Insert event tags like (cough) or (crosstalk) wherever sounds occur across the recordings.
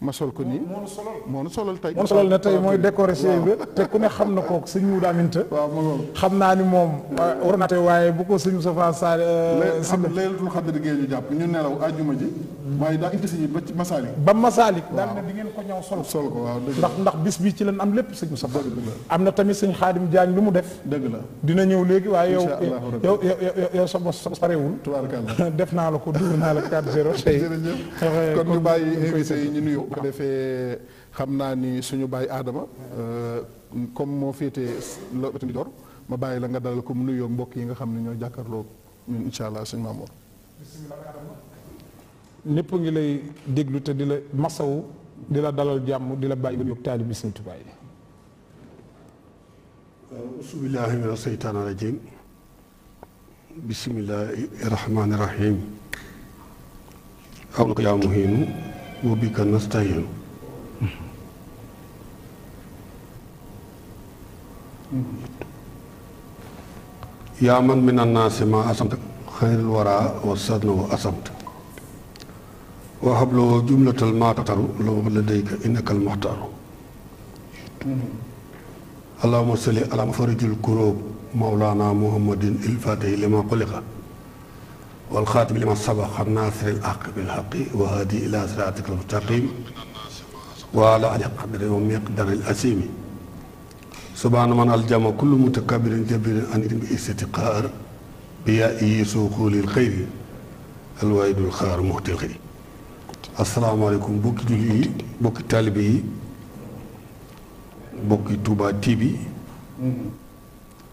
ma sol ko nii moo nu solal moo nu solal tey. moo nu solal ne tey mooy décoré séeréer bi te ku ne xam na ko sëñ Muudu Aminta. waaw moom xam naa ni moom. war na tey waaye bu ko sëñ Safa saa. Euh, xam ne laylatul xadri gee ñu jàpp ñu nelaw àjjuma ji. waaye daa indi si ba ci Masaalik. ba Masaalik. waaw daal ne di ngeen ko ñëw sol. sol ko waaw dëgg ndax ndax bis bii ci lañ am lépp sëñ Safa. am na tamit sëñ Xaadim Jaañ lu mu def. dëgg la dina ñëw léegi waaye yow. yow yow yow sa bos parewul. tubaarkalla (laughs) def naa la ko dugg naa la 4 0 tey. (laughs) jërëjëf (laughs) kon ñu bàyyi invité yi ñu nuyoo bu ko defee xam naa ni suñu bàyyi aadama euh, comme moo féetee la di dor ma bàyyi la nga dalal ko mu nuyoo mbokk yi nga xam ne ñoo jàkkaarloo ñun incha allah suñu maamoor ñépp ngi lay déglu te di la masow di la dalal jàmm di la bàyyi ba yóbbu taalibi Sëñ Tuubaa yi ausubillahi mina seytaan rajim bismillahi rahmaani rahim aw na ko yaa muhimu وبك نستعين يا من من الناس ما أسمت خير الورى والسدن وأسمت وهب له جملة ما تطر له لديك إنك المختار اللهم صل على مفرج الكروب مولانا محمد الفاتح لما قلق والخاتم لما سبق الناصر الحق بالحق وهادي الى صراطك المستقيم وعلى اهل قدر ومقدر الاسيم سبحان من الجم كل متكبر جبر عن الاستقرار بيائي سوقول الخير الوايد الخار مهت الخير asalaamaaleykum bokki jullit yi bokki taalibe yi bokki Touba TV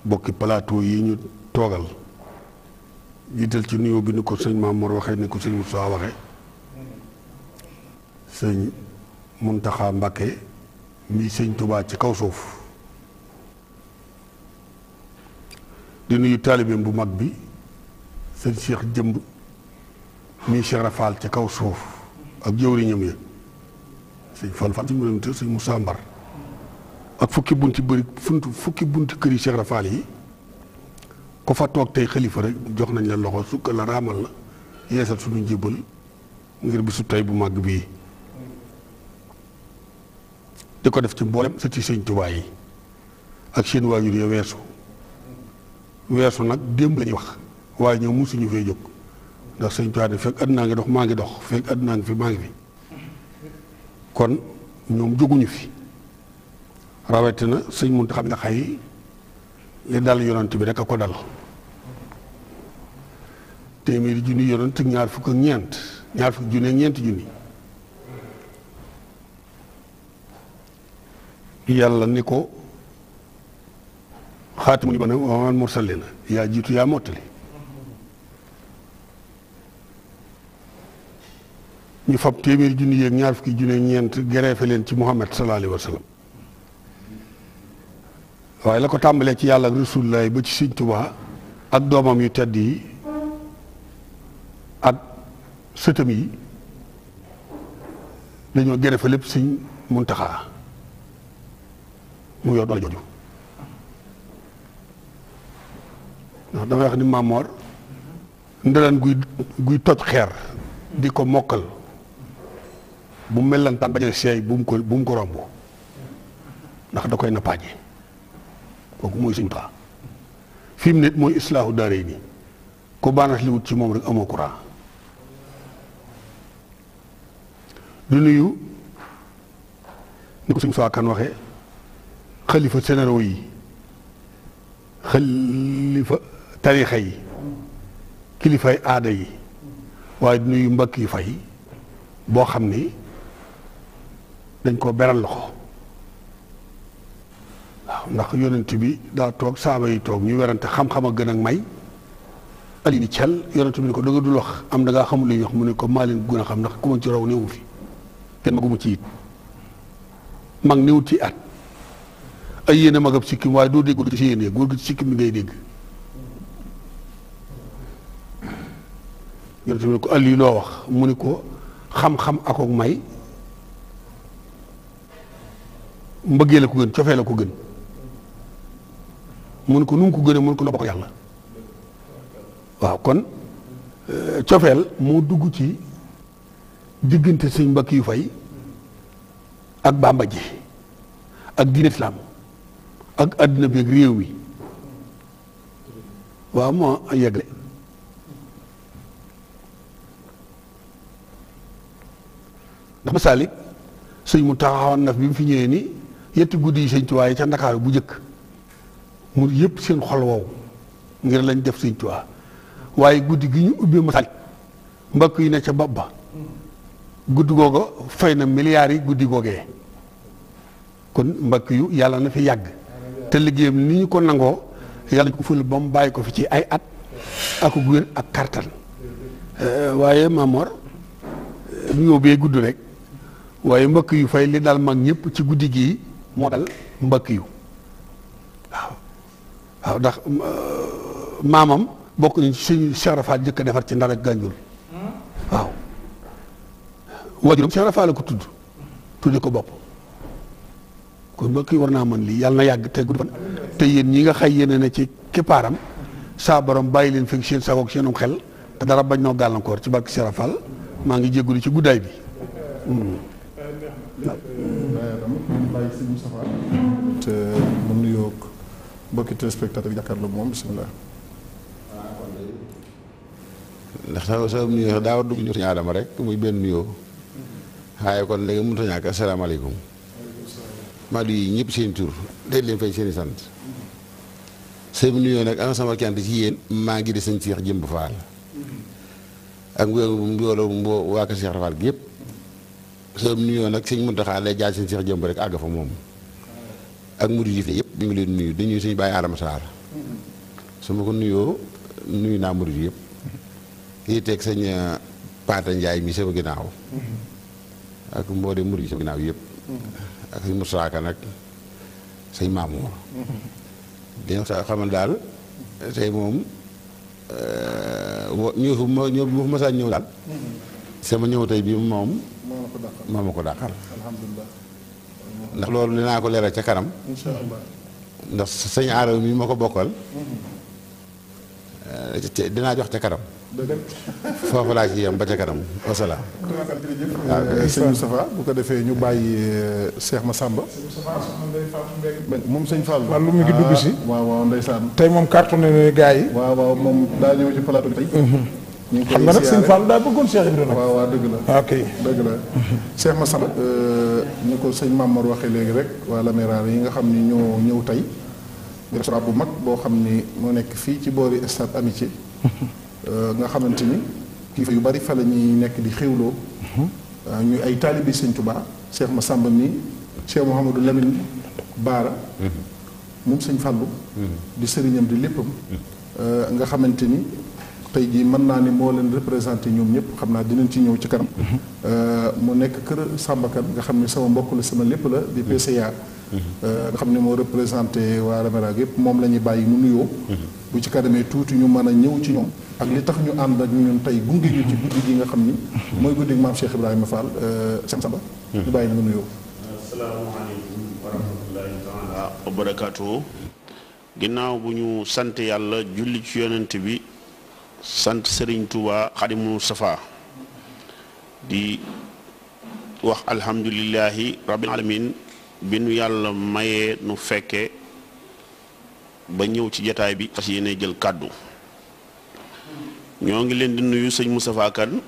bokki plateau yi ñu toogal jiital ci nuyoo bi ni ko sëñ Maam Mor waxee ni ko sëñ Moussa waxee sëñ Muntaxa Mbàkke mi sëñ Tubaa ci kaw suuf di nuyu taalibeem bu mag bi sëñ Cheikh Jëmb mi Cheikh Rafal ci kaw suuf ak jëwriñam ya sëñ Fall Fall sëñ Moussa ak fukki bunti bëri funtu fukki bunti kër yi ko fa toog tey xalifa rek jox nañ la loxo sukka la raamal la yeesal suñu njébal ngir bisu tey bu màgg bii di ko def ci mboolem sa ci sëñ Tuubaa yi ak seen waajur ya weesu weesu nag démb lañuy wax waaye ñoom musuñu fee jóg ndax sëñ Tuubaa fekk àddinaa ngi dox maa ngi dox fekk àddinaa ngi fi maa ngi fi kon ñoom jóguñu fi rawatina sëñ Muntaxa Mbàkke li dal yonent bi rek a ko dal téeméeri junni yoroon te ñaar fukk ak ñeent ñaar fukk junni ñeent junni yàlla ni ko xaatimu ni ba yaa jiitu yaa mottali ñu fab téeméeri junni yeeg ñaar fukki junni ñeent gereefe leen ci Muhammad sallallahu alayhi wa waaye la ko tàmbalee ci yàlla ak Rasulullah ba ci Sëñ Tuubaa ak doomam yu tedd yi sëtëm yi dañoo gën fa lépp sëñ Muntaxa mu yor doole jooju ndax damay wax ni Maamoor ndelaan guy guy toj xeer di ko mokkal bu mellantaan bañ seey bu mu ko bu mu ko romb ndax da koy nappaaje kooku mooy sëñ Muntaxa fi mu ne mooy islaahu daarayni ko baanas li ci moom rek amoo courant du nuyu ni ko suñu saakan waxee xalifa sénéraux yi xalifa tarixa yi kilifay aada yi waaye du nuyu mbakk yi fay boo xam ni dañ ko beral loxo waaw ndax yonent bi daa toog saaba yi toog ñu werante xam-xam a gën ak may ali di cel yonent bi ni ko da nga dul wax am da ngaa xamul li mu ne ko maa leen a xam ndax ku ma ci raw néewu fi te maguma ci it mag niwut ci at ay yéene magab sikkim waaye doo dégg góor gi ci yéene góor gi ci sikkim bi ngay dégg yonent bi loo wax mu ni ko xam-xam akook may mbëggee la ko gën cofee la ko gën mu ni ko nu mu gën gënee mu ni ko noppa ko yàlla waaw kon euh, cofeel moo dugg ci diggante sëñ mbakk yu fay ak bàmba ji ak diine islam ak àddina bi ak réew mi waaw moo yegle ndax masaalik sëñ mu taxawoon na bi mu fi ñëwee ni yetti guddi yi sëñ Tuubaa yi ca Ndakaaru bu njëkk mu yëpp seen xol ngir lañ def sëñ Tuubaa waaye guddi gi ñu ubbee masaalik mbakk yi ne ca bopp ba guddi googa fay na milliards yi guddi googee kon mbakk yu yàlla na fi yàgg te liggéeyam ni ñu ko nangoo yàlla ko ful ba mu bàyyi ko fi ci ay at ak wér ak kartan euh, waaye Mamor euh, ñëw bee gudd rek waaye mbëkk yu fay li daal mag ñëpp ci guddi gii moo dal mbëkk yu waaw waaw ndax euh, maamam bokk nañ suñu sarafaat jëkk defar ci ndar ak hmm? waaw waajuram Cheikh Rafaal ko tudd tudde ko bopp kon ba kii war naa mën lii yàlla na yàgg te gudd fan te yéen ñi nga xay yéene na ci kippaaram saa borom bàyyi leen fi seen sagoog seenum xel te dara bañ noo gàllankoor ci barke Cheikh Rafaal maa ngi jégalu ci guddaay bi. te mu nuyoo mbokki téléspectateur jàkkaarloo moom bisimilah. ndax sama sama nuyoo daa war dugg ñëw suñu aadama rek muy benn nuyoo. waaye kon léegi mënut a ñàkk asalaamaaleykum. maa ngi nuyu ñëpp seen tur day leen fay seen i sant. sëñ bi nuyoo nag am sama cant ci yéen maa ngi di sëñ Cheikh Jëmb Fall. ak mbooloo mbo waa Kër Cheikh yëpp. sëñ bi nag sëñ Muntaxa lay jaay sëñ Cheikh Jëmb rek àgg fa moom. ak murid yi fi yëpp ñu ngi leen nuyu dañuy suñu bàyyi Adama Sarr. su ma ko nuyoo nuyu naa murid yëpp. kii teg sëñ eh, Paata Njaay mi sama ginnaaw. ak mboode mur yi sa ginnaaw yëpp ak sëñ Moussa nag sëñ Mamour (laughs) dina sa xamal daal tey moom eh, ñëw fu ñëw bu ma saa ñëw (laughs) moom ma ko dàqal ndax loolu dinaa ko leeral ca kanam ndax sëñ aaraw mi ma ko bokkal (laughs) mhm. Euh, dinaa jox ca kanam. foofu laa ci yem ba ca kanam wasalaam. waaw ah, sëñ bu ko defee ñu bàyyi euh, Cheikh Massamba. moom sëñ Fallou. waaw lu mu ngi dugg ah, si. waaw waaw tey moom cartonné na gaa yi. waaw waaw moom daa ñëw ci plateau bi tey. Mhm. ñu ngi koy xam nga nag sëñ Fallou daa bëggoon Cheikh Ibrahima. waaw waaw dëgg la. Ah, ok dëgg la. Mhm. Cheikh Massamba. Euh, ni ko sëñ Mamour waxee léegi rek waa Laméra yi nga xam ni ñoo ñëw tey. ISRA bu mag boo xam ni moo nekk fii ci boori stade Amitié. (laughs) Euh, nga xamante ni kilifa yu bari fa la ñuy nekk di xéwloo. Mhm. Euh, ñu ay taalibi Sëñ Tuubaa Cheikh Massamba mi Cheikh Mouhamadou Lamine Baara. Mhm. moom Sëñ Fàllu mhm. di sëriñam di léppam. Euh, nga xamante ni. tey jii mën naa ni moo leen représenté ñoom ñëpp xam naa dinañ ci ñëw ci kanam. Mhm. Euh, mu nekk kër Sambakan nga xam ne sama mbokk la sama lépp la di PCA. Mhm. Euh, nga xam ne moo représenté waa Ramera yëpp moom la ñuy bàyyi mu nuyoo. Mhm. bu ci kanamee tuuti ñu mën a ñëw ci ñoom. ak li tax ñu ànd ak ñun tey gunge ñu ci guddi nga xam ni. mooy guddi gi maam Cheikh Ibrahima Fall euh, Samba. ñu bàyyi la mu nuyoo. asalaamaaleykum wa rahmatulahi taala wa barakaatu. ginnaaw bu ñu sant yàlla julli ci yonent bi. sant Serigne Touba Xadimu Safa di wax alhamdulillahi rabbil alamin bi nu yàlla mayee nu fekke ba ñëw ci jataay bi fas yéene jël kàddu ñoo ngi leen di nuyu sëñ Moustapha Kane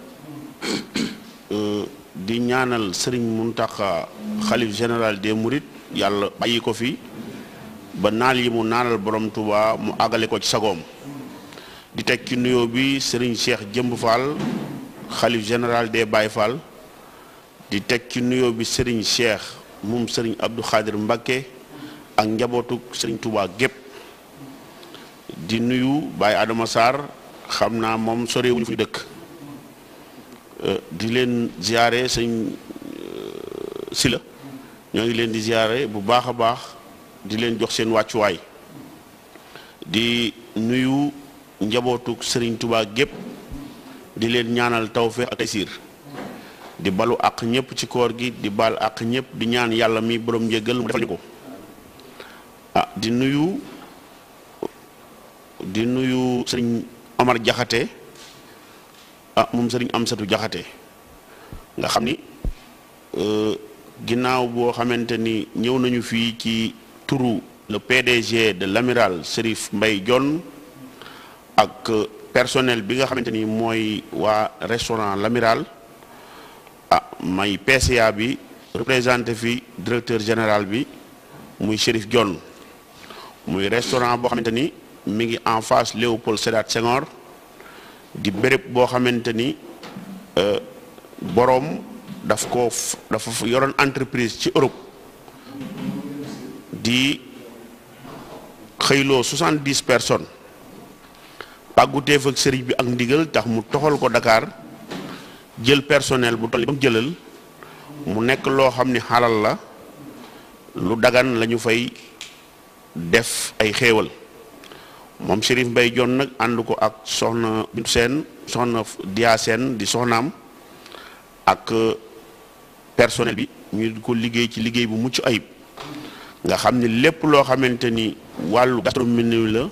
(coughs) di ñaanal sëriñ Mountakha xalif général des murit yàlla bàyyi ko fi ba naal yi mu naanal borom tubaa mu àggale ko ci sagoom di teg ci nuyo bi sëriñ Cheikh Jëmb Fall xalif général de Baye Fall di teg ci nuyo bi sëriñ Cheikh moom sëriñ abdu Khadir Mbakke ak njabootu sëriñ Touba gépp di nuyu Baye Adama Sarr xam naa moom sorewuñu fi dëkk euh, di leen ziare sëñ euh, Sila ñoo ngi leen di ziare bu baax a baax di leen jox seen wàccuwaay di nuyu. njabootuk Serigne Touba gépp di leen ñaanal tawfeex ak taysiir di balu àq ñëpp ci koor gi di baal àq ñëpp di ñaan yàlla mi borom njëgal mu ko ah, di nuyu di nuyu sëriñ Omar Jaxate ah moom sëriñ Amsatu Jaxate nga xam ni euh, ginnaaw boo xamante ni ñëw nañu fii ci turu le PDG de l'amiral Serif Mbaye Dione ak euh, personnel bi nga xamante ni mooy waa restaurant l'amiral ah may PCA bi représenté fi directeur général bi muy Chérif Dione muy restaurant boo xamante ni mi ngi en face Léopold Sédar Senghor di béréb boo xamante ni euh, boroom daf ko dafa yoroon entreprise ci Europe di xëyloo soixante-dix personnes pàgguteef ak sëriñ bi ak ndigal tax mu toxal ko dakaar jël personnel bu toll ba jëlal mu nekk loo xam ni xalal la lu dagan lañu fay def ay xéewal moom Chérif Mbay Jon nag ànd ko ak soxna Bintu Seen di soxnaam ak euh, personnel bi ñu ko liggéey ci liggéey bu mucc ayib nga xam ni lépp loo xamante ni wàllu gastronomie la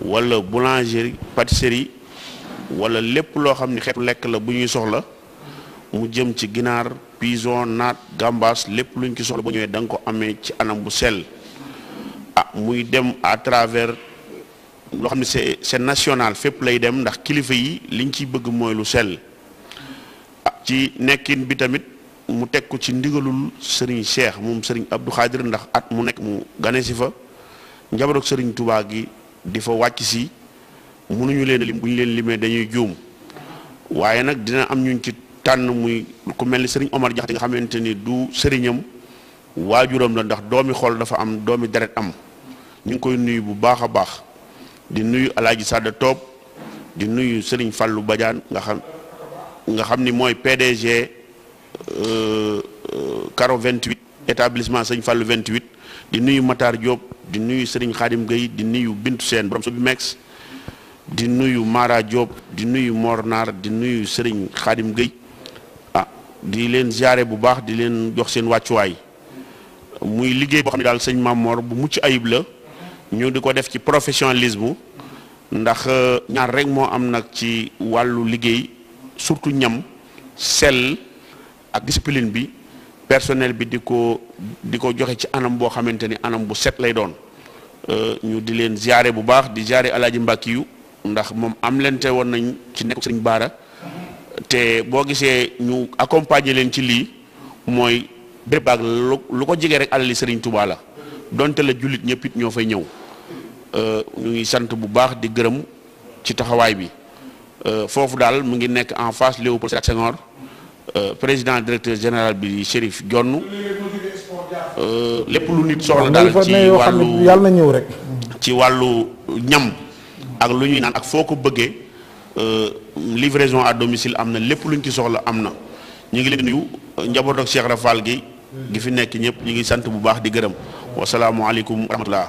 wala boulangerie pâtisserie wala lépp loo xam ni xeetu lekk la bu ñuy soxla mu jëm ci ginaar pison naat gambas lépp luñ ki soxla bu ñëwee da nga ko amee ci anam bu sell ah muy dem à travers loo xam ne c'est c'est national fépp lay dem ndax kilifa yi liñ ciy bëgg mooy lu sell ah ci nekkin bi tamit mu teg ko ci ndigalul Serigne Cheikh moom Serigne Abdou Khadir ndax at mu nekk mu gane si fa njabaroog Serigne Touba gi. di fa wàcc si mënuñu leen lim bu ñu leen limee dañuy juum waaye nag dina am ñu ci tànn muy ku mel ni sëriñ Omar Jaxate nga xamante ni du sëriñam waajuram la ndax doomi xool dafa am doomi deret am ñu ngi koy nuyu bu baax a baax di nuyu alaaji Sadda Toob di nuyu sëriñ fallu Badiane nga xam nga xam ni mooy PDG caro 28 établissement sëñ Fàllu 28 di nuyu Matar Diop di nuyu Serigne Khadim Gueye di nuyu Bintu Seen borom su bi di nuyu Mara Diop di nuyu Mor Naar di nuyu sëriñ Khadim Gueye ah di leen ziare bu baax di leen jox seen wàccuwaay muy liggéey boo xam ne daal sëñ maam Mor bu mucc ayib la ñu di ko def ci professionnalisme ndax euh, ñaar rek moo am nag ci wàllu liggéey surtout ñam sel ak discipline bi personnel bi di ko di ko joxe ci anam boo xamante ni anam bu set lay doon euh, ñu di leen ziare bu baax di ziare alaaji mbàkki yu ndax moom am lente woon nañ ci nekk sëriñ baara te boo gisee ñu accompagner leen ci lii mooy bépp ak lu ko jege rek alali sëriñ Tuubaa la donte la jullit ñëpp it ñoo fay ñëw euh, ñu ngi sant bu baax di gërëm ci taxawaay bi euh, foofu daal mu ngi nekk en face Léopold Sédar Euh, président directeur général bi Chérif Jonn euh, lépp lu nit soxla daal ci wàllu yàlla na ñëw rek ci wàllu ñam ak lu ñuy naan ak foo ko bëggee euh, livraision à domicile am na lépp lu luñ ci soxla am na ñu ngi leen nuyu njaboot ak Cheikh Rafal gi gi fi nekk ñëpp ñu ngi sant bu baax di gërëm wasalaamualeykum wa rahmatullah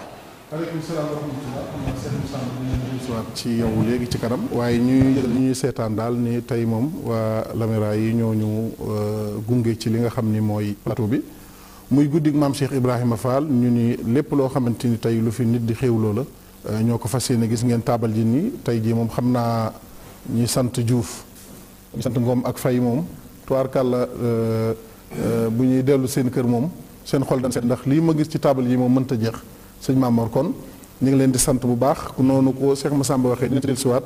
dellusiwaat ci yow léegi ci kanam waaye ñuy ñuy seetaan daal ni tey moom waa Lamera yi ñoo ñu euh, gunge ci li nga xam ni mooy plateau bi muy guddig maam Cheikh Ibrahima Fall ñu ni lépp loo xamante ni tey lu fi nit di xéwloo la euh, ñoo ko fas yéene gis ngeen taabal ji ni tey jii moom xam naa ñi sant Diouf ñi sant Ngom ak Fay moom tubaarkàlla euh, bu ñuy dellu seen kër moom seen xol dañ seet ndax lii ma gis ci taabal ji moom mënta jeex sëñ Mamor kon ñu ngi leen di sant bu baax noonu ko Cheikh Massamba waxee ñu del siwaat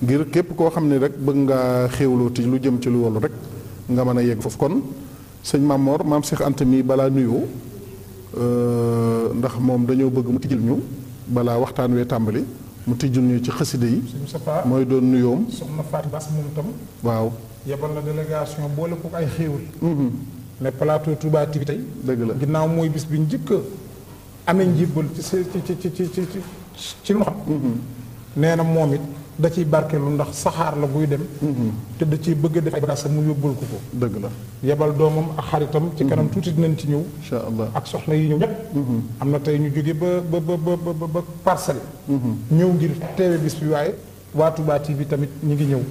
ngir képp koo xam ne rek bëgg nga xéewlooti lu jëm ci lu wolu rek nga mën a yegg foofu kon sëñ Mamor maam seex Anta mii balaa nuyoo euh, ndax moom dañoo bëgg mu tijjil ñu balaa waxtaan wee tàmbali mu tijjil ñu ci xaside yi mooy doon nuyoom soxna Faat Bass moom tam waaw yebal na délégation boole ko ay xéewal mm-hmm. ne plateau Touba TV tey dëgg la ginnaaw mooy bis bi njëkk amee njibbal ci ci ci ci ci ci loxo mm-hmm. nee na moom it da ciy barkeelu ndax saxaar la buy dem mm-hmm. te da ciy bëgg def ay bagaas mu yóbbul ko ko dëgg la yebal doomam ak xaritam ci kanam mm-hmm. tuuti dinañ ci ñëw insha allah ak soxna yi ñëw ñëpp am na tey ñu jóge ba ba ba ba parcelle ñëw ngir teewe bis bi waaye waatu Touba bi tamit ñu ngi ñëw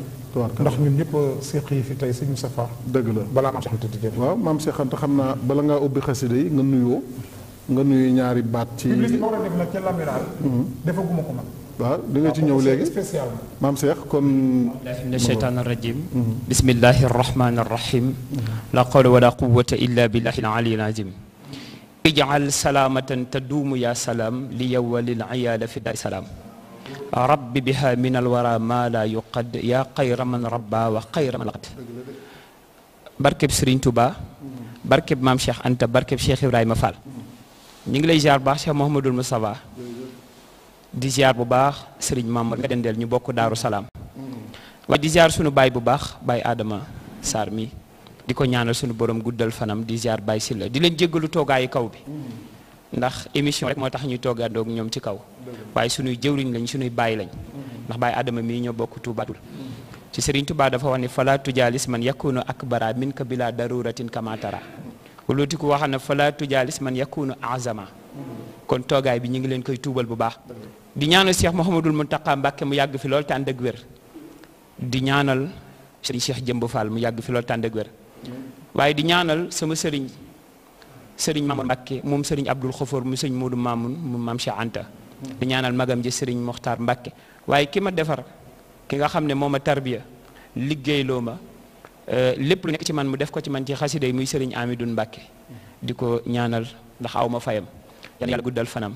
ndax ñun ñëpp seq yi fi tey sëñ Moustapha dëgg la balaa maam Cheikh Anta waaw maam Cheikh Anta xam naa bala ngaa ubbi xasida nga nuyoo nga nuyu ñaari baat ci. publicité bi ma war a def nag ca Laméral. Mhm. defaguma ko man. waaw di nga ci ñëw léegi maam Cheikh kon. billahi min asheytaan arrajim bismillahi arrahmani mhm. arrahim mhm. la qawla wala quwata illa billahi alali alazim ijcal salaamatan taduumu ya salaam li yowa lil iyaala fi daay salaam rabbi biha min alwara ma la yuqad ya xayra man rabba wa xayra man laqad barkeb Sëriñ Tuubaa barkeb maam Cheikh Anta barkeb Cheikh Ibrahima Fall ñu ngi lay ziar bu baax Cheikh Mouhamadul Moustapha di ziar bu baax sëriñ Mamar nga dendeel ñu bokk Daaru Salaam waaye di ziar sunu baay bu baax baay aadama Sarr mi di ko ñaanal sunu borom guddal fanam di ziar baay Silla di leen jéggalu toogaayu kaw bi ndax émission rek moo tax ñuy toogandoog ñoom ci kaw waaye sunuy jëwriñ lañ sunuy baay lañ ndax baay Adama mii ñoo bokk Touba ci Serigne Touba dafa wax ne fala tujaalis man ak baraa min ka bila daruratin kamatara wëlbatiku waxal na fala tujaalis man yakunu azama kon toogaay bi ñu ngi leen koy tuubal bu baax di ñaanal Cheikh Mouhamadul Mountakha Mbacke mu yàgg fi lool tànn ak wér di ñaanal sëriñ Cheikh Jëmb mu yàgg fi lool tànn ak waaye di ñaanal sama sëriñ sëriñ Mamoun Mbacke moom sëriñ Abdul Xofor mu sëriñ Modou Mamoun mu maam Anta di ñaanal magam ji sëriñ Mokhtar Mbacke waaye ki ma defar ki nga xam ne moo ma tarbiya liggéeyloo ma Euh, lépp lu nekk ci man mu def ko ci man ci xasida yi muy Serigne Amidou Mbacke di ko ñaanal ndax aw ma fayam yàlla yàlla guddal fanam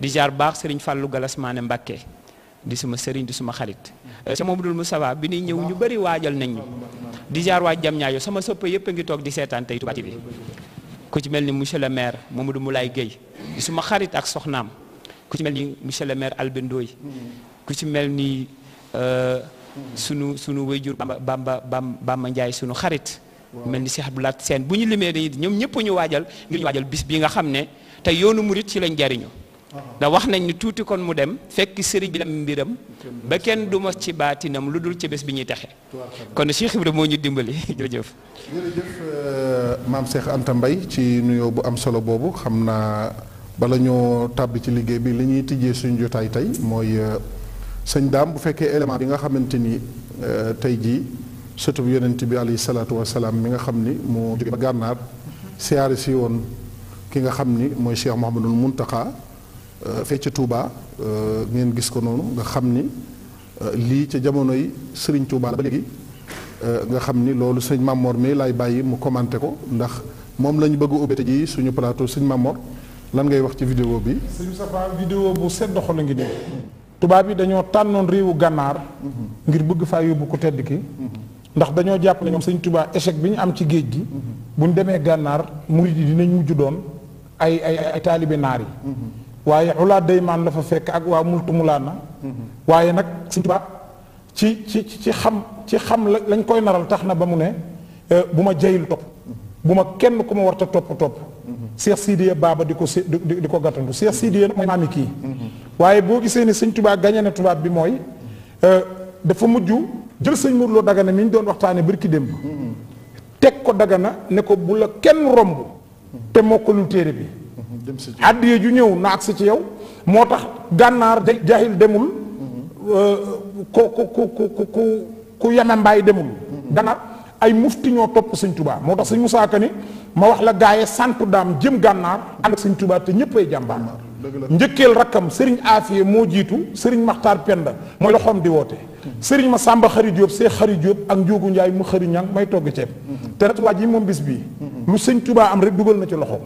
di jaar baax Serigne Fallou Galas Mané Mbacke di suma Serigne di suma xarit sama euh, Mouhamadoul Moustapha bi ñuy ñëw ñu bëri waajal nañ ñu di jaar waaj jam ñaayo sama soppe yëpp a ngi toog di seetaan tey tubaab bi ku ci mel ni monsieur le maire Mamadou Moulay Guèye di suma xarit ak soxnaam ku ci mel ni monsieur le maire Albin Ndoye mm-hmm. ku ci mel ni euh, sunu sunu wayjur bamba bamba bam bamba njaay sunu xarit mel ni Cheikh Abdou laat seen bu ñu limee dañuy ñoom ñëpp ñu waajal ngir ñu bis bi nga xam ne te yoonu murit ci lañ jariñu uh-huh. da wax nañ ni tuuti kon mu dem fekk sëriñ bi dem mbiram ba kenn du mos ci baatinam lu dul ci bés bi ñuy texe kon Cheikh Ibrahima moo ñu dimbali (laughs) jërëjëf euh, maam Cheikh Anta mbay ci nuyoo bu am solo boobu xam naa bala ñoo tàbb ci liggéey bi li ñuy tijjee suñu jotaay tey mooy euh, sëñ daam bu fekkee élément bi nga xamante ni euh, tey jii surtout bu yonent bi alayhi salaatu wasalaam mi nga xam ni moo jóge ba gànnaar siyaare si woon ki nga xam ni mooy Cheikh Mouhamadul Muntaxa euh, fee ca Touba euh, ngeen gis ko noonu nga xam ni lii ca jamonoy Serigne Touba ba léegi nga xam ni loolu sëñ Mamor mi laay bàyyi mu commenté ko ndax moom la bëgg a ubbite ji suñu palaatu sëñ Mamor lan ngay wax ci vidéo bi. sëñ Safa vidéo bu sedd xol ngi nii. tubaab yi dañoo tànnoon réewu gànnaar mhm. ngir bëgg faa yóbbu ko tedd ki mhm. ndax dañoo jàpp ne ñoom sëñ tubaa échec bi ñu am ci géej gi mhm. bu ñu demee gànnaar mu yi dinañ mujj doon ay ay ay taalibe naar yi waaye ulaa daymaan la fa fekk ak waa multu mulaana waaye nag sëñ tubaa ci ci ci xam ci xam lañ koy naral tax na ba mu ne euh, bu ma jayil topp bu ma kenn ku ma warta topp topp Cheikh Sidiya Baba di ko si di ko gàttandu Cheikh Sidiya nag maami kii waaye boo gisee ni sëñ tubaa gañe na tubaab bi mooy euh, dafa mujju jël sëñ Mourlo Dagana mi ñu doon waxtaane bërki démb teg ko Dagana ne ko bu la kenn romb te mokkalul téere bi addiye ju ñëw na ak agsi ci yow moo tax gànnaar jahil demul euh, ku ku ku ku ku ku yamambaay demul gànnaar mm-hmm. ay mufti ñoo topp sëñ tubaab moo tax sëñ Musaa ma wax la gaaye santu daam jëm gànnaar ànd ak sëñ Tuubaa te ñëppay jàmbaar njëkkeel rakkam sëriñ Afiye moo jiitu sëriñ Maxtaar Penda mooy loxoom di woote sëriñ ma Samba xari Diop see xari Diop ak Njóogu Njaay mu xari ñang may togg ceeb mm-hmm. te nag waa ji moom bis bii mm-hmm. lu sëñ Tuubaa am rek dugal na ci loxoom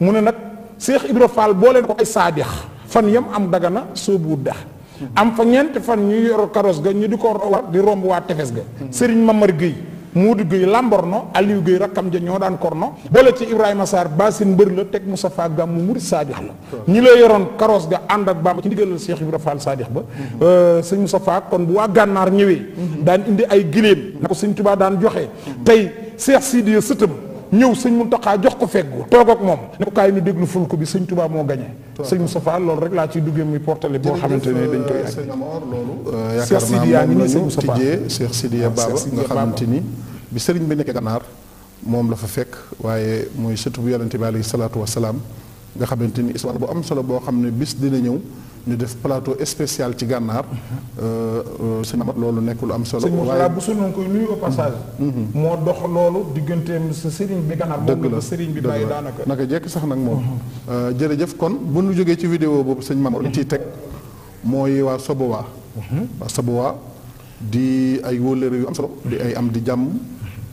mu ne nag Seex Ibra Fall boole na ko ay saadix fan yam am dagana soobu dax mm-hmm. am fa ñeenti fan ñu yor karos ga ñu di ko war di romb waa tefes ga sëriñ Mamar Gueye Modou Gueye Lamborno Aliou Gueye rakkam ja ñoo daan korno boole ci Ibrahima Sarr Bassin mbër la teg Moustapha Gam mu murid saadix la ñi la yoroon karoos ga ànd ak Bamba ci ndigalal Cheikh Ibra Fall saadix ba mhm. euh, sëñ faa kon bu waa gànnaar ñëwee mhm. daan indi ay giléem na ko sëñ Tuubaa daan joxe mhm. tey Cheikh Sidiya sëtam ñëw sëñ Muntaxa jox ko feggu toog ak moom ne ko kaay ñu déglu fulku bi sëñ Tuubaa moo gañe sëñ Moustapha loolu rek laa ciy duggee muy portale boo xamante ne dañ koy euh, euh, ak Cheikh Sidiya ngi nii sëñ Moustapha Cheikh Sidiya Baba nga xamante ni bi sëriñ bi nekk ganaar moom la fa fekk waaye muy surtout bu yonente bi alayhi salaatu wasalaam nga xamante ni histoire bu am solo boo xam ne bis dina ñëw ñu def palaato spécial ci gànnaar. Mhm. Euh, euh, sëñ Amath loolu nekk am solo. waaye bu sunu ngi koy nuyu mhm. moo dox loolu digganteem sa sëriñ bi gànnaar. dëgg la moom la sëriñ bi bàyyi daanaka. naka jekk sax nag moom. Mhm. Euh, jërëjëf kon bu nu jógee ci vidéo boobu sëñ Mamour ñu ciy teg mooy waa Sobowa. waa Sobowa di ay wóolere yu am solo di ay am di jàmm.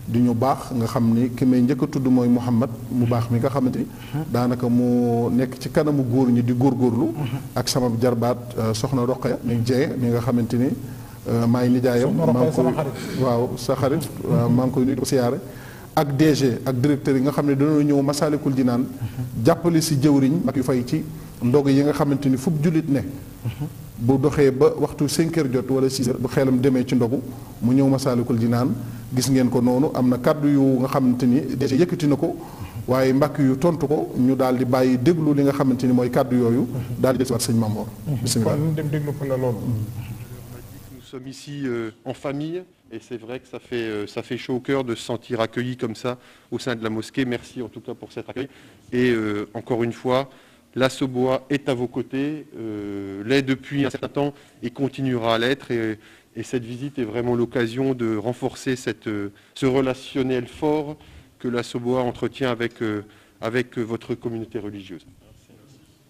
di ñu baax nga xam ni ki may njëkk a tudd mooy Mouhamad mu baax mi nga xamante ni. daanaka mu nekk ci kanamu góor ñi di góor góorlu ak sama jarbaat euh, soxna Roqaya mi jee mi nga xamante ni euh, maa ngi nijaayam. maa koy waaw sa xarit waaw maa ngi koy nuyu siyaare ak DG ak directeur yi nga xam ne dañoo ñëw Masaalikul Jinaan jàppale si jëwriñ ak yu fay ci ndog yi nga xamante ni fub jullit ne. bu doxee ba waxtu 5 heures jot wala 6 heures bu xeelam demee ci ndogu mu ñëw Masaalikul naan gis ngeen ko noonu am na kàddu yu nga xamante ni déjà yëkkati na ko waaye mbàkk yu tontu ko ñu daal di bàyyi déglu li nga xamante ni mooy kàddu yooyu daal di jël sëñ Mamor bismillah kon dem déglu ko la loolu Nous sommes ici euh, en famille et c'est vrai que ça fait, euh, ça fait chaud au cœur de se sentir accueilli comme ça au sein de la mosquée. Merci en tout cas pour cet accueil. Et euh, encore une fois, la Soboa est à vos côtés, euh, l'est depuis un certain temps et continuera à l'être. Et cette visite est vraiment l'occasion de renforcer cette, euh, ce relationnel fort que la Soboa entretient avec, euh, avec euh, votre communauté religieuse.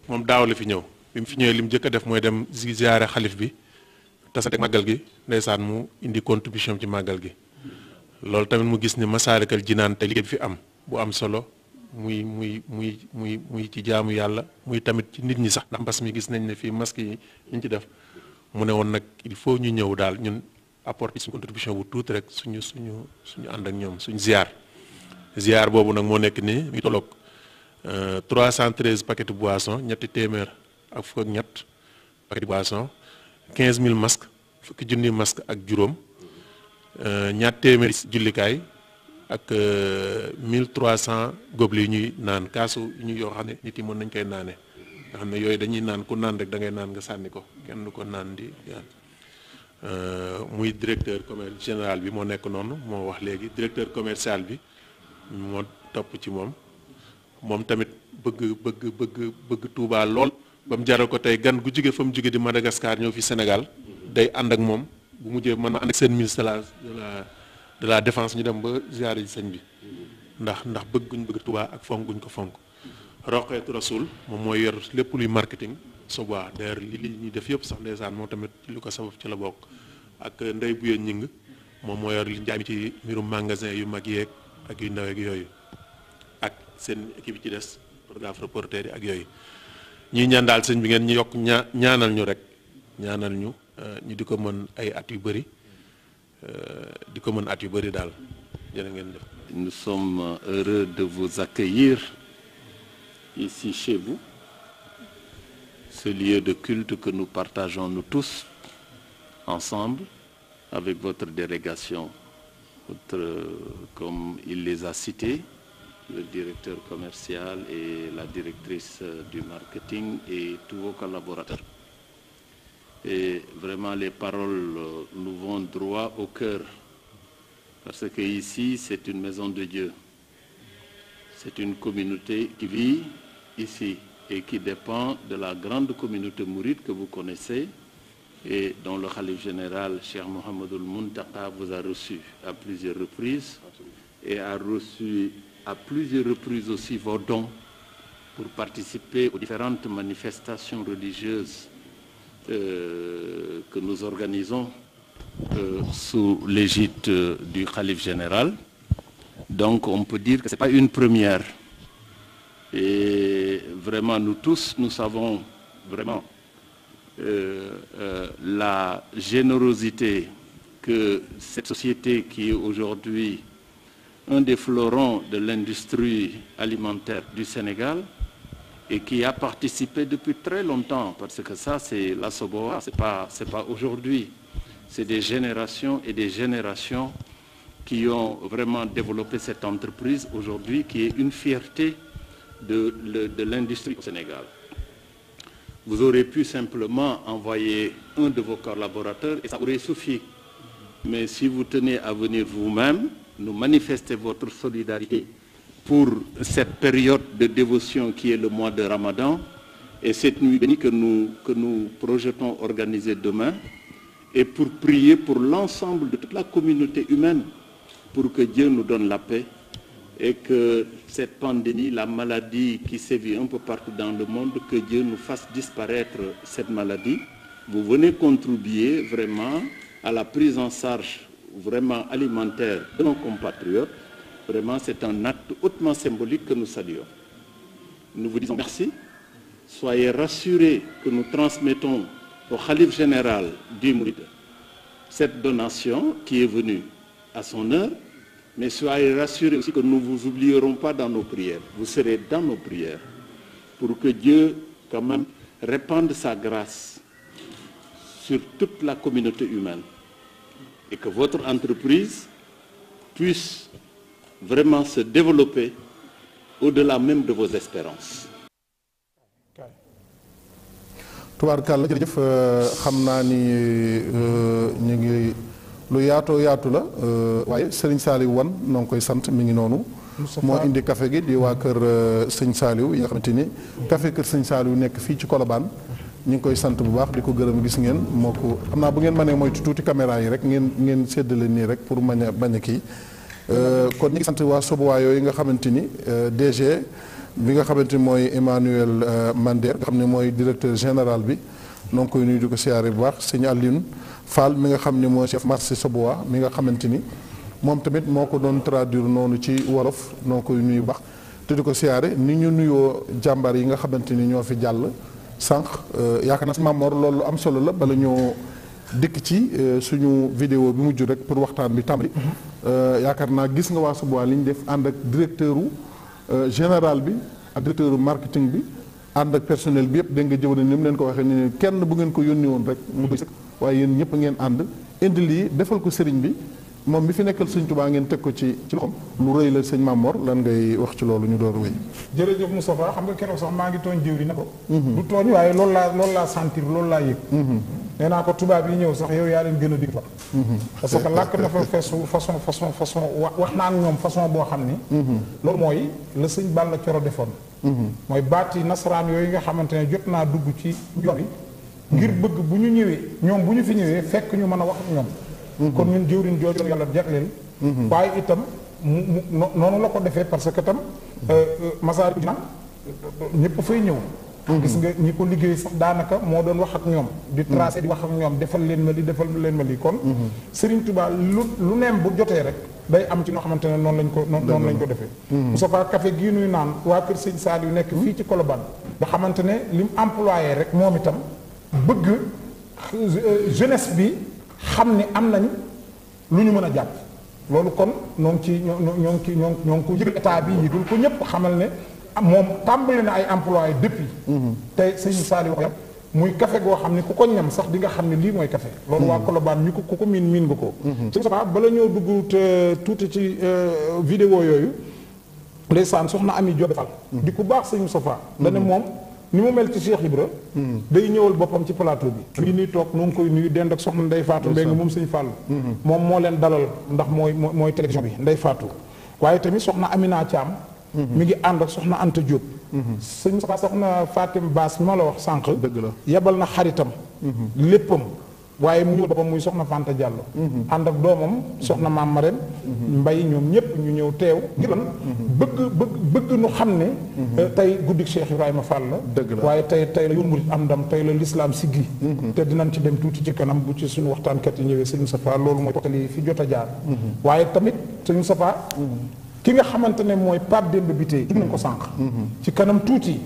moom daaw la fi ñëw bi fi ñëwee li mu njëkk a def mooy dem ziyaare xalif bi tasante ak maggal gi ndeysaan mu indi contribution ci màggal gi loolu tamit mu gis ni Masaalikal Jinaan te liggéey bi fi am bu am solo muy muy muy muy muy ci jaamu yàlla muy tamit ci nit ñi sax ndax mbas mi gis nañ ne fii masque yi ñu ci def mu ne woon nag il faut ñu ñëw daal ñun apporter suñu contribution bu tuuti rek suñu suñu suñu ànd ak ñoom suñu ziar ziar boobu nag moo nekk ni mu tolloog 313 euh, paquets boisson ñetti téeméer ak fukk ak ñett paquets boisson 15000 masques fukki junni masque ak juróom euh, ñaat téeméeri jullikaay ak euh, cent gobelet yi ñuy naan kaasu ñu yoo xam ne nit yi mën nañ koy naane. xam ne yooyu dañuy naan ku naan rek da ngay naan nga sànni ko kenn du ko naan di euh, muy directeur commerce général bi moo nekk noonu moo wax léegi directeur commercial bi moo topp ci moom moom tamit bëgg bëgg bëgg bëgg Touba lool ba mu jaral ko tey gan gu jóge fa mu jóge di Madagascar ñëw fi Sénégal day ànd ak moom bu mujjee mën na ànd ak seen ministre de defence ñu dem ba ziare sëñ bi ndax ndax bëgg guñ bëgg Touba ak fonk guñ ko fonk roqeetu rasul moom mooy yor lépp luy marketing suba d'ailleurs li li ñuy def yëpp sax ndeysaan moom tamit lu ko sabab ci la bokk ak ndey bu yee ñing moom moo yor li njaay mi ci mbirum magasin yu mag yeeg ak yu ndaw yooyu ak seen équipe yi ci des programme reporter yi ak yooyu ñuy ñaan daal sëñ bi ngeen ñu yokk ñaa ñaanal ñu rek ñaanal ñu euh, ñi di ko mën ay at yu bëri euh, di ko mën at yu bëri daal jërë ngeen def. Nous sommes euh, ici chez vous, ce lieu de culte que nous partageons nous tous ensemble avec votre délégation, votre, comme il les a cités, le directeur commercial et la directrice euh, du marketing et tous vos collaborateurs. Et vraiment, les paroles euh, nous vont droit au cœur, parce que ici, c'est une maison de Dieu. C'est une communauté qui vit ici et qui dépend de la grande communauté mouride que vous connaissez et dont le Khalif général, Cheikh Mohamedou Muntaka, vous a reçu à plusieurs reprises et a reçu à plusieurs reprises aussi vos dons pour participer aux différentes manifestations religieuses euh, que nous organisons euh, sous l'égide euh, du Khalif général. Donc on peut dire que c'est pas une première. Et vraiment, nous tous, nous savons vraiment euh, euh, la générosité que cette société qui est aujourd'hui un des fleurons de l'industrie alimentaire du Sénégal et qui a participé depuis très longtemps, parce que ça, c'est la Soboa, ce n'est pas, pas aujourd'hui. C'est des générations et des générations qui ont vraiment développé cette entreprise aujourd'hui, qui est une fierté de, de, de l'industrie au Sénégal. Vous aurez pu simplement envoyer un de vos collaborateurs et ça aurait suffi. Mais si vous tenez à venir vous-même, nous manifester votre solidarité pour cette période de dévotion qui est le mois de Ramadan et cette nuit bénie que nous, que nous projetons organiser demain et pour prier pour l'ensemble de toute la communauté humaine pour que Dieu nous donne la paix et que cette pandémie, la maladie qui sévit un peu partout dans le monde, que Dieu nous fasse disparaître cette maladie. Vous venez contribuer vraiment à la prise en charge vraiment alimentaire de nos compatriotes. Vraiment, c'est un acte hautement symbolique que nous saluons. Nous vous disons merci. Soyez rassurés que nous transmettons au Khalif général du Mouride cette donation qui est venue à son heure Mais soyez rassurés aussi que nous ne vous oublierons pas dans nos prières. Vous serez dans nos prières pour que Dieu, quand même, répande sa grâce sur toute la communauté humaine et que votre entreprise puisse vraiment se développer au-delà même de vos espérances. tubaarkàlla jërëjëf euh, xam naa ni euh, ñu ngi. lu yaatoo yaatu la euh, waaye Serigne Saliou wan noo koy sant mu ngi noonu moo indi kafe gi di waa kër euh, Sëñ Saliou yi nga xamante ni café kër Sëñ Saliou nekk fii ci Colobane ñu ngi koy sant bu baax di ko gërëm gis ngeen moo ko xam naa bu ngeen mënee mooy tuuti caméra yi rek ngeen ngeen séddale nii rek pour mañ a bañ a euh, kon ñu ngi sant waa Sobowa yooyu nga xamante ni DG bi nga xamante ni mooy Emmanuel Mander nga xam ne mooy directeur général bi noo ngi koy nuyu di ko siyaare bu baax sëñ Alioune Fall mi nga xam ni mooy chef marché Soboa mi nga xamante ni moom tamit moo ko doon traduire noonu ci wolof noo koy nuyu baax te di ko siyaare ni ñu nuyoo jàmbaar yi nga xamante ni ñoo fi jàll sànq euh, yaakaar naa si Mamor loolu am solo la bala ñoo dikk ci euh, suñu vidéo bi mujj rek pour waxtaan bi tàmbali. Mm-hmm. Euh, yaakaar naa gis nga waa Soboa li ñu def ànd ak directeur général bi ak directeur marketing bi ànd ak personnel bi yëpp dégg nga jëw ni mu leen ko waxee kenn bu ngeen ko yónni rek mu waaye yéen a ngeen ànd indi lii defal ko sëriñ bi moom bi fi nekkal sëñ baa ngeen teg ko ci ci loxoom lu rëy la sëñ Mamor lan ngay wax ci loolu ñu door a wéy. jërëjëf Moustapha xam nga keroog sax maa ngi tooñ jiw di na ko. Mhm. du tooñ waaye loolu laa loolu laa sentir loolu laa yëg. Mhm. nee naa ko tubaab yi ñëw sax yow yaa leen gën a dig fa. Mhm. parce que làkk dafa fees façon façon façon wax naa ñoom façon boo xam ni. loolu mooy la sëñ Balla Coro defoon. mooy baati nasaraan yooyu nga xamante ne jot naa dugg ci njoor yi ngir bëgg bu ñu ñëwee ñoom bu ñu fi ñëwee fekk ñu mën a wax ak ñoom mhm. kon ñun jëwriñ jooju la yàlla jagleel mhm. waaye itam mu mu noonu la ko defee parce que itam tam mhm. euh, euh, masaar na ñëpp fay ñëw gis nga ñi ko liggéey sax daanaka moo doon wax ak ñoom di tracé di wax ak ñoom defal leen ma li defal leen ma li kon Serigne Touba lu lu neem bu jotee rek day am ci noo xamante ne noonu lañ ko noonu lañ ko defee Moustapha café gii nuy naan waa kër Serigne Saliou yu nekk fii ci Colobane nga xamante ne lim employé rek moom itam bëgg jeunesse bi xam ni am nañ lu ñu mën a jàpp loolu kon ñoo ci ñoo ñoo ngi ñoo ñoo ngi ko yëg état bi yëgul ko ñëpp xamal ne moom tàmbali na ay employé depuis mhm. tey sëñ Saliou wax muy café goo xam ne ku ko ñam sax di nga xam ne lii mooy café loolu mhm. waa Colobane ñu ko ku ko miin miin nga ko mhm. sëñ Saba bala ñoo dugg te tuuti ci euh, video yooyu ndeysaan soxna Ami Diop Fall di ku baax sëñ Moustapha dana moom ni mu mel ci Cheikh Ibra day ñëwal boppam ci plateau bi fii nuy toog nu ngi koy nuyu dend ak soxna Ndeye Fatou Mbengue moom sëñ Fallou moom moo leen dalal ndax mooy mooy télévision bi Ndeye Fatou waaye tamit soxna Amina Thiam mi ngi ànd ak soxna Anta Diop sëñ Moustapha soxna Fatim Baas ma la wax sànq dëgg la yebal na xaritam léppam waaye mu jur boppam muy soxna Fanta Diallo. Mhm. ànd ak doomam soxna maam Marème. Mhm. mbay ñoom ñëpp ñu ñëw teew. ngir lan mhm. bëgg bëgg nu xam ne. Euh, tey guddik Cheikh Ibrahima Fall la. dëgg la waaye tey tey la yoon murit am ndam tey la lislaam siggi te dinañ ci dem tuuti ci kanam bu ci suñu waxtaankat yi ñëwee sëñ Safa loolu mooy tottali fi jot a jaar. waaye tamit sëñ Safa. ki nga xamante ne mooy Pape Demba Bitèye. nañ ko sànq. ci kanam tuuti.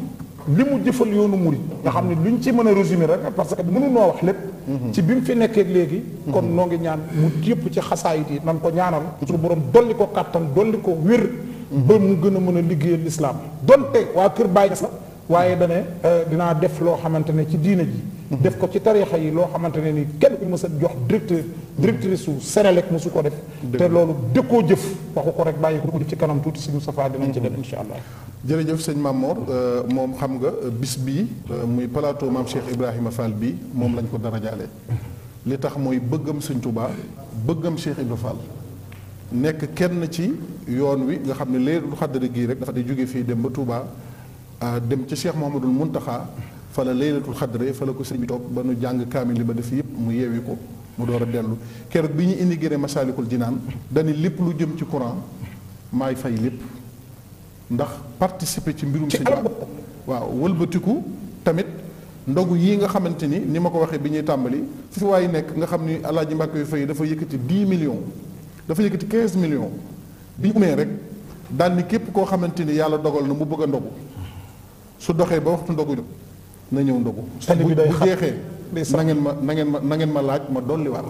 li mu jëfal yoonu mu murit nga xam ne luñ ci mën a résumer rek parce que mënu noo wax lépp mhm. ci bi mu fi nekkee léegi mhm. kon noo ngi ñaan mu yëpp ci xasaayit yi nan ko ñaanal suñu borom dolli ko kàttan dolli ko wér mhm. ba mu gën a mën a liggéeyal lislaam donte waa kër Baay la waaye da ne euh, dinaa def loo xamante ne ci diine ji. def ko ci tariixa yi loo xamante ne ni kenn ku mës a jox directeur directrice su Senelec mosu ko def. te loolu dëkkoo jëf waxu ko rek bàyyi ko jëf ci kanam tuuti suñu safaa dinañ ci dem incha allah. jërëjëf sëñ Mamor euh, moom xam nga euh, bis bii muy palaatoo maam Cheikh Ibrahima Fall bii moom lañ ko darajaale li tax mooy bëggam sëñ Touba bëggam Cheikh Ibrahima Fall nekk kenn ci yoon wi nga xam ne léegi lu xaddari rek dafa di jóge fii dem ba Touba. dem ci Cheikh ul Muntaxa fa la laylatul xadre fa la ko sëñ bi topp ba nu jàng kaamil li ba def yëpp mu yeewi ko mu door a dellu keroog bi ñu indi géré masaalikul jinaan dani lépp lu jëm ci courant maay fay lépp ndax participer ci mbirum sëñ waaw wëlbatiku tamit ndogu yi nga xamante ni ni ma ko waxee bi ñuy tàmbali fi waaye nekk nga xam ni alaaji mbàkk yu fay dafa yëkkati 10 millions dafa yëkkati 15 millions bi ñu umee rek daal ni képp koo xamante ni yàlla dogal na mu bëgg a ndogu su doxee ba waxtu ndogu jot na ñëw ndogu. bu jeexee na ngeen ma na ngeen ma na ngeen ma laaj ma dolliwaat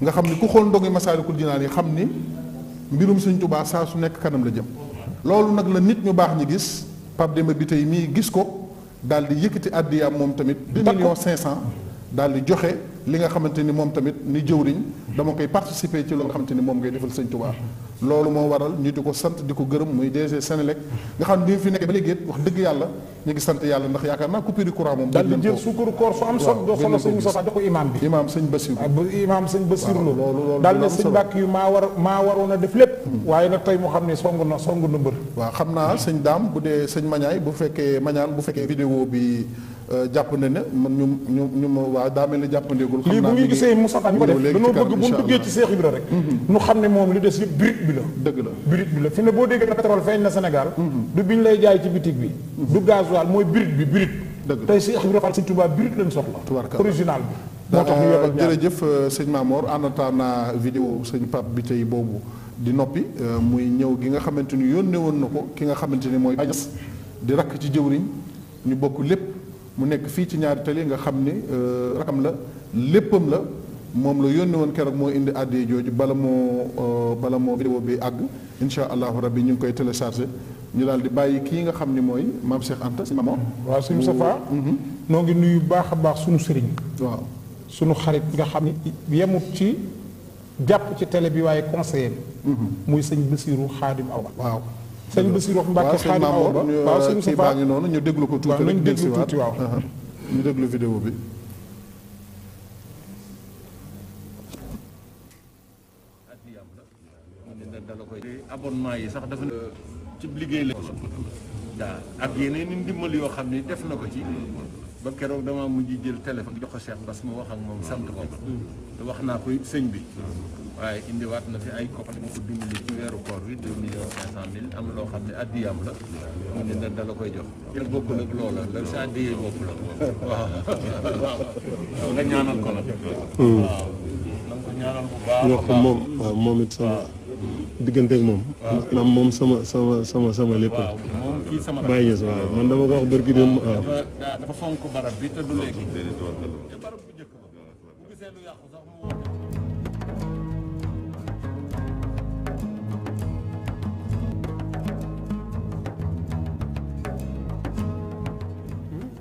nga xam ni ku xool ndogu Masaalikul Jinaan yi xam ni mbirum Sëñ Tuubaa saa su nekk kanam la jëm. loolu nag la nit ñu baax ñi gis Pape Demba bi tey mii gis ko daal di yëkkati àddiyaam moom tamit. deux millions cinq cent daal di joxe li nga xamante ni moom tamit ni jëwriñ dama koy participer ci loo nga xamante ni moom ngay defal Sëñ Tuubaa loolu moo waral ñu di ko sant di ko gërëm muy DG Senelec nga xam ne fi nekk ba léegi wax dëgg yàlla ñu ngi sant yàlla ndax yaakaar naa coupure du courant moom daal di jël sukkur koor su am sot doo solo sëñ Moustapha jox ko imam bi imam sëñ Bassirou ah, imam sëñ Bassirou loolu daal ne sëñ maa war maa waroon a def lépp hmm. waaye nag tey moo xam ne song na song na mbër waa xam naa sëñ daam bu dee sañ Mañaay bu fekkee Mañaan bu fekkee vidéo bi Euh, jàpp na ne man ñu ñu ñu ma waaw daa mel ne jàppandeegul. xam naa lii bu ñu gisee Moussa Tall ñu ko def danoo bëgg bu ñu duggee ci Cheikh Ibra rek. Mhm. ñu xam ne moom li des yëpp brut bi la. dëgg la brut bi la fi ne boo déggee na pétrole feeñ na Sénégal. Mhm. du biñ lay jaay ci bitig bi. Mhm. du gasoil mooy brut bi brut. dëgg la tey Cheikh Ibra Fall Serigne Touba brut lañ soxla. original bi. moo tax ñu yebal euh, jërëjëf euh, vidéo sëñ Pape bi tey boobu di noppi muy ñëw gi nga xamante ni yónnee woon na ko ki nga xamante ni mooy ajas di rakk ci jëwriñ ñu bokk lépp mu nekk fii ci ñaari tali nga xam ni euh, rakam la léppam la moom la yónni woon keroog moo indi àddee jooju bala moo euh, bala moo vidéo bi àgg insha allahu rabbi ñu ngi koy téléchargé ñu daal di bàyyi kii nga xam ni mooy maam Cheikh Anta si maman. waaw suñu safaa mm-hmm. noo ngi nuyu baax a baax suñu sëriñ. waaw suñu xarit nga xam ni yemut ci jàpp ci télé bi waaye conseil mm-hmm. muy sëñ Basiiru Xaadim Awa waaw. sëñ Bassirou Mbacke xaadim awa ba waaw sëñ Moussa euh, baa ngi noonu ñu déglu ko tuuti rek déglu tuuti waaw uh-huh. ñu déglu vidéo bi abonnement yi sax dafa euh, ci liggéey la ak yeneen ndimbal yoo xam ni def na ko ci ba keroog damaa mujj jël téléphone jox ko Cheikh Bass mu wax ak moom mm. sant ko mm. te wax naa ko it sëñ bi mm. waaye indiwaat na fi ay koppar ma ko dimbali ci weeru koor wi deux millions cinq cent mille am loo xam ne addiyam la mu ne da dala koy jox te bokkul ak loola la sa addiyee bopp la (laughs) waaw waaw nga ñaanal ko nag waaw na nga ko ñaanal bu baax moom moom it sama diggante ak moom. moom sama sama sama sama lépp. waaw moom kii sama bàyyi ñës waaw man dama ko wax barki dem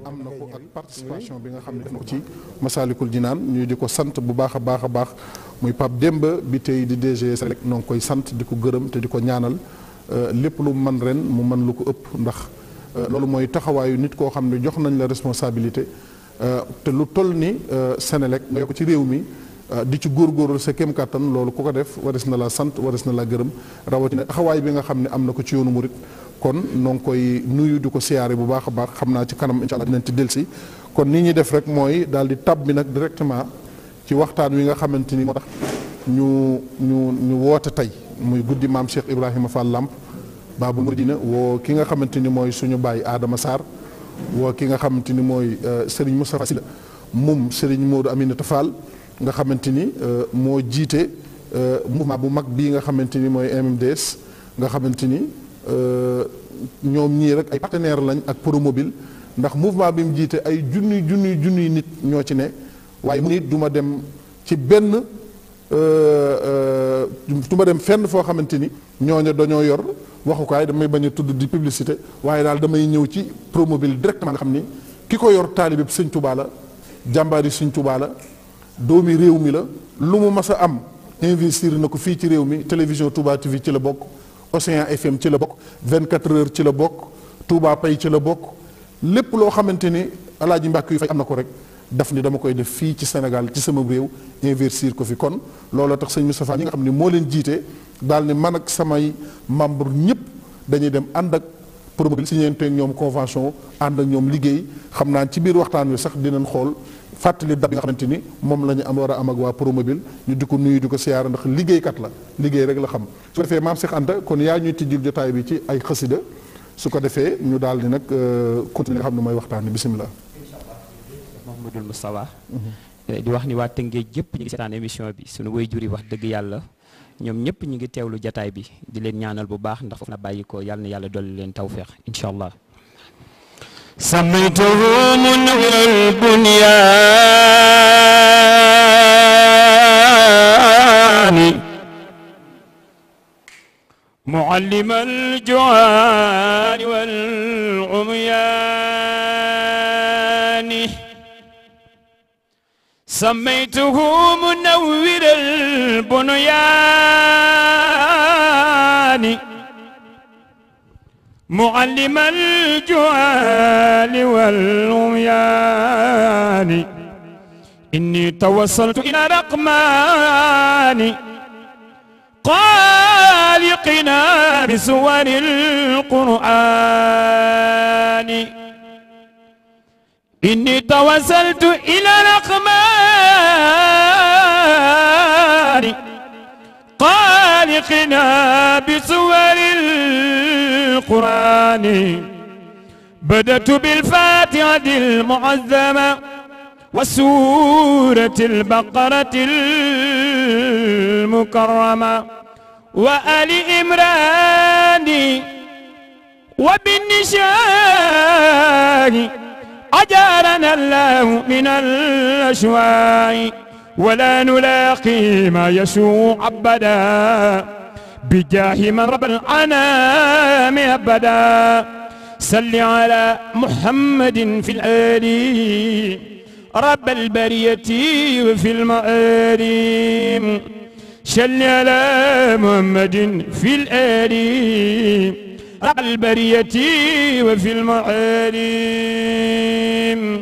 am na ko ak participation bi nga xam ne def na ko ci Masaalikul Jinaan ñu di ko sant bu baax a baax a baax. muy Pape Demba bi tey di DG sa noo ngi koy sant di ko gërëm te di ko ñaanal euh, lépp lu man ren mu mën lu ko ëpp ndax euh, loolu mooy taxawaayu nit koo xam ne jox nañ la responsabilité euh, te lu toll ni Senelec nga yokk ci réew mi di ci góor góorgóorlu sa kem kàttan loolu ku ko def waris na laa sant waris na laa gërëm rawatina taxawaay bi nga xam ne am na ko ci yoonu murit kon noo koy nuyu di ko siyaare bu baax a baax xam naa ci kanam incha allah dinañ kon ni ñuy def rek mooy daal di tab bi nag directement ci waxtaan wi nga xamante ni moo tax ñu ñu woote tey muy guddi maam Cheikh Ibrahima Fall Lamp Baabul Muridina woo ki nga xamante ni mooy suñu baay Adama Sarr woo ki nga xamante ni mooy euh, Serigne Moustapha Sylla sëriñ moo Modou Aminata Fall nga xamante ni euh, moo jiite euh, mouvement bu mag bii nga xamante ni mooy MMDS nga xamante ni ñoom ñii rek ay partenaire lañ ak Promobile ndax mouvement bi mu jiite ay junni junni junni nit ñoo ci ne waaye ni du ma dem ci benn euh, euh, du ma dem fenn foo xamante ni ñooñu dañoo yor waxukaay damay bañ a tudd di publicité waaye daal damay ñëw ci promobile directement nga xam ni ki ko yor taalibe bi sëñ la jàmbaari sëñ Tuubaa la doomi réew mi la lu mu mas a am investir na ko fii ci réew mi télévision Touba TV ci la bokk Océan FM ci la bokk 24 heures ci la bokk Touba Pay ci la bokk lépp loo xamante ni alaaji mbàkk yu fay am na ko rek daf ni dama koy def fii ci Sénégal ci sama réew investir ko fi kon looloo tax sëñ Moustapha ñi nga xam ne moo leen jiite daal ni man ak samay membre ñëpp dañuy dem ànd ak promoteur signé ak ñoom convention ànd ak ñoom liggéey xam naa ci biir waxtaan wi sax di dinañ xool fàttali dab bi nga xamante ni moom la ñu am war a am ak waa Promobile ñu di ko nuyu di ko siyaara ndax liggéeykat la liggéey rek la xam su ko defee maam Cheikh Anta kon yaa ñuy tijjil bi ci ay xasida su ko defee ñu daal di nag euh, continuer nga xam ne mooy waxtaan bisimilah. Mouhamadul Moustapha mhm. eh, di wax ni waa Tëngéej yëpp ñu ngi seetaan émission bi suñu way juri wax dëgg yàlla ñoom ñëpp ñu ngi teewlu jataay bi di leen ñaanal bu baax ndax foofu na bàyyi ko yàlla na yàlla dolli leen tawféex incha allah سميته منع البنيان معلم الجوان والعميان سميته منور البنيان معلم الجهال والعميان إني توصلت إلى رقمان قالقنا بسور القرآن إني توصلت إلى رقمان الأبدان خالقنا بصور القرآن بدأت بالفاتحة المعظمة وسورة البقرة المكرمة وآل إمران وبالنشاء أجارنا الله من الأشواء ولا نلاقي ما يسوء أبدا بجاه من رب الأنام أبدا صل على محمد في الآل رب البرية وفي المآرم صل على محمد في الآل البرية وفي المعالم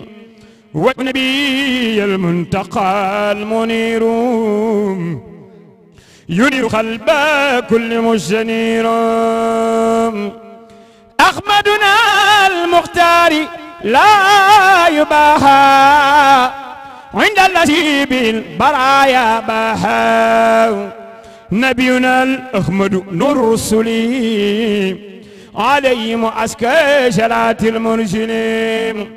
والنبي المنتقى المنير ينير قلب كل مجنير أحمدنا المختار لا يباهى عند الذي بالبرايا باهى نبينا الأحمد نور الرسل عليهم أسكى شرات المرسلين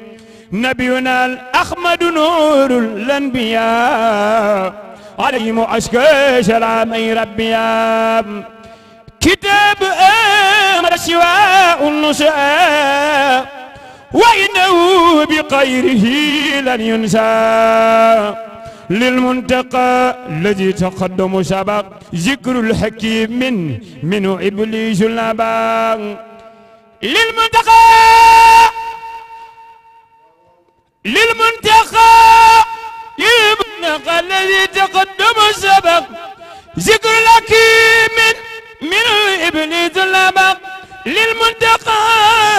نبينا الأحمد نور الأنبياء عليهم أسكى شرامي ربيا كتاب أمر سواء النساء وإنه بغيره لن ينسى للمنتقى الذي تقدم سبق ذكر الحكيم من منه إبليس الأباق للمنتقى للمنتقى للمنتقى الذي تقدم سبق ذكر الحكيم من منه إبليس الأباق للمنتقى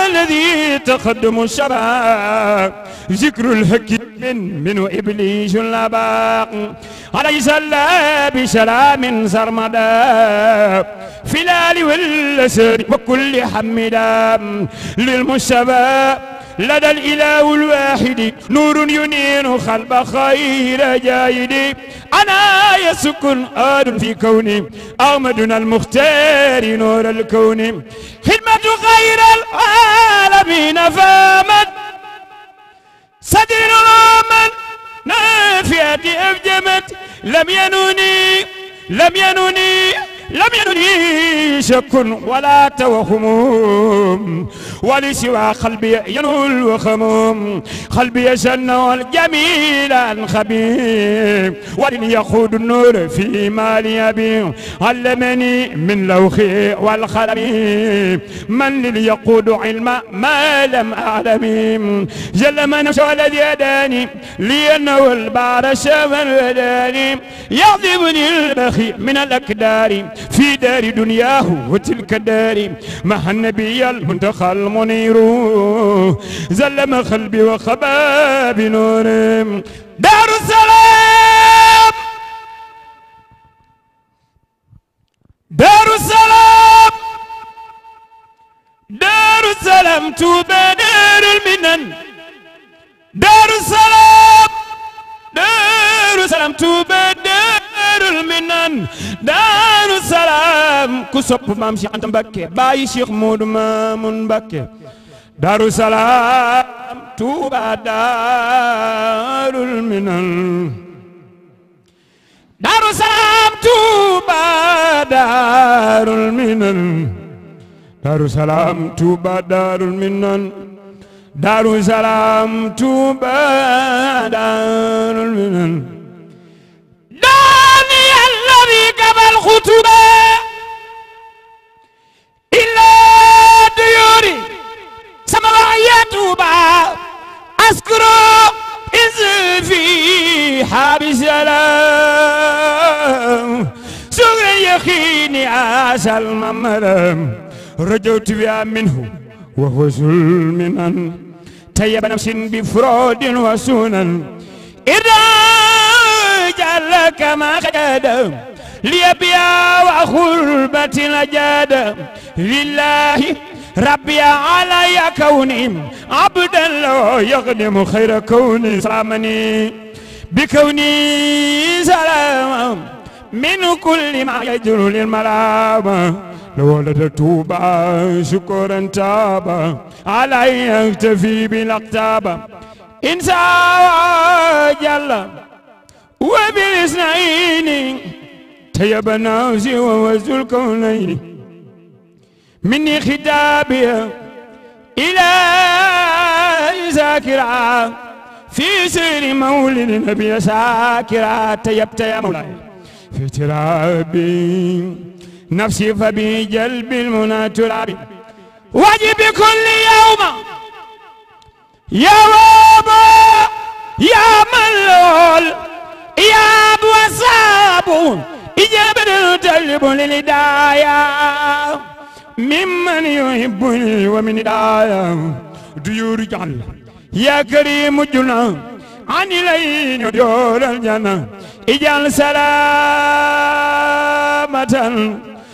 الذي تقدم الشباب ذكر الحكيم منه إبليس الأباق عليه صلى بسلام سرمدا في الآل والأسر وكل حمدا للمستباب لدى الإله الواحد نور ينير خلب خير جايد أنا يسكن آد في كوني أحمدنا المختار نور الكون خدمة خير العالمين فامت صدر الأمن نافية أفجمت لم ينوني لم ينوني لم ينني شك ولا توهم ولسوى قلبي ينهو الوخم قلبي جنة الجميل خبيب ولن يخوض النور في مالي أبي علمني من لوخي والخلم من لليقود علم ما لم أعلم جل من شو الذي أداني لأنه البار شمن وداني يعذبني البخي من الأكدار في دار دنياه وتلك داري مع النبي المنتقى المنير زلم قلبي وخبا بنور دار السلام دار السلام دار السلام توبى دار المنن دار السلام دار السلام توبى دار daarul minan daaru salaam ku sopp maam Cheikh Anta Mbakke bàyyi Cheikh Modou Mamoun Mbakke daaru salaam Touba daarul minan daaru salaam Touba daarul minan daaru salaam Touba daarul minan daaru salaam Touba daarul minan شريك بالخطبة إلا ديوري سمع يتوبة أذكر إذ في حبس سلام سوري يخيني عسى الممرم رجوت بها منه وهو ظلمنا تيب نفس بفراد وسنن إذا جل كما قدم ليبيا وخربة الأجاد لله ربي علي كوني عبدا لا يخدم خير كوني سامني بكوني سلام من كل ما يجر للملام لولد توبا شكرا تابا علي يكتفي بالاقتابا انسى جل وبالاثنين طيب نفسي ووزن الكونين مني خطابي إلى ذاكرة في سير مولد النبي ساكرة طيبت يا مولاي في ترابي نفسي فبجلب المنى ترابي واجب كل يوم يا بابا يا ملول يا ابو صابون إجابة تلب للداية ممن يحبني ومن داية ديور جعل يا كريم جنة عن لين ديور الجنة اجعل سلامة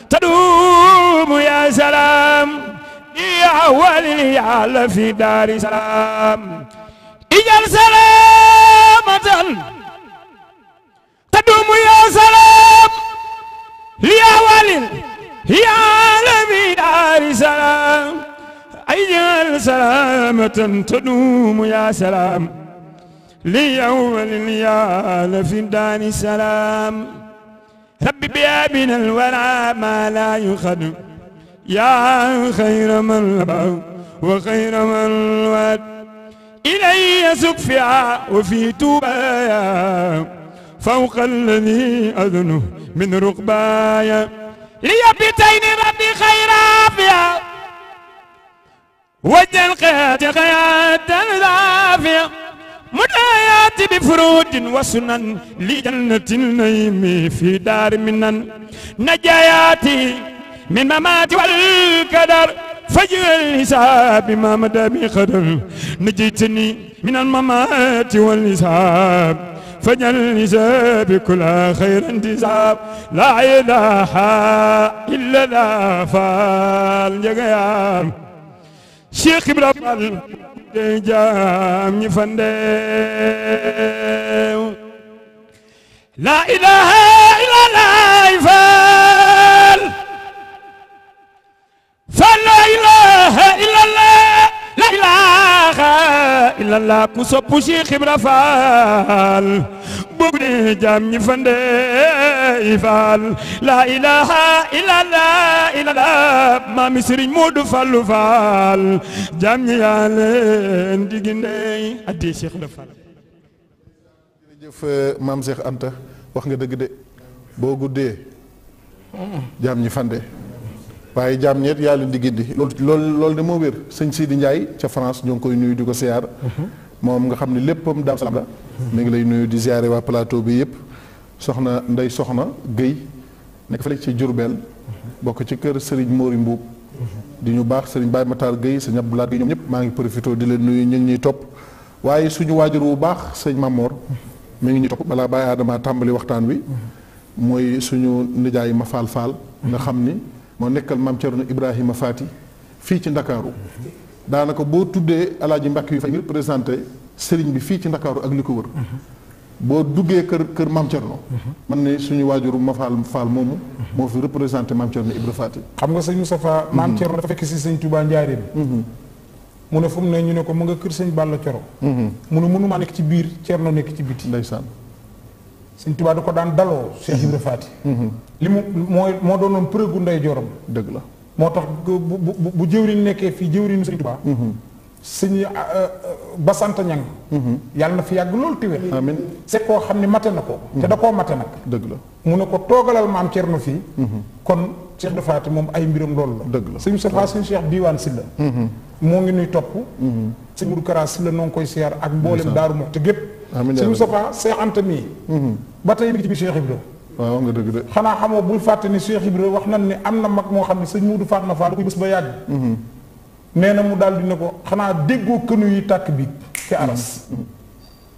تدوم يا سلام يا ولي على في دار سلام اجعل سلامة تدوم يا سلام لأول يا لبي دار سلام أجل سلامة تدوم يا سلام لأول يا لفي دار سلام ربي بيابنا الورع ما لا يخدم يا خير من لبى وخير من ود إلي سكفع وفي توبة فوق الذي أذنه من رقبايا ليبتين ربي خيرا فيا وجه القيادة قيادة دافية مدايات بفروج وسنن لجنة النيم في دار منن نجاياتي من ممات والكدر فجر الحساب ما مدى بقدر نجيتني من الممات والحساب فجل نساب كل خير انتساب لا إله إلا لا فال جغيام شيخ إبرا فال جام نفندم لا إله إلا لا فال فلا إله إلا الله ilaha illallah ku soppu Cheikh Faal bëgg ne jaam ñi fande faal la ilaha illallah illallah maami Sëriñ Moodu Fallu Faal jaam ñi yaa leen di ginde addi Cheikh Ibra Faal euh, maam Cheikh Anta wax nga dëgg de boo guddee jaam ñi fande waaye jaam ñeet yaa leen di lool loolu loolu loolu moo wér sëñ Sidi Ndiaye ca France ñoo ngi koy nuyu di ko siyaar mhm. moom nga xam ne léppam daam salaam la mhm. mi ngi lay nuyu di siyaare waa plateau bi yëpp soxna Ndey Soxna Guèye nekk fële ci Diourbel mhm. bokk ci kër Serigne Mori Mbuub di ñu baax Serigne Baye Matar Guèye sëñ Abdou Lahat Guèye ñoom ñëpp maa ngi profité di leen nuyu ñu ñuy topp waaye suñu waajur wu baax sëñ Mamor mi ngi ñuy topp balaa Baye Adama tàmbali waxtaan wi mooy suñu nijaay ma faal faal xam ni moo nekkal maam Thierno Ibrahima Fati fii ci Ndakaaru daanaka boo tuddee alaaji mbàkk yi fa ngi représenté sëriñ bi fii ci Ndakaaru ak li ko wër boo duggee kër kër maam Thierno man ne suñu waajuru ma faal faal moomu moo fi représenté maam Thierno xam nga sëñ Moustapha maam Thierno mhm. dafa fekk si sëñ Touba Njaaréem mhm. mu ne fu ne ñu ne ko mu nga kër sëñ Balla Coro mhm. mu ne mënumaa nekk ci biir Thierno nekk ci biti ndeysaan Sëñ Tuubaa da ko daan daloo Cheikh Ibra Faati mhm. li mu mooy moo doonoon përëgu ndey jorom dëgg la moo tax bu bu bu jëwriñ nekkee fii jëwriñu Sëñ Tuubaa mhm. sëñ euh, euh, basant ñang mhm. yàlla na fi yàgg loolu tiwee amiin koo xam ne mate na ko te da koo nag dëgg la mu ne ko toogalal maam Cerno fii kon Cheikh Faati moom ay mbiram loolu la dëgg la sëñ Moustapha sëñ Cheikh Diwane Sylla moo ngi nuy topp sëñ Mourou Kara Sylla noo ngi koy siyaar ak mboolem Daaru Muxti gépp amiin si Moustapha Cheikh Anta mii. Mhm. ba tey mi ngi ci bi Cheikh Ibra. waaw nga dëgg de. xanaa xamoo bul fàtte ni Cheikh Ibra wax nañ ni am na mag moo xam ne sëñ Muudu faat na faa da koy bés ba yàgg. Mhm. nee mu daal di ne ko xanaa déggoo kënu yi tàkk bi ci aras. Mhm.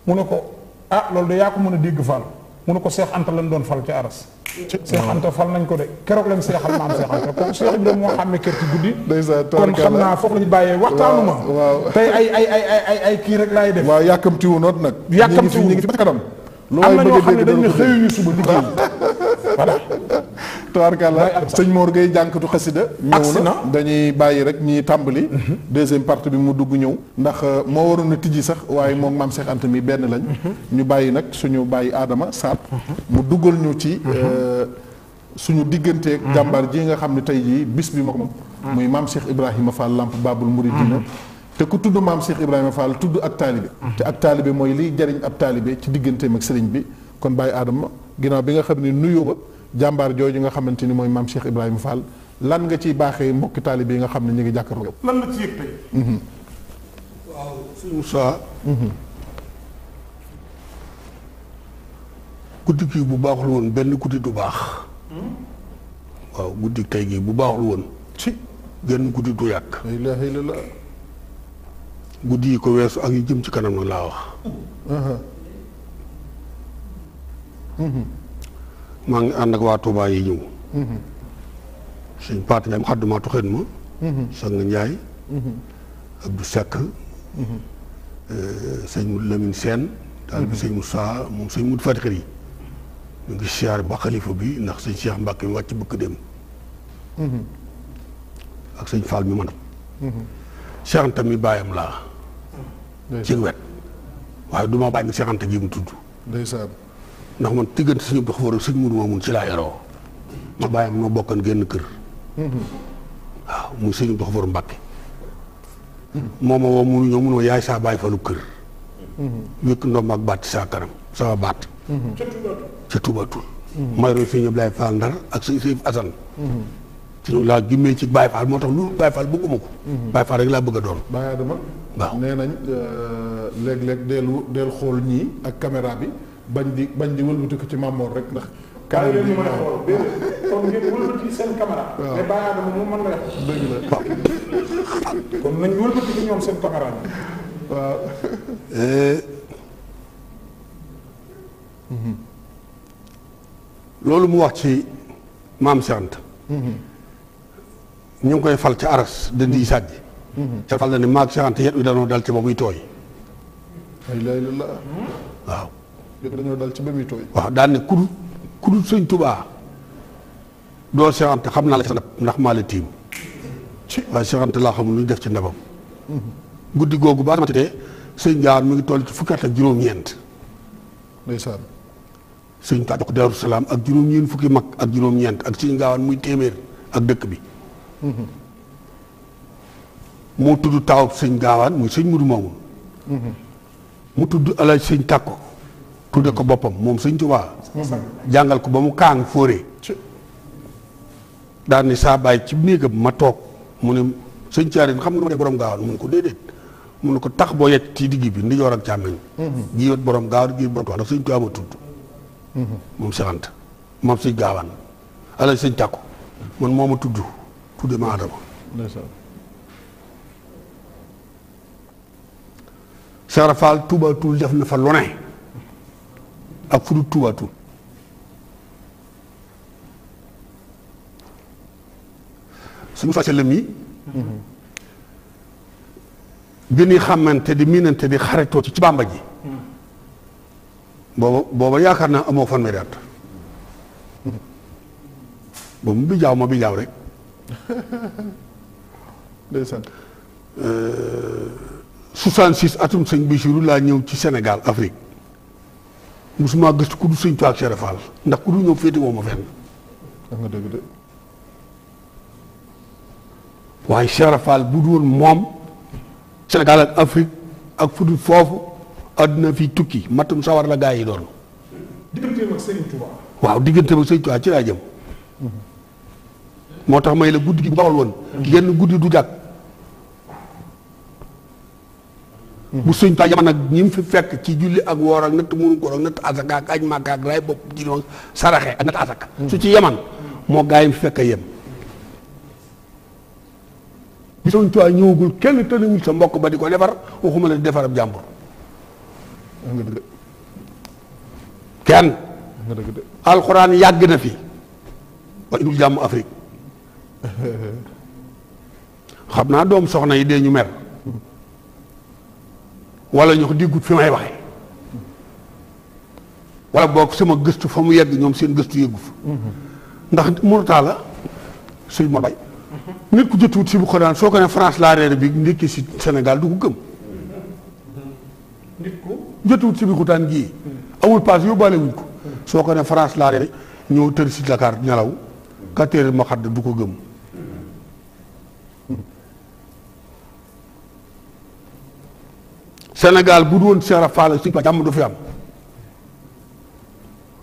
mu ne ko ah loolu de yaa ko mën a dégg Fall. mu ne ko Seex Anta lañ doon fal ca Aras. Seex Anta fal nañ ko de keroog lañ seexal maam Seex Anta kon Seex Ibra moo xàmmee kër ci guddi. kon xam naa foofu lañu bàyyee waxtaanu ma. tey ay ay ay kii rek laay def. waaw yàkkamti wu noot nag. yàkkamti wu ñu ngi fi a dégg am na ñoo xam ne dañ ne xëyuñu suba liggéey (laughs) voilà. tubaarkàlla sëñ moor Gueye jànkatu xasida ñëw na dañuy bàyyi rek ñuy tàmbali mhm. deuxième partie bi mu dugg ñëw ndax euh, moo waroon a tijji sax waaye mhm. moom maam Cheikh Anta benn lañ mhm. ñu bàyyi nag suñu bàyyi aadama Sarr mu duggal ñu ci euh, suñu digganteeg jàmbaar ji nga xam ne tey jii bis bi ma muy maam Cheikh Ibrahima Fall Lamp Babul Mouridina te ku tudd maam Cheikh Ibrahima Fall tudd ak taalibe te ak taalibe mooy liy jariñ ab taalibe ci digganteem ak sëriñ bi kon bàyyi Adama ginnaaw bi nga xam ne nuyoo ba jàmbaar jooju nga xamante ni mooy maam Cheikh Ibrahima Fall lan nga ciy baaxee mbokki taalib yi nga xam ne ñu ngi jàkkaarloo. lan la ci yëg mhm. mhm. guddi kii bu baaxul woon benn guddi du baax. Mhm. waaw guddi tey gii bu baaxul woon. ci genn guddi du yàq. la guddi yi ko weesu ak yi jëm ci kanam nag laa wax. maa ngi ànd ak waa Touba yi ñëw. suñ parti bi Moukhaddamatoul Khidma. Mhm. Sang Ndiaye. Mhm. Abdou Seck. Mhm. Euh, sëñ Moudou Lamine Sène. daal bi sëñ Moussa moom sëñ Moudou Fatick yi. ñu ngi siyaar ba xalifa bi ndax sëñ Cheikh Mbacke mi wàcc bëgg dem. ak sëñ Fall mi manam Cheikh Anta mi bàyyam laa. ci wet waaye du bàyyi Cheikh Anta gi mu tudd. ndax man diggante suñu dox foofu rek suñu mudu moomun ci laa yaroo ma bàyyam noo bokkan génn kër waaw muy suñu dox foofu mbàkke moo ma woo munu ñëw munu ma yaay saa bàyyi falu kër wékk ndoom ak baat ci saa kanam sama baat ca tubatul may roy fi ñëpp laay faal ndar ak sa Seydou Assane ci loolu laa gimmee ci Baye Fall moo tax lu Baye Fall bëgguma ko Baye Fall rek laa bëgg a doon Baye Adama waaw nee nañ euh, léeg-léeg deelu deel xool ñii ak caméra bi bañ di bañ di wëlbati ko ci Mamor rek ndax. waaw eh. loolu mu wax ci maam mm-hmm. Cheikh ñu ngi koy fal ci aras di di sàjj. ca fal na ni maam Cheikh Anta yet wi danoo dal ci ba muy tooy. waaw. léegi dañoo dal ci ba muy tooy. waaw daan ne ku ku dul sëñ Tuubaa doo Seex Anta xam naa la sa ndax maa la tiim ci waaye Seex Anta laa xamul lu ñu def ci ndabam. guddi googu ba xamante ne sëñ Gaawaan mi ngi toll ci fukki at ak juróom-ñeent. ndeysaan. sëñ Tuubaa jox Daaru Salaam ak juróom-ñeent fukki mag ak juróom-ñeent ak sëñ Gaawaan muy téeméer ak dëkk bi. moo tudd taawub sëñ Gaawaan muy sëñ Mudu Moomu. Mm-hmm. mu tudd alaaj sëñ Tàkko. tudde ko boppam moom sëñ Tuubaa ko ba mu kaang fóoree daan ni saa bàyyi ci néegam ma toog mu ne sëñ Caarin ma dee borom gaawaan mun ko déedéet mun ko tax boo yet ci digg bi ndijoor ak càmmeñ mhm. gi yot borom gaawaan gi borom ndax sëñ Tuubaa ma tudd mhm. moom seexant moom sëñ gaawaan alal sëñ man moo ma tudd ma adama Seex Faal Tuubaa tul def fa lu ak fu dul tuwaatu suñu fasalam yi bi ñuy xamante di miinante di xaritoo ci ci bàmba ji booba booba yaakaar naa amoo fanweeri at boobu mu bi ma bi rek (laughs) ndeysaan euh, soixante-six atum sëñ Bichirou laa ñëw ci Sénégal Afrique musuma gëstu ku du sëñ Tuubaa ak Cheikh Fall ndax ku du ñoom féete bu dul woon moom Sénégal ak Afrique ak fu foofu àdduna fi tukki matum sawar la gaa yi doon. waaw digganteem ak Serigne Touba ci laa jëm. Mhm. moo tax may la guddi gi ñu mhm. guddi du jàkk. bu sëñ Tuubaa jamono nag ñi fi fekk ci julli ak woor ak natt murum koor ak natt asaka ak aj màkka ak laay bopp ji saraxe ak natt asaka mm. su ci yaman moo gaa yi mu fekk yem bi sëñ Tuubaa ñëwagul kenn tëniwul mbokk ba di ko defar waxuma la kenn alxuraan yàgg na fi waaye dul jàmm Afrique (laughs) xam naa doom soxna yi dee ñu mer wala ñoo ko diggut fi may waxee wala boog sama gëstu fa mu yegg ñoom seen gëstu yeggu fa ndax murtaa la suñ ma bay nit ku jëtuwut si bu ko daan soo ko ne France laa bi ndékki si Sénégal du ko gëm nit ku jëtuwut soo ko ne France laa reere ñëw tër si Dakar ñelaw quatre heures ma xadd du ko gëm Sénégal bu doon Cheikh Ibra Fall si jàmm du fi am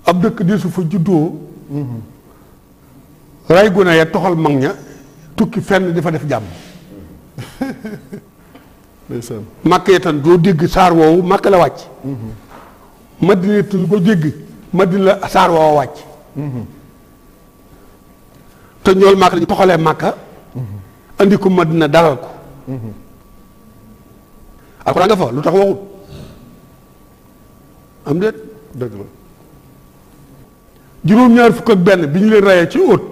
ab dëkk di su fa juddoo rey gune ya toxal mag ña tukki fenn dafa def jàmm (laughs) màkk ya tan doo dégg saar woowu màkk la wàcc madina tan doo dégg madina la saar woowu wàcc te ñool màkk lañu toxalee màkka andi ko madina dalal ko alxuraan nga fa lu tax waxut am déet dëgg la juróom-ñaar fukk ak benn bi ñu leen rayee ci óot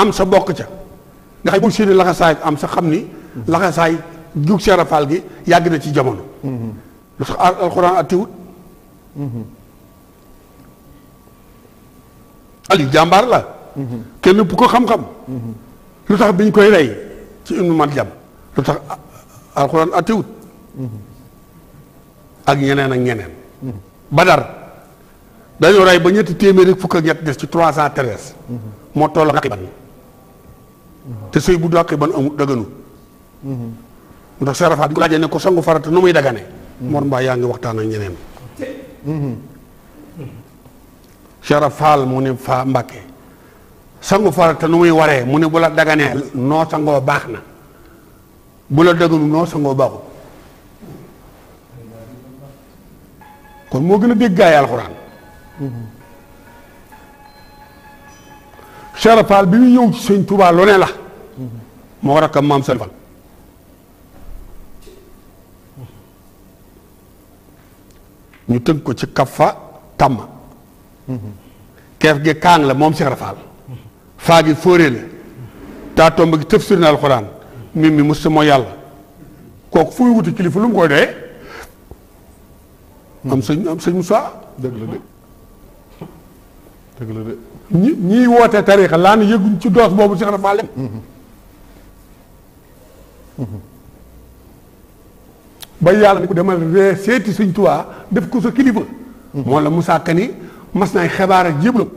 am sa bokk ca nga xam bu seeni laxasaay am sa xam ni laxasaay jug seerafaal gi yàgg na ci jamono mm-hmm. lu tax alxuraan attiwut mm-hmm. Aliou jàmbaar la mm-hmm. kenn bu xam-xam lu tax bi ñu koy rey ci Ibnu Maryam lu tax alxuraan attewut ak ñeneen ak ñeneen badar dañoo rey ba ñetti téeméer ak fukk ak ñett des ci trois cent treize moo toll ak ban te sëy bu dàq ban amul daganu mu tax sarafaat bi ko sangu farata nu muy dagane Mor Mbaye yaa ngi waxtaan ak ñeneen Serap Fall mu nu muy waree mu ne bu la daganee noo sangoo baax na bu la daganu noo sangoo baaxul kon moo gën a dégg gaay alxuraan Serapal bi ñu ñëw ci sëñ Tuubaa lu la moo rakkam maam Serapal ñu tënk ko ci kaffa tàmm keef gi kaang la moom Serapal faa gi fóoree taa tomb gi tëfsir na alxuraan mi mi mos sama yàlla kooku fu muy wuti kilifa lu mu koy doyee am sëñ am sëñ Moussa dëgg la de dëgg la de ñi ñiy woote tariixa laa ne yëguñ ci doos boobu Cheikh Rafa lem mm-hmm. mm-hmm. ba yàlla ni ko demal ree seeti sëñ Tuubaa def ko sa kilifa mm-hmm. moo la Moussa Kani mas nañ xabaar ak jéblam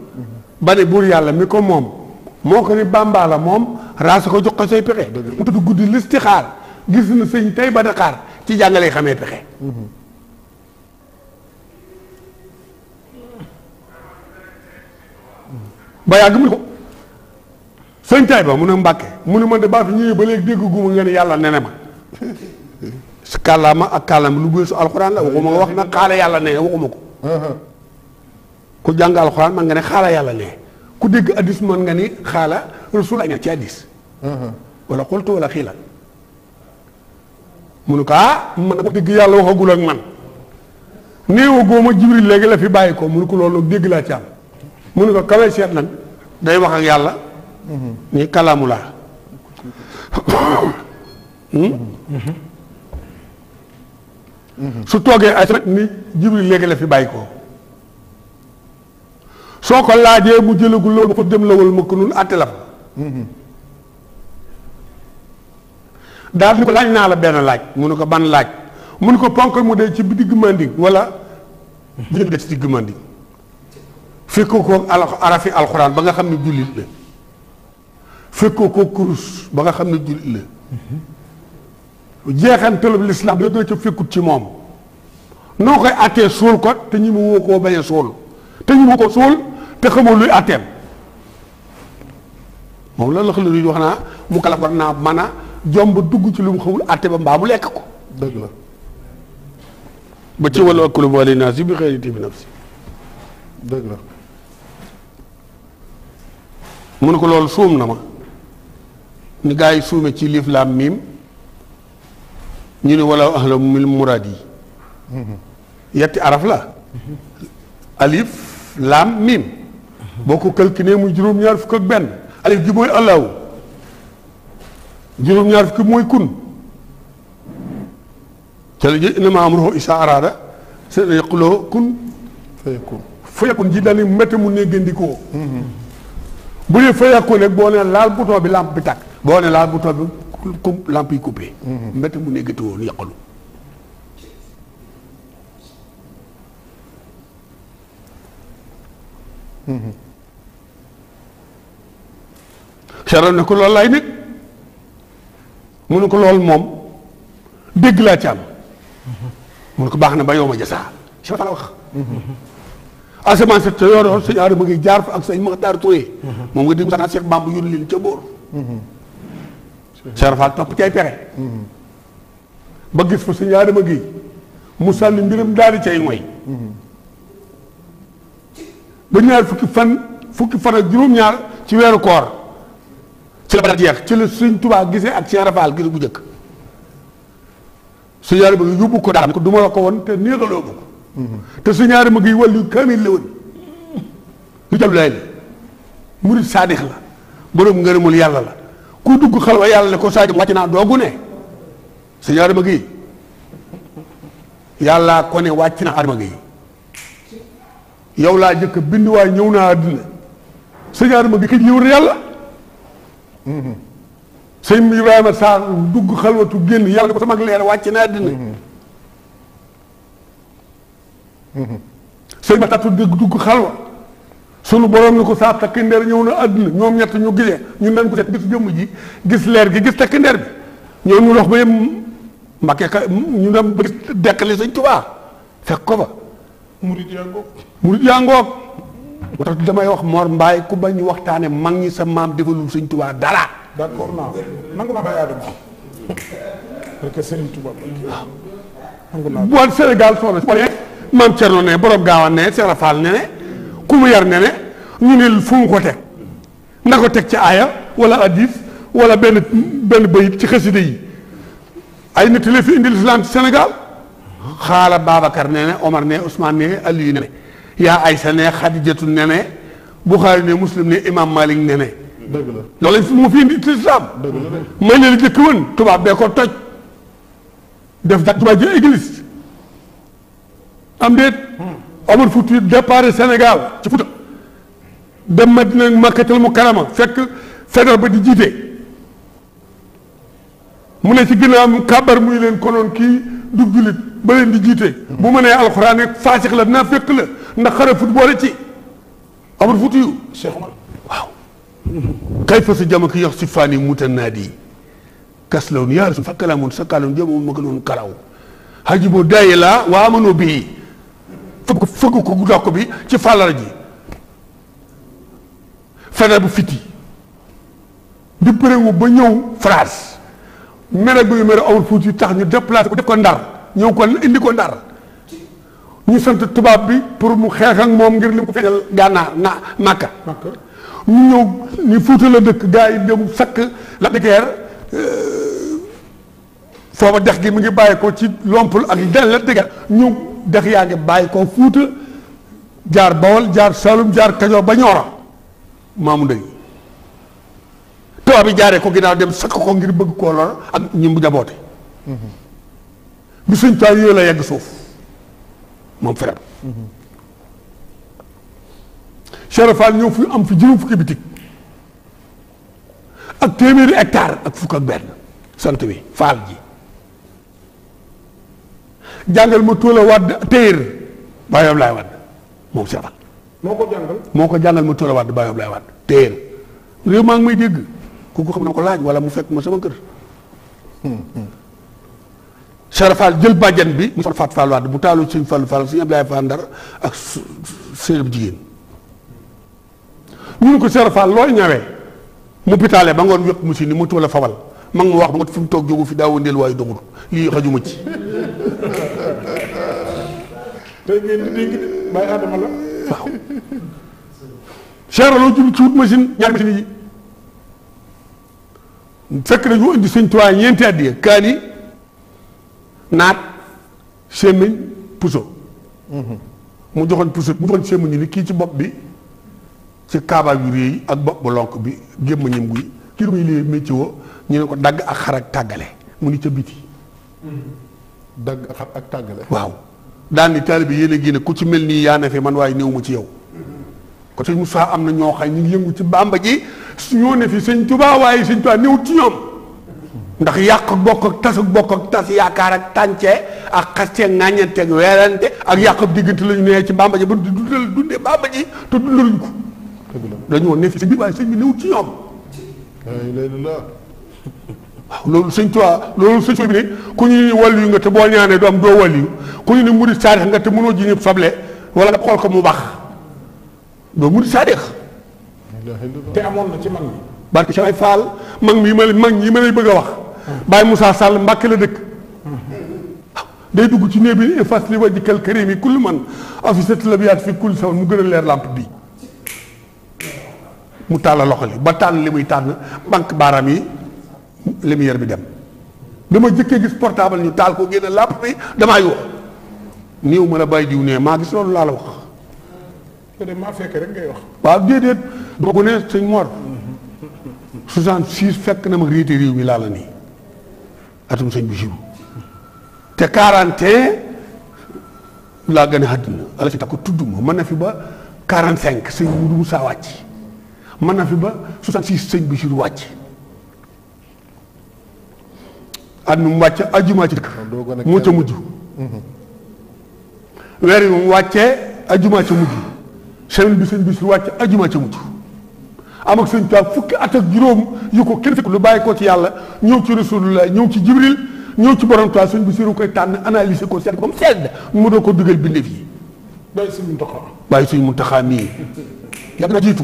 ba ne buur yàlla mi ko moom moo ko ni Bàmba la moom raasa ko jox ko say pexe mu tudd guddi listixaar gis na sëñ tey ba Dakar ci jàngale xamee pexe ba yàgg mu ne ko sëñ tay ba mu ne Mbàkke mu ne man de baa fi ñëwee ba léegi dégg guma ngeen yàlla nene ma su ak kàllaama lu bëri su alxuraan la waxuma nga wax nag xaale yàlla ne waxuma ko ku jàng alxuraan man nga ne xaala yàlla ne ku dégg addis man nga ni xaala rasul añ ci addis Uh-huh. wala xultu wala xiila munu ko ah man wax dëgg yàlla waxagul ak man néew góoma jibril léegi la fi bàyyi ko munu ko loolu dégg laa ci am munu ko kawee seet nag day wax ak yàlla uh-huh. ni kalaamu laa uh-huh. Hmm? su toogee ay semaine ni jibril soo ko laajee mu jëlagul loolu mu ko dem lawal ma ko nun àtte la fa daal di ko laaj naa la benn laaj mu ne ko ban laaj mu ne ko ponk mu dee ci biti mandi wala mu dee ci digg mandi fekk ko alxuraan ba nga xam ne jullit la fekk ko kurus ba nga xam ne jullit la jeexantalub lislaam doo ca fekkut ci moom noo koy attee suul ko te ñi mu woo koo bañ a suul te ñi mu ko suul te xamul luy atteem moom la la xam ne wax naa mu kalaf naa mën a jomb dugg ci lu mu xamul àtte ba mbaa mu lekk ko. dëgg la. ba ci wàllu akulu boole naa si bi xëy bi naf si. dëgg mu ne ko loolu suum na ma ni gaa yi suume ci liif laam miim ñu ne wala ahla mil muraad yi mhm. yetti araf la mhm. alif laam miim boo ko calculé muy juróom-ñaar fukk ak benn alif gi mooy allahu juróom-ñaar fukki mooy kun te la jël innama amruhu isaa araada sa yaquloo kun fa yakun fa yakun ji daal métti mu ne bu dee fa yakun rek boo ne laal bouton bi lampe bi tàkk boo ne laal bouton bi kum lampe yi coupé métti mu ne gëndikoo yaqalu Cheikh ne ko loolu laay nekk mu ne ko loolu moom dégg laa ci am mu ne ko baax na ba yow ma jasaa si fa la wax asamaan sa te yoroon sëñ Adama ngi jaar fa ak sëñ Maxtaar Touré moom nga dégg sanaa Cheikh Bamba yónni leen ca bóor Cheikh mu sànni mbiram daal di cay mooy ba ñaar fukki fan fukki fan ak juróom-ñaar ci weeru koor ci la Badar jeex ci la Sëñ Tuubaa gisee ak Cheikh bu njëkk su ñaari mag yóbbu ko daal ko du ma la ko won te néegaloo ma te su mag yi wàllu kaamil la lu jàllu lay la murid saadix la borom ngërëmul yàlla la ku dugg xalwa yàlla ne ko Sadio wàcc naa doogu ne su ñaari mag yi yàllaa ko ne wàcc na arma gi laa jëkk bind ñëw naa àddina su mag yi kañ ñëw na yàlla sëñ Ibrahima Sarr dugg xalwatu génn yàlla ko sama leer wàcc na àddina sëñ ba tatu dëgg dugg xalwa sunu borom ni ko saa takk ndeer ñëw na àddina ñoom ñett ñu gisee ñun dañ ko seet gis jëmm ji gis leer gi gis takk ndeer bi ñoom ñu dox ba yem Mbàkke ka ñu dem ba gis dekkali sëñ fekk ko fa murid yaa ngoog murid yaa ngoog moo tax damay wax Mor Mbaye ku bañ ñu mag ñi sa maam defalul sëñ Tuubaa dara. d'accord naa nangu naa Baye Adama parce Sénégal soxla si. maam Thierno ne borom gaawaan ne Seera Fall ne ne ku yar ne ne ñu ne fu mu ko teg na ko teg ci aaya wala hadis wala benn benn ci xasida yi ay nit la fi indil islam ci Sénégal xaala Babacar ne ne Omar ne Ousmane ne Aliou ne. yaa ay ne Xadijatu ne ne Buxaari ne Muslim ne Imaam Malik ne ne dëgg la mu fi indi islam may ne la jëkk woon tubaab bee toj def dak tubaab ji église am déet hmm. Omar Fuuti départ Sénégal ci Fuuta dem Madina Makkatal Mukarrama fekk fédéral ba jiite mu ne ci ginnaaw kàbbar muy leen konoon kii du jullit ba leen di jiite. bu ma nee alxuraan rek faasix la naa fekk la ndax xare football ci amul kay fa sa jama si faan yi muta naadi kas law nu yaa rasul fakka laa moon sa kaaloon jëmoon ma gënoon karaw haji boo daaye laa waa amanoo bii fëgg bi ci fàllara ji fiti di përéwu ba ñëw France mere guy mere fuut fuuti tax ñu déplacé ko def ko ndar ñëw ko indi ko ndar ñu sant tubaab bi pour mu xeex ak moom ngir li ko feeñal gànnaar na màkka ñu ñëw ñu fuuta la dëkk gars yi dem sakk la dëkkeer euh, foofa dex gi mu ngi bàyyi ko ci lompul ak den la dëggeer ñu dex yaa ngi bàyyi ko fuuta jaar bawol jaar salum jaar kajoor ba ñooro maamu ndey tubaab yi jaaree ko ginnaaw dem sakk ko ngir bëgg koo lor ak ñi mu jaboote bi sëñ Tuubaa yooyu la yegg suuf moom frère Cheikh Fall ñëw fi am fi juróom fukki bitig ak téeméeri hectare ak fukk ak benn sant wi Fall ji jàngal ma tóola wadd téyër bàyyoom laay wadd moom Cheikh Fall moo ko jàngal moo ko jàngal ma tóola wadd bàyyoom laay wadd téyër réew maa ngi may dégg ku ko xam na ko laaj wala mu fekk ma sama kër. Cheikh Fall jël bàjjan bi. mu faat Fall waat bu taalu suñ Fall Fall suñu Abdoulaye Fall Ndar ak seenub jigéen. ñu ne ko Cheikh Fall looy ñawee mu pitaale ba ngoon yëpp mu si mu tuula wax mu toog fi daawu ndeel waayu doxul machine ñaari machine yi. fekk nañu indi sëñ Tuubaa ñeenti addiya kaani naat sémmiñ puso mu joxoon puso mu joxoon sémmiñ ni kii ci bopp bi ci kaaba yu réy ak bopp lonk bi gémmañam gi kii muy lii métier woo ñu ne ko dagg ak xar ak tàggale mu ngi ca biti dagg ak xar ak tàggale waaw daan ni taalibe yéen a génne ku ci mel nii yaa ne fi man waaye néew ma ci yow ko sëñ Moussa am na ñoo xam ñu yëngu ci bàmba ji su ñoo ne fi sëñ waaye sëñ Tuubaa néew ci ñoom ndax yàq bokk ak tas ak bokk ak tas yaakaar ak tànce ak xaste ŋàññante ak weerante ak yàq ab diggante la ñu ci bàmba ji ba du dundal dundee bàmba ji te dundaluñ ko dañoo ne fi sëñ bi waaye sëñ bi néew ci ñoom waaw loolu sëñ Tuubaa bi nga te boo ñaanee du am doo wàllu yu ku ñu ne murit saarix nga te mënoo ji ñëpp soble wala nga xool ko mu baax doo murid saadix te amoon na ci mag ñi barke samay faal mag mi ma mag ñi ma lay bëgg a wax Baye Moussa Sall Mbàkke la dëkk day dugg ci néeg bi fas li wajikal karim yi kullu man afisat labiyaat fi kulli sawan mu gën a leer lamp bi mu tàll loxo li ba tànn li muy tànn banque baaraam yi lumière bi dem dama jëkkee gis portable ñu taal ko génn làmp bi damaa yoo néew mën a bàyyi diw ne maa gis loolu laa la wax maa ngay wax. waaw déedéet ma ko ne sëñ Mor. 66 fekk na ma réete réew mi laa la nii atum sëñ Bichirou te 41 laa gën a àddina ala si takku tudd ma mën na fi ba 45 sëñ Moudou Moussa wàcc mën na fi ba 66 sëñ Bichirou wàcc. at mi mu wàcce ajjumaa ci dëkk moo ca mujj weer yi mu wàccee ajjumaa ca mujj semaine bi sëñ Basiru wàcc ajuma ca mujj am ak sëñ Tuubaa fukki at ak juróom yu ko kenn fekk lu bàyyi ko ci yàlla ñëw ci rasulullah ñëw ci jibril ñëw ci borom Tuubaa sëñ Basiru koy tànn analyser ko seet ba mu sedd mu ko dugal bindeef yi bàyyi suñ muntaxaa bàyyi suñ muntaxaa mii yàgg na jiitu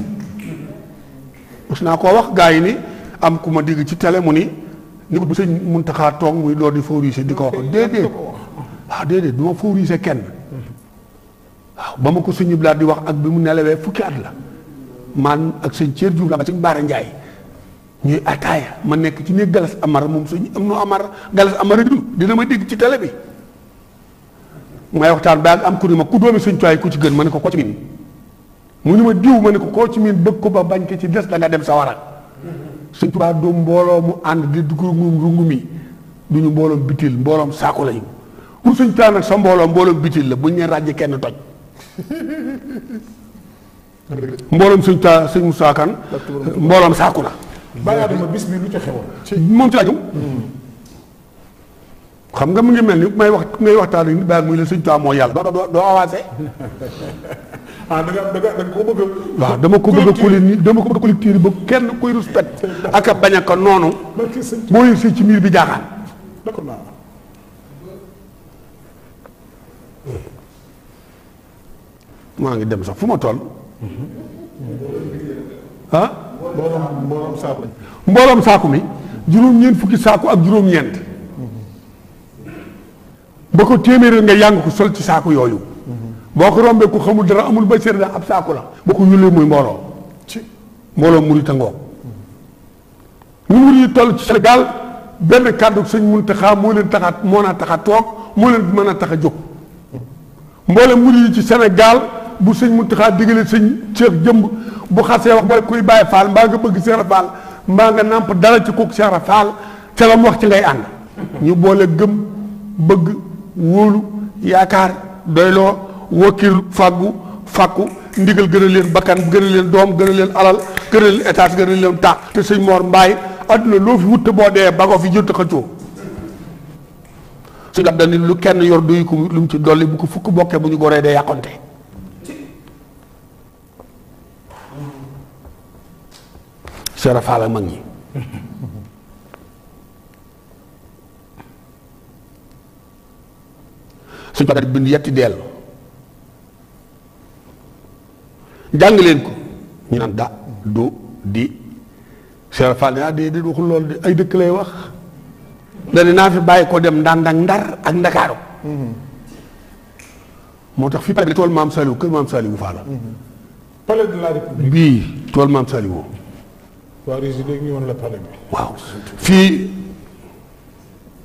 mos naa ko wax gars yi ni am ku ma dégg ci télé mu ni ni ko bu mun taxaa toog muy door di favoriser di ko wax déedéet waaw ah, déedéet du ma favoriser kenn waaw ba ma ko suñu blaat di wax ak bi mu nelawee fukki at la man ak sëñ Thier Diouf la ak sëñ Baara Ndiaye ñuy ataaya ma nekk ci néeg Galas Amar moom suñu am nu Amar Galas Amar dina ma dégg ci tele bi may waxtaan ba ak am ku ne ma ku doomi sëñ Tuwaay ku ci gën ma ne ko ko ci miin mu ne ma diw ma ne ko koo ci miin bëgg ko ba bañ ko ci des da nga dem sawara sëñ Tuubaa doom mbooloo mu ànd di dugg rungu mi du ñu mbooloom bitil mbooloom saako lañu pour sëñ Tuubaa nag sa mbooloom mbooloom bitil la buñ leen ràjjee kenn toj (laughs) mbooloom suñ taa suñ mu Kane mbooloom saaku na. balaa dama bis bi lu ca xewoon. moom ci aju. xam nga mu ngi mel ni may wax may waxtaan ak nit baa muy la sëñ Tuubaa moo yàlla. doo doo avancé. ah da nga da nga ko waaw dama ko bëgg a collectif dama ko bëgg a collectif ba kenn kuy respect ak a noonu. boo yëg si ci miir bi jaaxaan. maa ngi dem sax fu ma toll. ah. mbooloom mbooloom saako. mbooloom mi juróom-ñeent fukki saako ak juróom-ñeent. ba ko téeméeri nga yàng ko sol ci saako yooyu. boo ko rombee ku xamul dara amul ba sér ab saako la. boo ko yullee muy mbooloo. ci mbooloo murit a ngoog. ñu murit ci senegal benn kàddu sëñ Muntaxa moo leen taxaat moo naa tax a toog moo leen mën a tax a jóg. mbooloo murit ci Sénégal. bu sëñ Muntaxa digale sëñ Cheikh jëmb bu xasee wax ba kuy bàyyi faal mbaa nga bëgg Cheikh Fall mbaa nga nàmp dara ci kooku Cheikh Fall ca la mu wax ci ngay ànd ñu boole gëm bëgg wóolu yaakaar doyloo wakkil fàggu fàkku ndigal gën leen bakkan gën leen doom gën leen alal gën a leen étage gën a leen taax te sëñ Mor Mbaye adduna loo fi wutta boo dee ba fi jënta xëccoo su daan ni lu kenn yor duy ko lu mu ci dolli bu ko fukk bokkee bu ñu goree dee yàqonte Cheikh Fall ak mag ñi suñu pare bind yetti deel jàng ko ñu naan da du di Cheikh Fall ne ah di di waxul loolu di ay dëkk lay wax dane naa fi bàyyi ko dem ndànd ak ndar ak ndakaaru moo tax fi pare tool maam Saliou kër maam bii tool maam Saliou waaw fii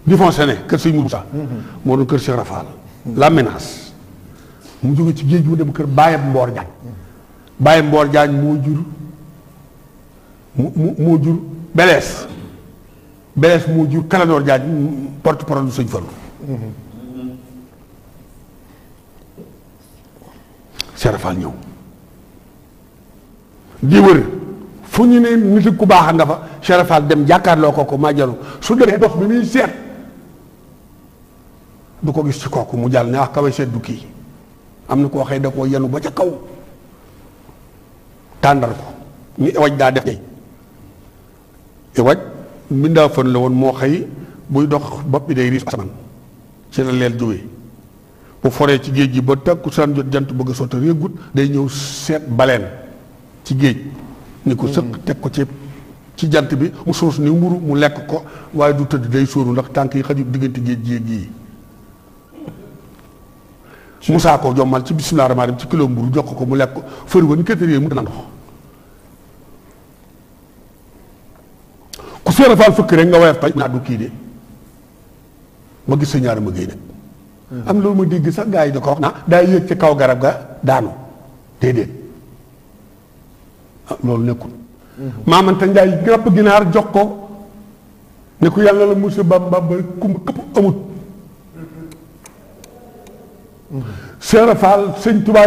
li foncé ne kër sëñ Moussa mm-hmm. moo doon kër Cheikh Rafal la menace mu jóge ci géej gi mu dem kër Baayam Mboor Jaañ mm-hmm. Baayam Mboor Jaañ moo jur mu moo jur Belees Belees moo jur Kalanoor Jaañ porte parole du sëñ Fallu mm-hmm. Cheikh Rafal ñëw di fu ñu ne nit ku baax nga fa Cherafal dem jàkkaarloo kooku maa jaru su demee dox bi muy seet bu ko gis ci kooku mu jàll ne ah kawe seet du kii am na koo xëy da koo yenu ba ca kaw tàndar ko ni waj daa def ñey waj mbindaa fën la woon moo xëy buy dox bopp bi day riis asamaan ci la leel jógee bu foree ci géej gi ba takku saan jot jant bëgg a sotta réegut day ñëw seet baleen ci géej ni ko sëq teg ko ci ci jant bi mu soos ni mburu mu lekk ko waaye du tëdd day sóoru ndax tànk yi xaju diggante géej géej yi Musaa ko jommal ci bismillah rahmaan rahim ci kilo mburu jox ko mu lekk ko fëri ni kétérié mu nangu ku séer a faal fëkk kii de ma gis sa ñaari ma géy nag hmm. am loolu ma dégg sax gars yi da ko wax naa daa yéeg ci kaw garab ga daanu déedéet Ah, loolu nekkul. maamante Njaay ñàpp ginaar jox ko ne ko yàlla la monsieur Bamba ba kumba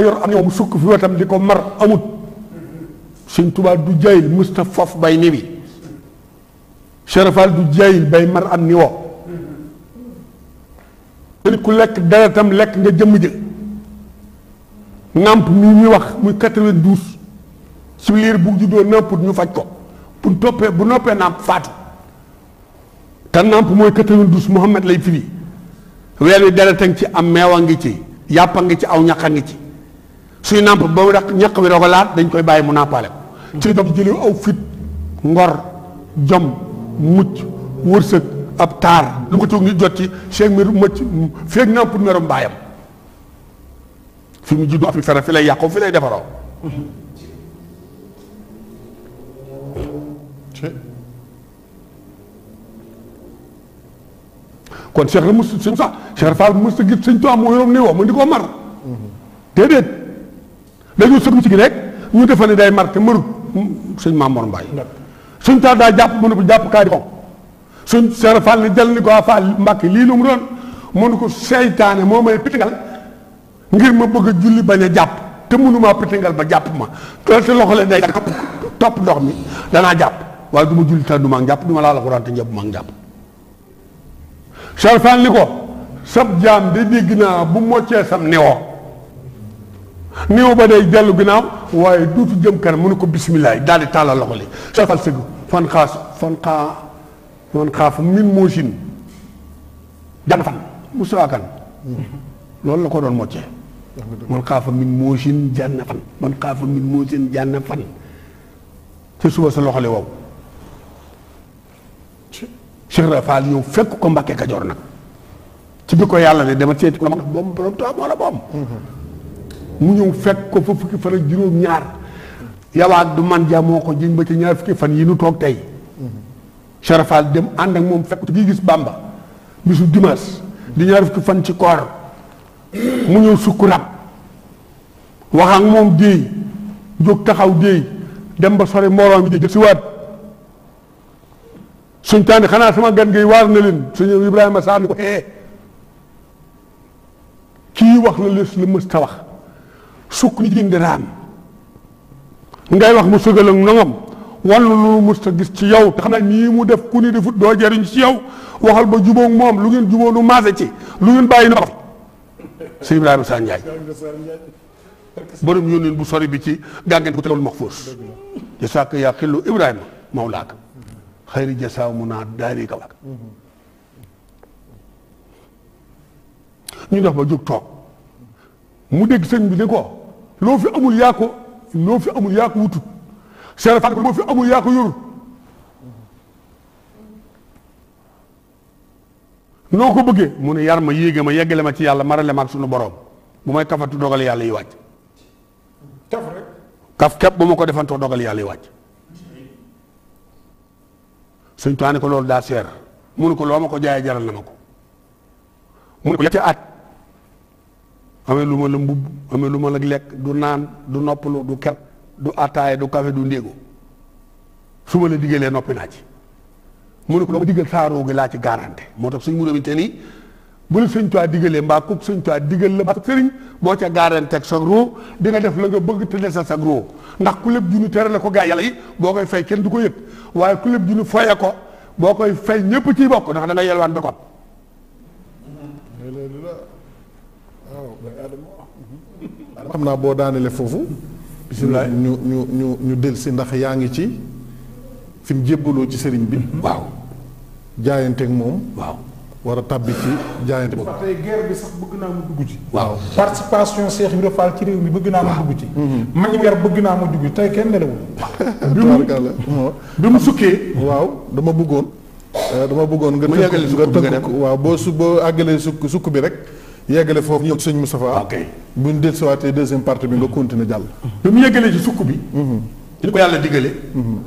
yor am mu sukk fi wetam di ko mar amut. sëñ Tuubaa du jayil musta foofu bay ni bi. Seera Faal du jayil bay mar am ni wo ku lekk deretam lekk nga jëmm jë nàmp mi ñuy wax muy quatre vingt su liir bu juddoo nàmput ñu faj ko bu bu noppee nàmp faatu te nàmp mooy quatre-vingt-douze Muhammad lay firi weer wi deret a ngi ci am meew a ngi ci yàpp a ngi ci aw ñax a ngi ci suy nàmp ba mu rek ñaq wi doo ko laat dañ koy bàyyi mu nàmpaale ko ci daf jëlee aw fit ngor jom mucc wërsëg ab taar lu ko toog jot ci cheikh mi mëcc feeg nàmput merum baayam fi mu juddoo fi fere fi lay yàqoo fi lay defaroo kon Cheikh la mos suñ sax Cheikh Fall mos a gis suñ toit mu yoroon néew mu di ko mar. déedéet dañu sëgg ci gi rek ñu defal ne day mar te mënut suñ Mamour Mbaye. suñ taal daa jàpp mënu ko jàpp kaa di ko. suñ Cheikh Fall ni jël ni ko lii lu mu doon mënu ko seytaane moo may pitingal ngir ma bëgg a julli bañ a jàpp te mënumaa pitingal ba jàpp ma te loxo leen day topp ndox mi dana jàpp waaye du ma julli ta du ma jàpp du ma laal Alxuraan te ñëpp ma jàpp. sarfaan ni ko sab jaam de dégg naa bu moccee sam newoo néew ba day dellu ginnaaw waaye duutu jëm kanam mu ko bisimilah daal di tàllal loxo li sarfaan sëgg fan xaas fan xaa fan min moosin jàng fan Moussa Kane loolu la ko doon moccee man xaafa min moosin jànn fan man xaafa min moosin jànn fan ci suba sa loxo li wow Cheikh Ibra fekk ko Mbàkke Kajoor nag ci bi ko yàlla ne dama seeti ko ma boom borom moo la boom mu ñëw fekk ko fa fukki fan ak juróom ñaar yawaat du man ja ko jiñ ba ci ñaar fukki fan yi nu toog tey Cheikh dem ànd ak moom fekk ci gi gis Bàmba bisu dimanche di ñaar fukki fan ci koor mu ñëw sukk rab wax moom déey jóg taxaw déey dem ba sori moroom bi di siwaat suñ tànn xanaa sama gan gi waar na leen suñu Ibrahima Sarr ni ko eh kii wax la les la mës ta wax sukk ni jigéen di ngay wax mu sëgal ak nangam wala lu mës gis ci yow te xam naa nii mu def ku ni defut doo ci yow waxal ba jubóog moom lu ngeen jubóo nu maase ci lu ngeen bàyyi na ko si Ibrahima Sarr Ndiaye borom yónneen bu sori bi ci gàngeen ko teewul Mahfouz. di sàkk yaa xillu Ibrahima Mawlaaka xayri jasaaw mu naa daari ka wak ñu def ba jóg toog mu dégg sëñ bi ne ko loo fi amul yaa ko loo fi amul yaa ko wutut seere fàtt loo fi amul yaa ko yorut ko bëggee mu ne yar ma yéege ma yeggale ma ci yàlla marale ma ak sunu borom bu may kafatu dogal yàlla yi wàcc kaf rek kaf bu ma ko defantoo dogal yàlla yi wàcc suñ Tuubaa ko loolu daa seer munu ko loo ma ko jaaye jaral na ma ko mu ne ko ca at amee lu ma la mbubb amee lu ma la lekk du naan du noppalu du ker du attaaye du café du ndéego su ma la diggalee noppi naa ci mu ne ko loo ma diggal saaroo laa ci garanté moo tax suñ mu doon te nii bu la sëñ Tuubaa digalee mbaa ku sëñ Tuubaa digal la sëriñ boo ca gaaranteeg sa roo di nga def la nga bëgg te desal sa roo ndax ku lépp junni tere la ko gaa yàlla boo koy fay kenn du ko yëg waaye ku lépp junni foye ko boo koy fay ñëpp ciy bokk ndax da nga yelwaan ba ko xam naa boo daanelee foofu. bisimilah ñu ñu ñu ñu del si ndax yaa ngi ci fi mu ci sëriñ bi. waaw jaayanteeg moom waaw. war a tabbi ci jaayante boobu. tey guerre bi sax bëgg naa mu dugg ci. waaw participation Cheikh Ibrahima Fall ci réew mi bëgg naa mu dugg ci. Mm-hmm. mañ weer bëgg naa mu dugg ci tey kenn nelawul. (laughs) bi mu bi mu sukkee. waaw dama bëggoon. Euh, dama bëggoon nga. tënk waaw boo su boo àggalee sukk sukk bi rek. yeggale foofu ñëw sëñ Moustapha. ok bu ñu dellusiwaatee deuxième partie bi nga continuer jàll. bi mu yeggalee ci sukk bi. ci mm-hmm. ko yàlla digale. Mm-hmm.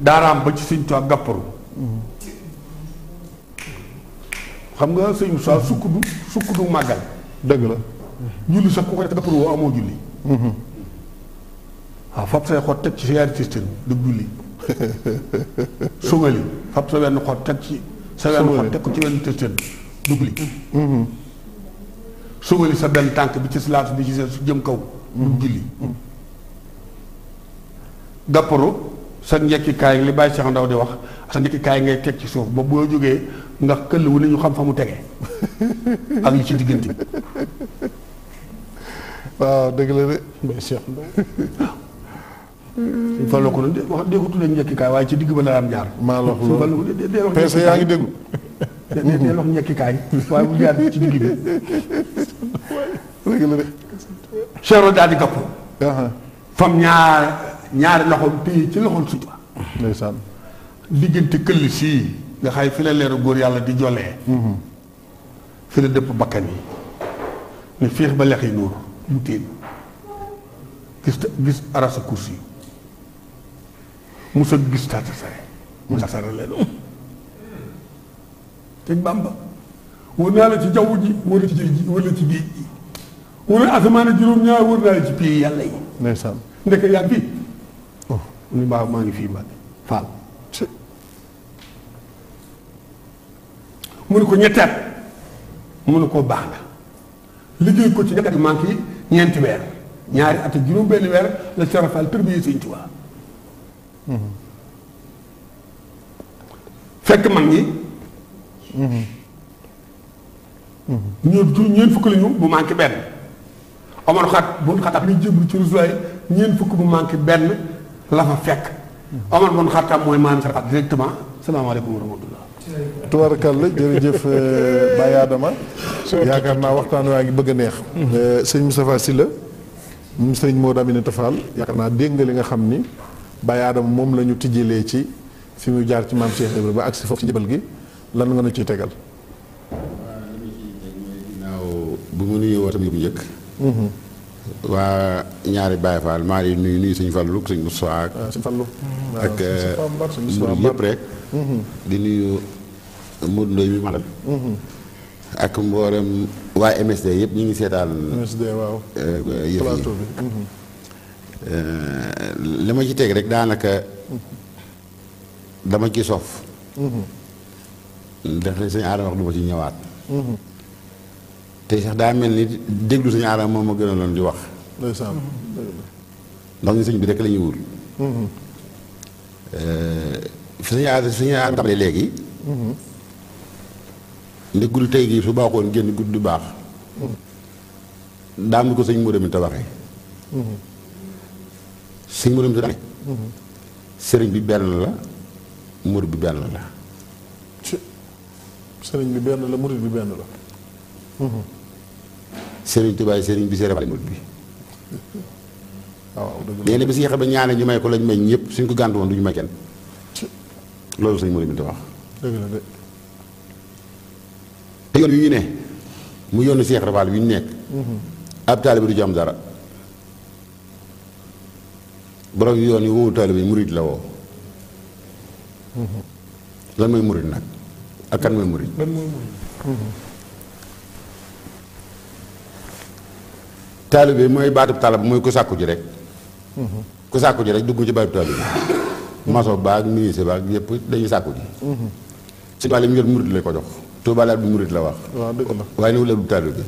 daaraam ba ci sëñ Tuubaa gàpparu xam nga sëñ Moussa sukk du sukk du màggal. dëgg la. julli sax ku ko def pour woo amoo julli. waaw mm-hmm. ah, fab xot teg ci sa yaari du julli. sungali (laughs) fab sa wenn xot teg ci. sa wenn xot teg ko ci wenn cistine du julli. Mm-hmm. sungali sa benn tànk bi ci silaat bi ci sa jëm kaw. du mm-hmm. julli. gàpparu sa njekkikaay li bàyyi Cheikh Ndaw di wax sa njekkikaay ngay teg ci suuf boobu boo jógee. ndax këll wu ne xam fa mu tege ak yi ci diggante waaw dëgg la de Mbaye Cheikh suñ fàlloo ko de wax dee ko tuddee waaye ci digg ba la am jaar maa la wax loolu peese yaa ngi déggu dee wax ñekkikaay waaye bu jaar ci digg bi dëgg la de Cheikh daal di kapp uh-huh. fam ñaar ñaari loxoom téye ci loxo sutura ndeysaan diggante këll sii nga xay fi la leeru góor yàlla di jolee mm-hmm. fi la dëpp bakkan yi ni fiix ba lex yi nuur mu téen gis gis arasa kursi musa gis taata sare musa sare leen te bàmba wër naa la ci jaww ji wër la ci géej wër na asamaan juróom ñaar wër naa la ci pii yàlla yi ndeysaan ndeke yaa fii oh ni mbaa maa ngi fii mbaa faal mu ne ko ñetti at mu ne ko baax na liggéey ko ci ñetti at manqué ñeenti weer ñaari at ak juróom benn weer la Cheikh Rafal premier Sëñ Tuubaa fekk mag ñi ñoom jur ñeent fukk la ñu bu manqué benn Omar xat bu xatab li jéblu ci rusuwaay ñeent fukk bu manqué benn la fa fekk Omar bon xatam mooy maanaam ak directement salaamaaleykum wa rahmatullah tubarkalla jërëjëf euh, Baye Adama yaakaar naa waxtaan waa ngi bëgg a neex mm-hmm. euh, sëñ Moustapha Sylla moom sëñ Modou Aminata Fall yaakaar naa dégg nga li nga xam ni Baye Adama moom la ñu tijjalee ci fi mu jaar ci maam Cheikh Ibrahima ba agsi foofu ci jëbal gi lan nga na ciy tegal bu mu nuyoo tamit bu njëkk mm-hmm. waa ñaari Baye Fall maa ngi nuyu nuyu sëñ Fallou sëñ Moustapha ak ah, ak ah, euh, murid yëpp rek di nuyu Modou Ndoye bi ma ak mboolem waa MSD yëpp ñu ngi seetaan. MSD euh, euh, li ma ci teg rek daanaka dama ci sof. def nañ Adama wax du ci ñëwaat. te sax daa mel ni déglu sëñ Adama moom ma gënaloon di wax. ndax ñu sëñ bi rek la ñuy fi suñu aada suñu aada tàmbalee léegi. ne guddi tey gii su baaxoon génn guddi du baax. daam ni ko sëñ Modou mi tabaxee. sëñ Modou mi tabaxee. sëriñ bi benn la murid bi benn la. sëriñ bi benn la murid bi benn la. sëriñ tubaay sëriñ bi sëriñ murid bi. waaw dëgg la léegi nag bi si yéex ba ñaanee ñu may ko lañ may ñëpp suñ ko gàntu woon du ñu may kenn. loolu sëñ Mor Binta wax. yoon wi ñu ne mu yoonu Seex Rafaal wi ñu nekk. Mhm. ab taalibe du ci am dara. borom yoon yi woowu taalibe yi murid la woo. Mhm. lan mooy murid nag ak kan mooy murid. lan mooy murid. Mhm. taalibe mooy baatub taalibe mooy ku sàkku ji rek. ku sàkku ji rek dugg ci baatub taalibe. maçon baag ministre baag yëpp dañuy sàkku ji sëñ Tuubaa li mu yor murit la ko jox Tuubaa laat bi murit la wax waaye newul ab taalibe bi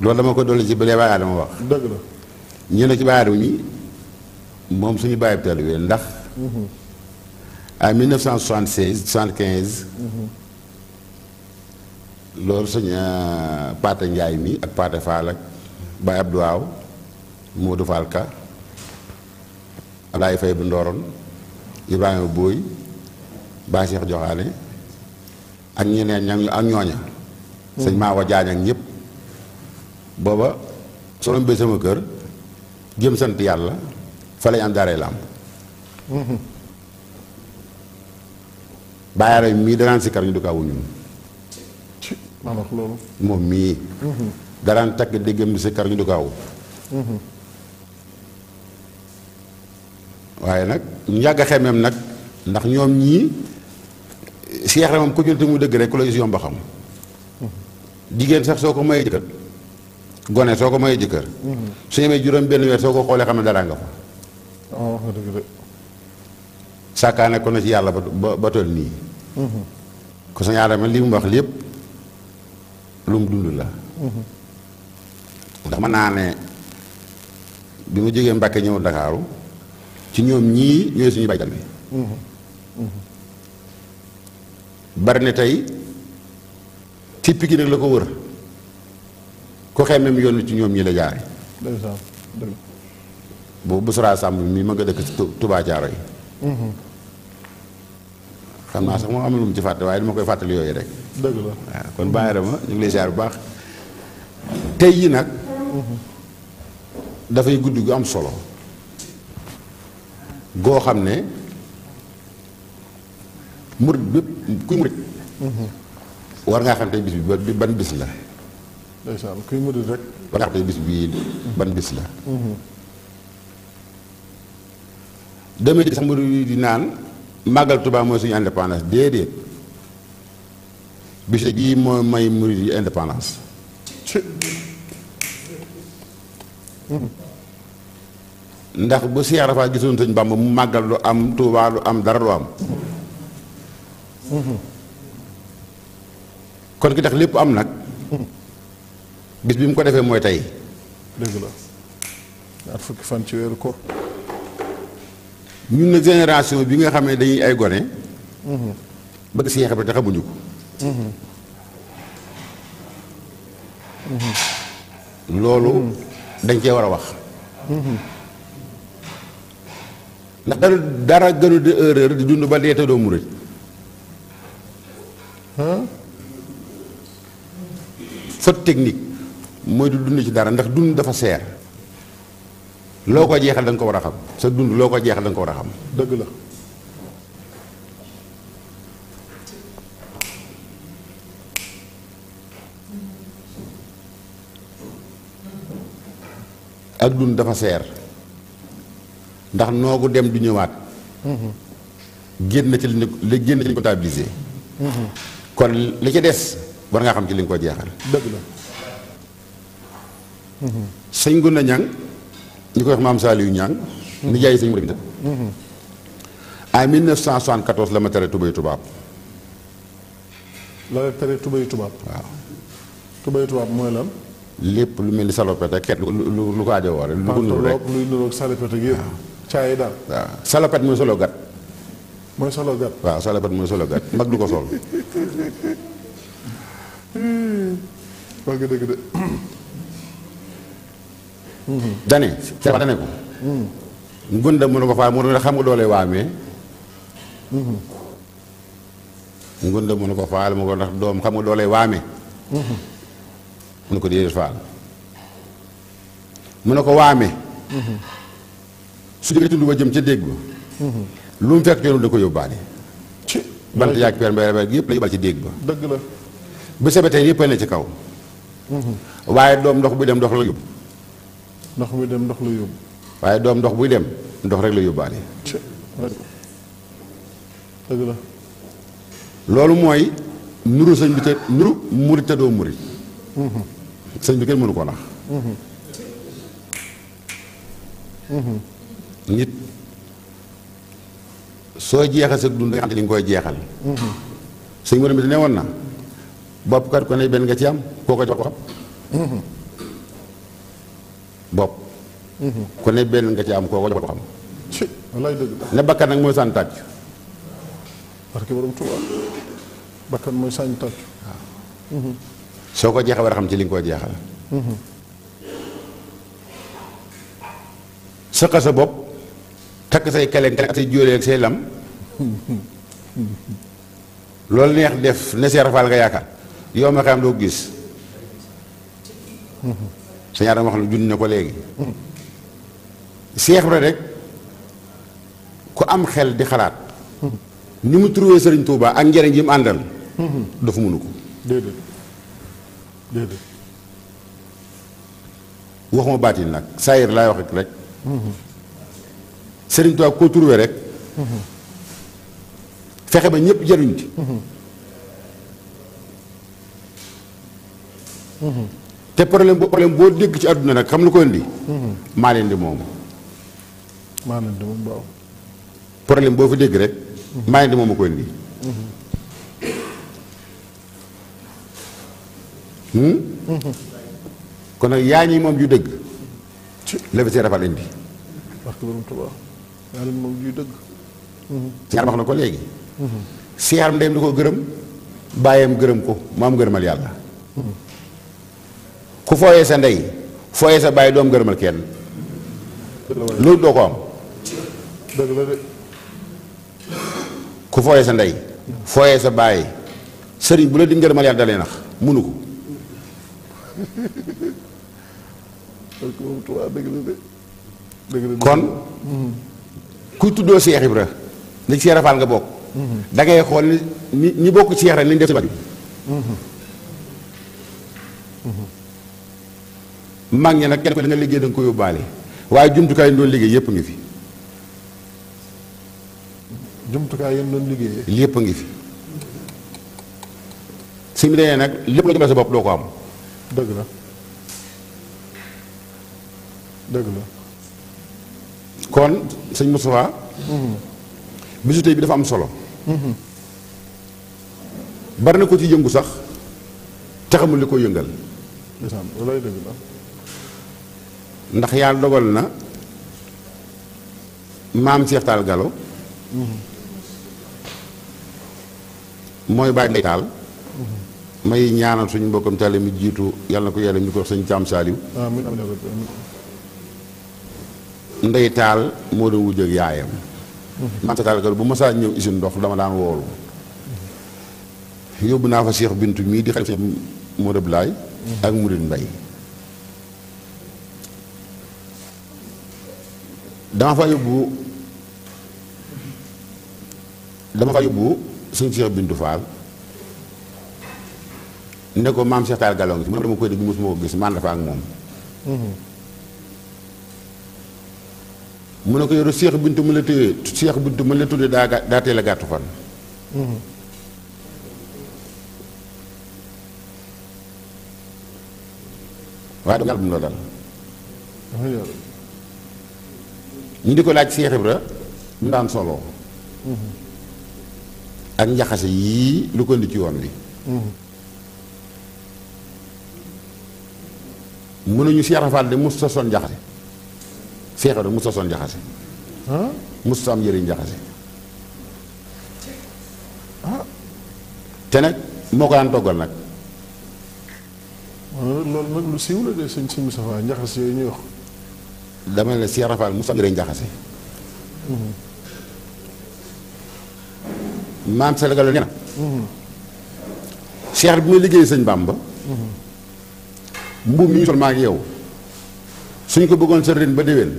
loolu dama ko dolli ci ba lee Baay wax dëgg ci Baay Aadama moom suñu bàyyi taalibe ndax à 1976 euh, Paate Njaay mi ak Paate Faal ak Baay Abdou Waaw Moodu Faal ka Alaay Fay bu Ndooron Ibrahima Booy Baay Seex Joxaane ak ñeneen ña ñu ak ñooña sëñ mm. Maawa Jaañ ak ñëpp booba solo bi sama kër jëm sant yàlla fa lañ am daaray làmb mm-hmm. bàyyaara mii danaan kar ñu du ko awu moom mii mm-hmm. danaan takk déggam di sikkar ñu du ko awu waaye nag ñu yàgg xemeem nag ndax ñoom ñii seex moom ku jël mu dëgg rek ku la gis yomb xam jigéen sax soo ko mayee jëkkër gone soo ko mayee jëkkër su ñemee juróom benn weer soo ko xoolee xam ne dara nga fa oh, sàkkaane ko na ci yàlla ba ba toll nii mm-hmm. ko sa ñaarama li mu wax lépp lu mu dund la mm-hmm. ndax mën naa ne bi mu jógee Mbàkke ñëw Ndakaaru ci ñoom ñii ñooy suñu baykat bi bari na tey ci nag la ko wër ku xemmeem yoon ci ñoom ñi la jaare bu Busra Samb mi ma nga dëkk ci Touba Thiaroye yi mm-hmm. xam naa sax moom am na lu mu ci fàtte waaye dama koy fàttali yooyu rek dëgg la waaw kon bàyyi dama ñu ngi lay bu baax tey yi nag mm-hmm. dafay gudd gu am solo goo xam ne murit bépp kuy murit war ngaa xam tey bi la ndeysaan kuy murit war ngaa xam tey bis bi ban bis la demee ci sax murit di naan màggal Tuubaa mooy suñu indépendance déedéet bis bii mooy may murit yi indépendance ndax bu Cheikh Arafa gisoon sëñ Bamba mu màggal lu am Tuubaa lu am dara lu am kon ki tax lépp am nag bis bi mu ko defee mooy tey dëgg la ci weeru ko ñun nag génération bi nga xamee ne dañuy ay gone bëgg seex bi te xamuñu ko mhm. loolu mhm. dañ cee war a wax mhm. ndax dara gënu di erreur di dund ba dee te doo murit faute technique mooy du dund ci dara ndax dund dafa seer loo ko jeexal da ko war a xam sa dund loo ko jeexal da ko war a xam. dëgg la. ak dund dafa seer. ndax noogu dem du ñëwaat. Mhm. génn ci li ñu génn ci li ñu comptabilisé. Mhm. kon li ci des war nga xam ci li nga ko jeexal. dëgg la. Mhm. sëñ Gunda ñu ko wax maam Saliou Ñang ni jaay sëñ Mouride. en 1974 la ma tere tubéy tubaab. la la tere tubéy tubaab. waaw. tubéy tubaab mooy lan. lépp lu mel ni salopette ak ket lu lu ko aajo woore. lu ko luy nuru ak ak yëpp. caa yi daal waaw salopette mooy solo gat. mooy solo gat waaw salopette mooy solo gat mag du ko sol. Hmm. wax nga dëgg de. (coughs) dane ca dane ko. Hmm. ngunda mënu ko faa mu ne xam nga doole waamee. Hmm. ngunda mënu ko faal mu ko doom xam nga doole waamee. mu ne ko déedéet faal. mu ne ko waamee. su jógee tund ba jëm ca déeg ba lu mu fekk yoonu da ko yóbbaale bant yaag peer yëpp la yóbbaale ci déeg ba dëgg la bu sebetee yëpp ne ci kaw mm-hmm. waaye doom ndox buy dem ndox la yóbbu dem ndox la waaye doom ndox buy dem ndox rek la yóbbaale dëgg la loolu mooy nuru sëñ bi te nuru murit te doo murit mm-hmm. sëñ bi kenn mënu ko nax mm-hmm. nit soo jeexal sa dund nga li nga jeexal. sëñ Mor mi ne woon na benn nga ci am koo ko jox ko xam. bopp. nga ci am koo ko ne bakkan nag mooy sànni tàcc. barke bakkan mooy sànni ko jeexal xam ci li nga koy jeexal. Mhm. sëqa sa bopp. takk say kelen kelen ak say jóolee ak say lam loolu neex def ne see rafaal nga yaakaar yow ma xam doo gis sañaa dama wax lu junni na ko léegi Seex Ibra rek ku am xel di xalaat ni mu trouvé Sëriñ Tuubaa ak njëriñ yi mu àndal dafa mënu ko déedéet déedéet waxuma baatin nag saayir laay wax rek Sëriñ Tuubaa koo turwee rek fexe ba ñëpp jariñ ci te problème boo problème boo ci àdduna nag xam lu ko indi maa leen fi dégg rek maa leen di moom a ko indi hmm? kon nag yaa ñi moom ju dëgg la fi indi yàlla moom dëgg. wax na ko léegi. Cheikh ndeyam di koo gërëm bàyyam gërëm ko maam gërëmal yàlla. ku fooyee sa ndey fooyee sa bàyyi doom gërëmal kenn. loolu doo ko am. ku fooyee sa ndey. fooyee sa bàyyi sëriñ bu la di ngërëmal yàlla dalee nax munu ko. kon. Mm-hmm. ku tuddoo Cheikh Ibra ni Cheikh Rafal nga bokk. Mhm. da ngay xool ni ñi bokk Cheikh rek li ñu def si bi mhm. mag ñi nag kenn ko da liggéey da ko yóbbaale waaye jumtukaay yi doon liggéey yépp ngi fi. jumtukaay yi doon liggéey. yépp ngi fi. si mu nee nag lépp loo jëmale sa bopp doo ko am. dëgg la dëgg la. kon sëñ Moustapha bisu bi dafa am solo bari na ko ci yëngu sax te xamul li koy yëngal ndax yàlla dogal na maam Cheikh Tall Gallo mooy bàyyi ndey taal may ñaanal suñu mbokkam taale mi jiitu yàlla na ko yàlla mi ko wax sëñ Caam Saaliw ndey taal moo doon wujj yaayam man sa taal bu masaa ñëw usine ndox dama daan woolu yóbbu naa fa Cheikh Bintu mii di xalif moo dëbb laay ak murit mbay dama fa yóbbu dama fa yóbbu sëñ Cheikh Bintu Fall ne ko maam Cheikh Taal Gallo ngi si mu ne dama koy dégg mosuma ko gis man dafa ak moom mm-hmm. mu na ko yoru Cheikh Bintu mu la téye Cheikh Bintu mu la tuddee daa daa teel a gàttu fan. waaye dama la dal. ñu di ko laaj Cheikh Ibra mu daan solo. ak njaxase yii lu ko indi ci yoon wi. mënuñu Cheikh Rafal de mos sa son njaxase. Cheikh Ibra mu sosoon jaxase musta am jëriñ jaxase te nag moo ko daan toggal nag loolu nag lu siiw la de sëñ sëñ Moustapha njaxas yooyu ñuy wax dama ne Cheikh jaxase mm-hmm. maam sa lagal mm-hmm. bi muy liggéey sëñ Bamba mm-hmm. mbubb mi ñu sol maa ngi yow suñ ko bëggoon sori ren ba déwén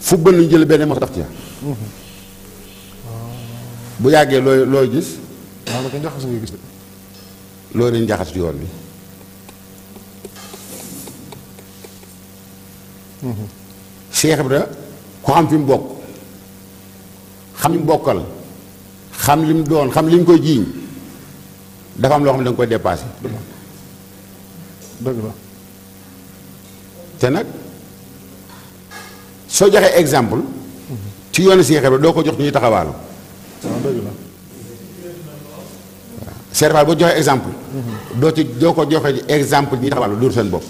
football ñu jël benn max daf ci bu yàggee looy looy gis. waaw ko njaxas ngay ci yoon bi. Cheikh Ibra ku xam fi bokk xam li mu bokkal xam li mu doon xam li koy jiiñ dafa am loo xam ne da nga koy dépassé. te nag soo joxee exemple ci yoonu si xebre doo ko jox ñuy taxawaalu serval boo joxee exemple doo ci doo ko joxe exemple ñuy taxawaalu du seen bopp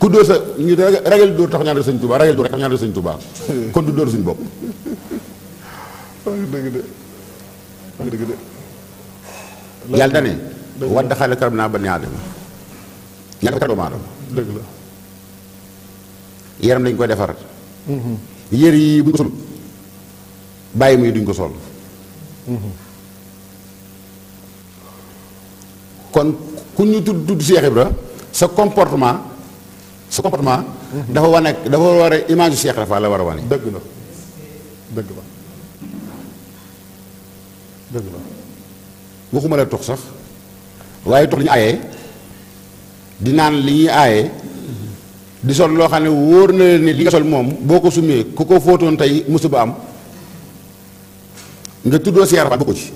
ku dóor sa ñu ragal dóor tax ñaanal sëñ Tuubaa ragal dóor tax ñaanal sëñ du dóor suñu bopp dëgg de dëgg xale karab naa ba ne aadama yàlla la yaram dañ koy defar mm-hmm. yër yi bu ñu ko sol bàyyi muy duñ ko sol mm-hmm. kon ku ñu tudd tudd Cheikh la sa comportement sa comportement mm-hmm. dafa wane dafa war a image Cheikh dafa la war a wane dëgg la dëgg la dëgg la tox sax waaye tox li ñu di naan li ñuy aaye di sol loo xam ne wóor na leen ni li nga sol moom boo ko sumee ku ko fóotoon tey musiba am nga tuddoo si yaram bokku ci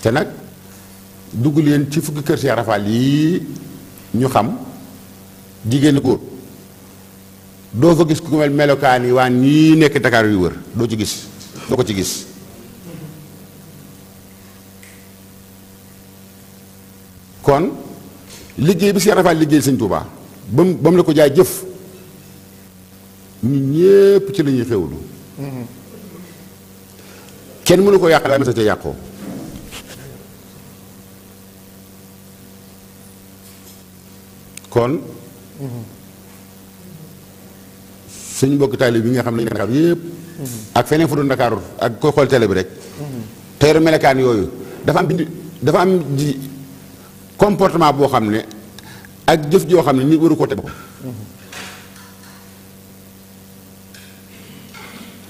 te nag dugg leen ci fukki kër Cheikh Rafal yi ñu xam jigéen góor doo fa gis ku mel melokaan yi waa ñii nekk Dakar yu wër doo ci gis doo ko ci gis kon liggéey bi Cheikh Rafaal liggéey sañ Touba ba mu ba mu la ko jaay jëf ñun ñépp ci la xewlu mm-hmm. kenn mënu ko yàq daal sa ca yàqoo kon mm-hmm. suñu mbokk taalib bi nga xam ne Dakar yëpp mm-hmm. ak feneen fu dul ak koy xool télé bi rek teeru melekaan yooyu dafa am bind dafa am ji comportement boo xam ne ak jëf joo xam ne nit waru ko teg boppam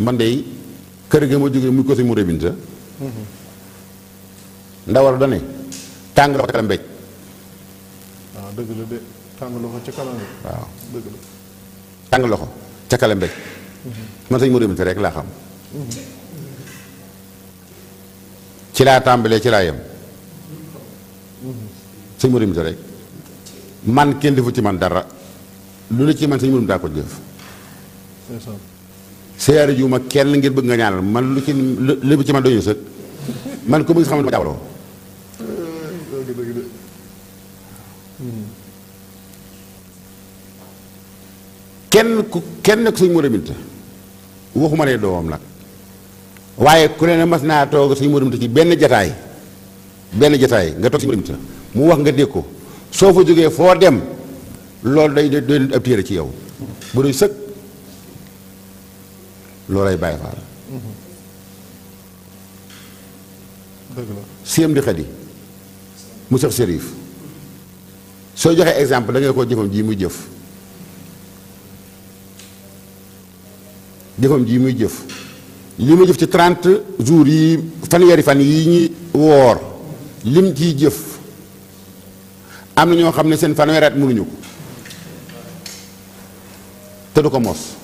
man de kër ga ma jógee muy ko si mu sa ndawal da tàng la ko kalam mbéj waaw loxo ca kalam waaw tàng loxo ca kalam man sëñ mu sa rek laa xam ci laa tàmbalee ci laa yem mhm. sëñ Modou rek man kenn defu ci man dara lu la ci man sëñ Modou daa ko jëf. c'est ma kenn ngir bëgg nga ñaanal man lu ci lu ci man doy ñu sëkk man ko bëgg xam ne ma ne doomam nag waaye ku ne mas naa toog sëñ Modou ci benn jataay benn jataay nga toog sëñ Modou mu wax nga dégg ko soo fa jógee foo dem loolu day doy doy ab téere ci yow bu doy sëkk loolay bàyyi faal dëgg di xadi mu sax sérif soo joxee exemple da ngay ko jëfam ji muy jëf jëfam ji muy jëf li mu jëf ci 30 jours yi fanweeri fan yi ñi woor lim ji jëf am na ñoo xam ne seen fanweeri at mënuñu ko te du ko mos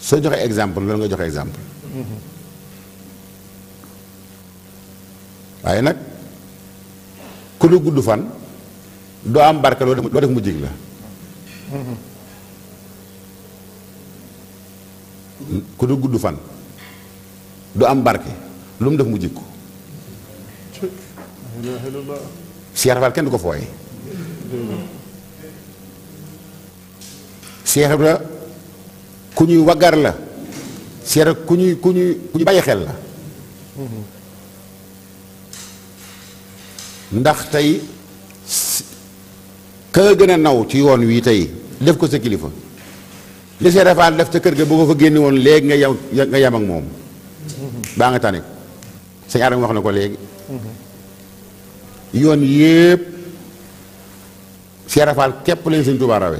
soo joxe exemple loolu nga joxe exemple waaye nag ku du gudd fan doo am barke loo def loo def mu jig la ku du gudd fan du am barke lu mu def mu jig ko Cheikh Fall kenn du ko fooye Cheikh Ibra ku ñuy waggar la Cheikh ku ñuy ku ñuy ku bàyyi xel la ndax tey ka gën a naw ci yoon wii tey def ko sa kilifa li Cheikh Fall def ca kër ga bu ko fa génne léegi nga yam nga yam ak moom baa nga tane sëñ Adam wax na ko léegi yoon yépp Cheikh képp lañ sëñ Tuubaa rawe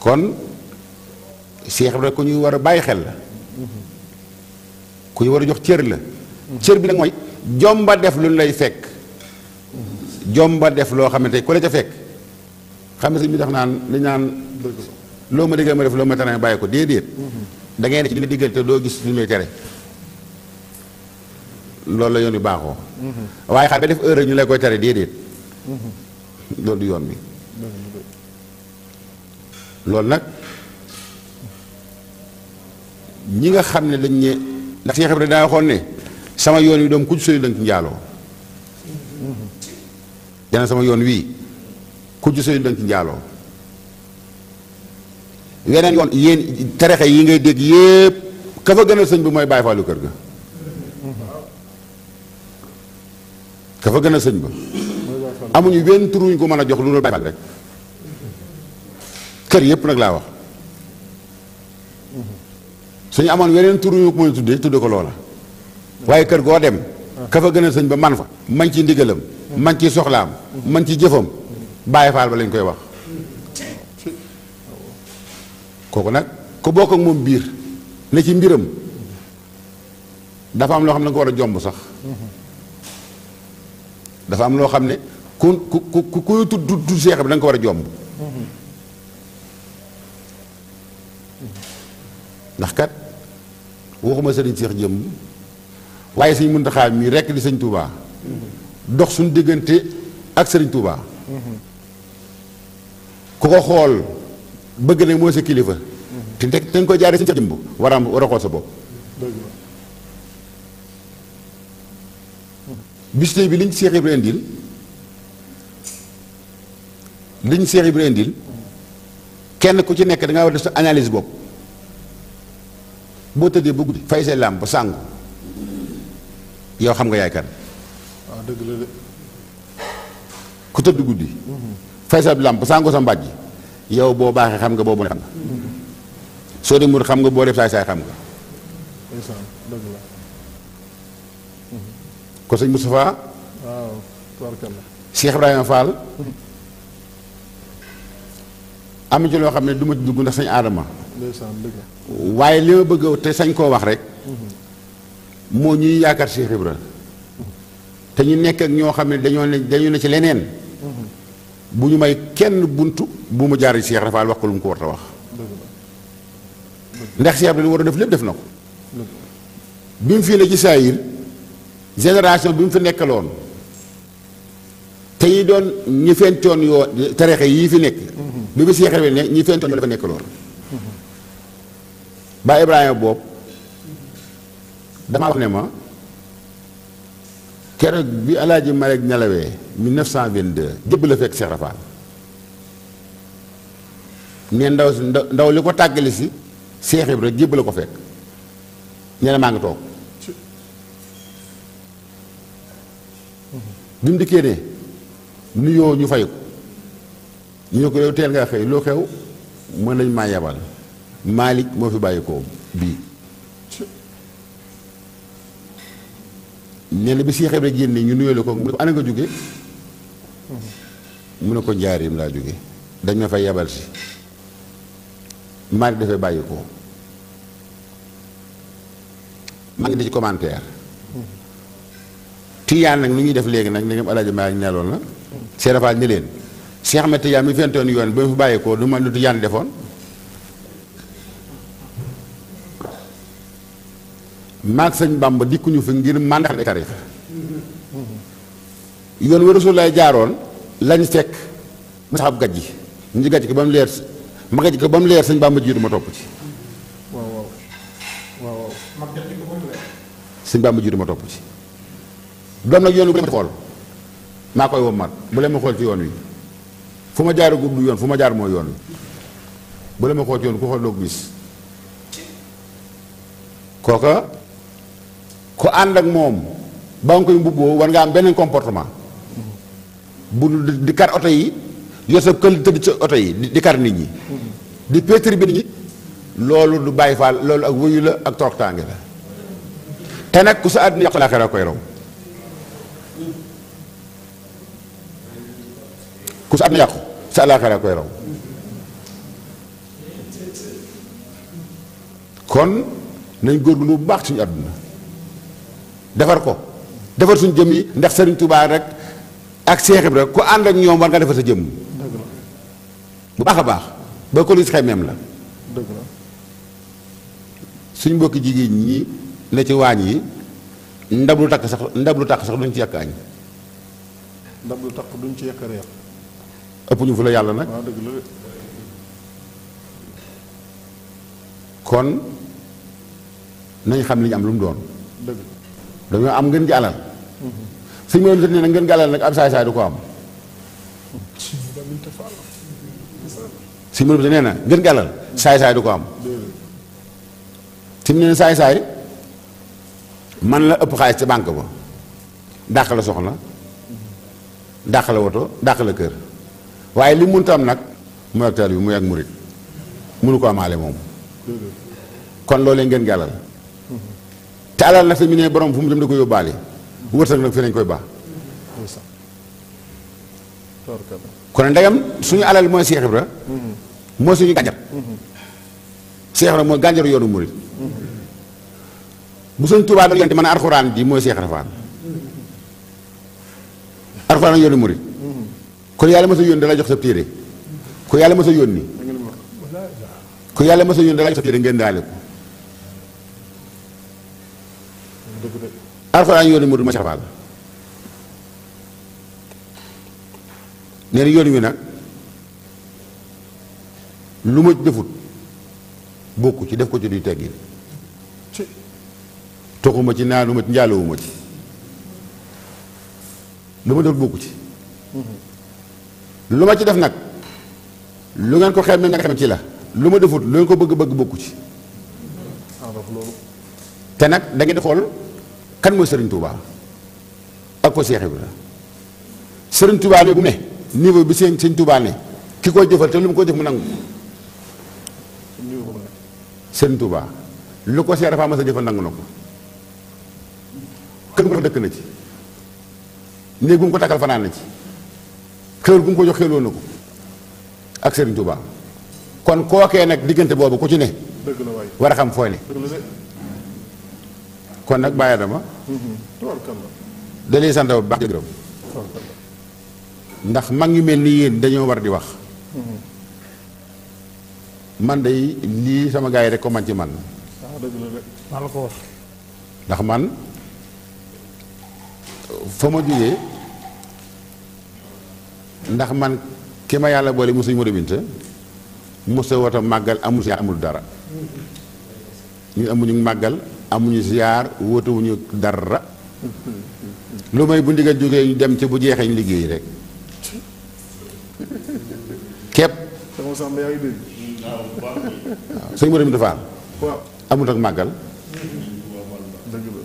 kon Cheikh Rafal ku ñuy war a bàyyi xel la ku ñu war a jox cër la cër bi nag mooy jomba def lu lay fekk jomba def loo xamante ku la ca fekk xam ne sëñ bi tax naan lañ naan loo ma déggal ma def loo ma tane bàyyi ko déedéet da ngay ne ci diggante doo gis lu muy tere loolu la yoon bi baaxoo. Mm-hmm. waaye xam nga def heure ñu lay koy tere déedéet. Mm-hmm. loolu du yoon bi. Mm-hmm. loolu nag ñi nga xam ne dañ ne ndax Cheikh Ibrahima daa waxoon ne sama yoon wi doom ku ci sori ci njaaloo. dana sama yoon wii ku ci sori ci njaaloo. yeneen yoon yéen terexe yi ngay dégg yépp ka fa gënal sëñ bi mooy bàyyi faalu kër ga ka fa gënal sëñ ba amuñu benn turuñ ko mën a jox lu dul bàyyi faal rek kër yépp nag laa wax suñu amoon weneen turuñu ko tuddee tudd ko loola waaye kër goo dem ka fa a sëñ ba man fa man ci ndigalam mañ ci soxlaam man ci jëfam bàyyi faal ba lañ koy wax kooku nag ku bokk ak moom biir ne ci mbiram dafa am loo xam ne nga ko a jomb sax am loo xam ne ku ku ku kuy tudd tudd seex bi ko war a jomb ndax kat waxuma sëriñ seex jëmm waaye sëñ Muntaxa mii rekk di sëñ Touba dox suñu diggante ak sëriñ Touba ku ko xool bëgg nag moo sa kilifa. te te te nga koy jaaree sa jëmb war a am sa bopp. bis bi liñ Seex Ibra indil liñ Seex Ibra indil kenn ku ci nekk da ngaa war def sa analyse bopp boo tëddee ba guddi fay say làmp sàngu yow xam nga yaay kan. waaw ah, dëgg la de. ku tëdd guddi. Mm-hmm. fay sa làmp sàngu sa mbàjj. yow boo baaxee xam nga boobu bonee xam nga soo di mur xam nga boo def saay saay xam nga ko sëñ Moustapha Cheikh Ibrahima Fall am na ci loo xam ne du ma dugg ndax sañ aadama waaye li ma bëgg te sañ koo wax rek moo ñuy yaakaar Cheikh Ibrahima te ñu nekk ak ñoo xam ne dañoo ne dañoo ne ci leneen bu ñu may kenn bunt bu mu jaar ci Cheikh Rafaal wax ko lu mu ko war wax ndax Cheikh bi lu war a def lépp def na ko bi mu fii ne ci saayir génération bi mu fi nekkaloon te yi doon ñi fentoon yoo tarixe yii fi nekk bi mu Cheikh Rafaal ne ñi fentoon yoo dafa nekkaloon ba Ibrahima boobu damaa wax ne ma keroog bi alaaji Malick nelawee 1922 jëbb la fekk Cheikh Rafaal ne ndaw si ndaw li ko tàggali si Cheikh Ibra jëbb la ko fekk ñene maa ngi toog bi mu dikkee ne nuyoo ñu fay ko ñu ne ko yow teel nga xëy loo xew mën nañ maa yebal Malick moo fi bàyyi ko bii nee na bi Cheikh Ibra génne ñu nuyoo ko mu ne ko ana jóge mu ne ko njaarim laa jóge dañ ma fay yabal si Malick dafay bàyyi ko maa ngi di ci commentaire Tijaan nag ni ñuy def léegi nag ni ngam alaaji maa ngi neloon la seerafaal ni leen Cheikh Ahmed Tijaan mi fentoon yoon ba mu fi bàyyi ko du man lu Tijaan defoon maag sëñ Bàmba dikkuñu fi ngir màndarga tarixa yoon wi lay jaaroon lañ fekk mu saxab gaj ji ñu gaj ko ba mu leer ma gaj ko ba mu leer sañ Bàmba jiitu ma topp ci sëñ Bàmba jiitu ma topp ci doom nag yoon wi bu leen xool maa koy wommat bu leen ma xool ci yoon wi fu ma jaar gub du yoon fu ma jaar mooy yoon wi bu leen ma xool ci yoon ku xool doo gis kooka ku ànd ak moom ba nga koy mbubboo war nga am beneen comportement bu di kar oto yi yor sa kël tëdd ci oto yi di kar nit ñi di péetri bi nit ñi loolu du bàyyi faal loolu ak wuyu la ak toroxtaange la te nag ku sa àdduna yàqu laaxira koy raw sa àdduna yàqu sa laaxira kon nañ góorgóorlu bu baax suñu àdduna defar ko defar suñ jëm yi ndax Serigne Touba rek ak Cheikh Ibrahima ku ànd ak ñoom war nga defar sa jëm. bu baax a baax ba ko gis xaymeem la. suñ mbokki jigéen ñi ne ci waañ yi ndab lu takk sax ndab lu takk sax duñ ci yàkk añ. ndab lu takk ci yàq reer. ëpp ñu fu la yàlla nag. kon nañ xam li ñu am lu mu doon. dañoo am ngeen ji alal suñ moom sëñ ne ngeen ji alal nag ab saay saay du ko am suñ moom nee na ngeen ji alal saay saay ko am suñ saay man la ëpp xaalis ci banque ba dàq la soxna dàq la woto dàq la kër waaye li mënut am nag muy ak taalibe bi muy ak murit mënu ko amaale moom kon loolee ngeen ji te alal nag fi borom fu mu dem da koy yóbbaale wërsëg nag fi lañ koy baax. kon ndegam suñu alal mooy Cheikh Ibra mm-hmm. mooy suñu gànjar mm-hmm. Cheikh Ibra mooy gànjaru yoonu murit mm-hmm. bu suñ Tuubaa doon yonte mën a arxuraan ji mooy Cheikh arxuraan yoonu murit kon yàlla mos a yónni dala jox sa téere ko yàlla mos a yónni ko yàlla mos a yónni dala jox sa téere ngeen daale alxuraan yoonu murid ma Cheikh Fall nee na yoon wi nag lu ma defut bokku ci def ko ci duy teggin toxuma ci naanuma ci njaalowuma ci lu ma defut bokku ci mm-hmm. lu ma ci def nag lu ngeen ko xem ne nag xem ci la lu ma defut lu ngeen ko bëgg-bëgg bokku ci te nag da ngeen di xool kan mooy sëriñ Touba ak ko bi Ibrahima Serigne Touba bi bu ne niveau bi seen sëñ Touba ne ki koy jëfal te lu mu ko jëf mu nangu Serigne Touba lu ko Cheikh Ibrahima mas a jëfal nangu na ko kër ko dëkk na ci néeg bu mu ko takkal fanaan na ci xéwal bu mu ko jox xéwloo na ko ak Serigne Touba kon kookee nag diggante boobu ku ci ne. war a xam fooy ne. kon nag bàyyi dama dalee sant bu baax ndax mag ñu mel ni yéen dañoo war di wax man day lii sama gars yi rek ko man ci man la ndax man fa ma jógee ndax man ki ma yàlla boole mosuñ Modou Binta mosa wata màggal amul si amul dara ñu amuñu màggal amuñu ziar wóotewuñu dara lu may bu ndigal jógee ñu dem ci bu jeexee liggéey rek képp. sama sàmm yaa ngi amut ak màggal.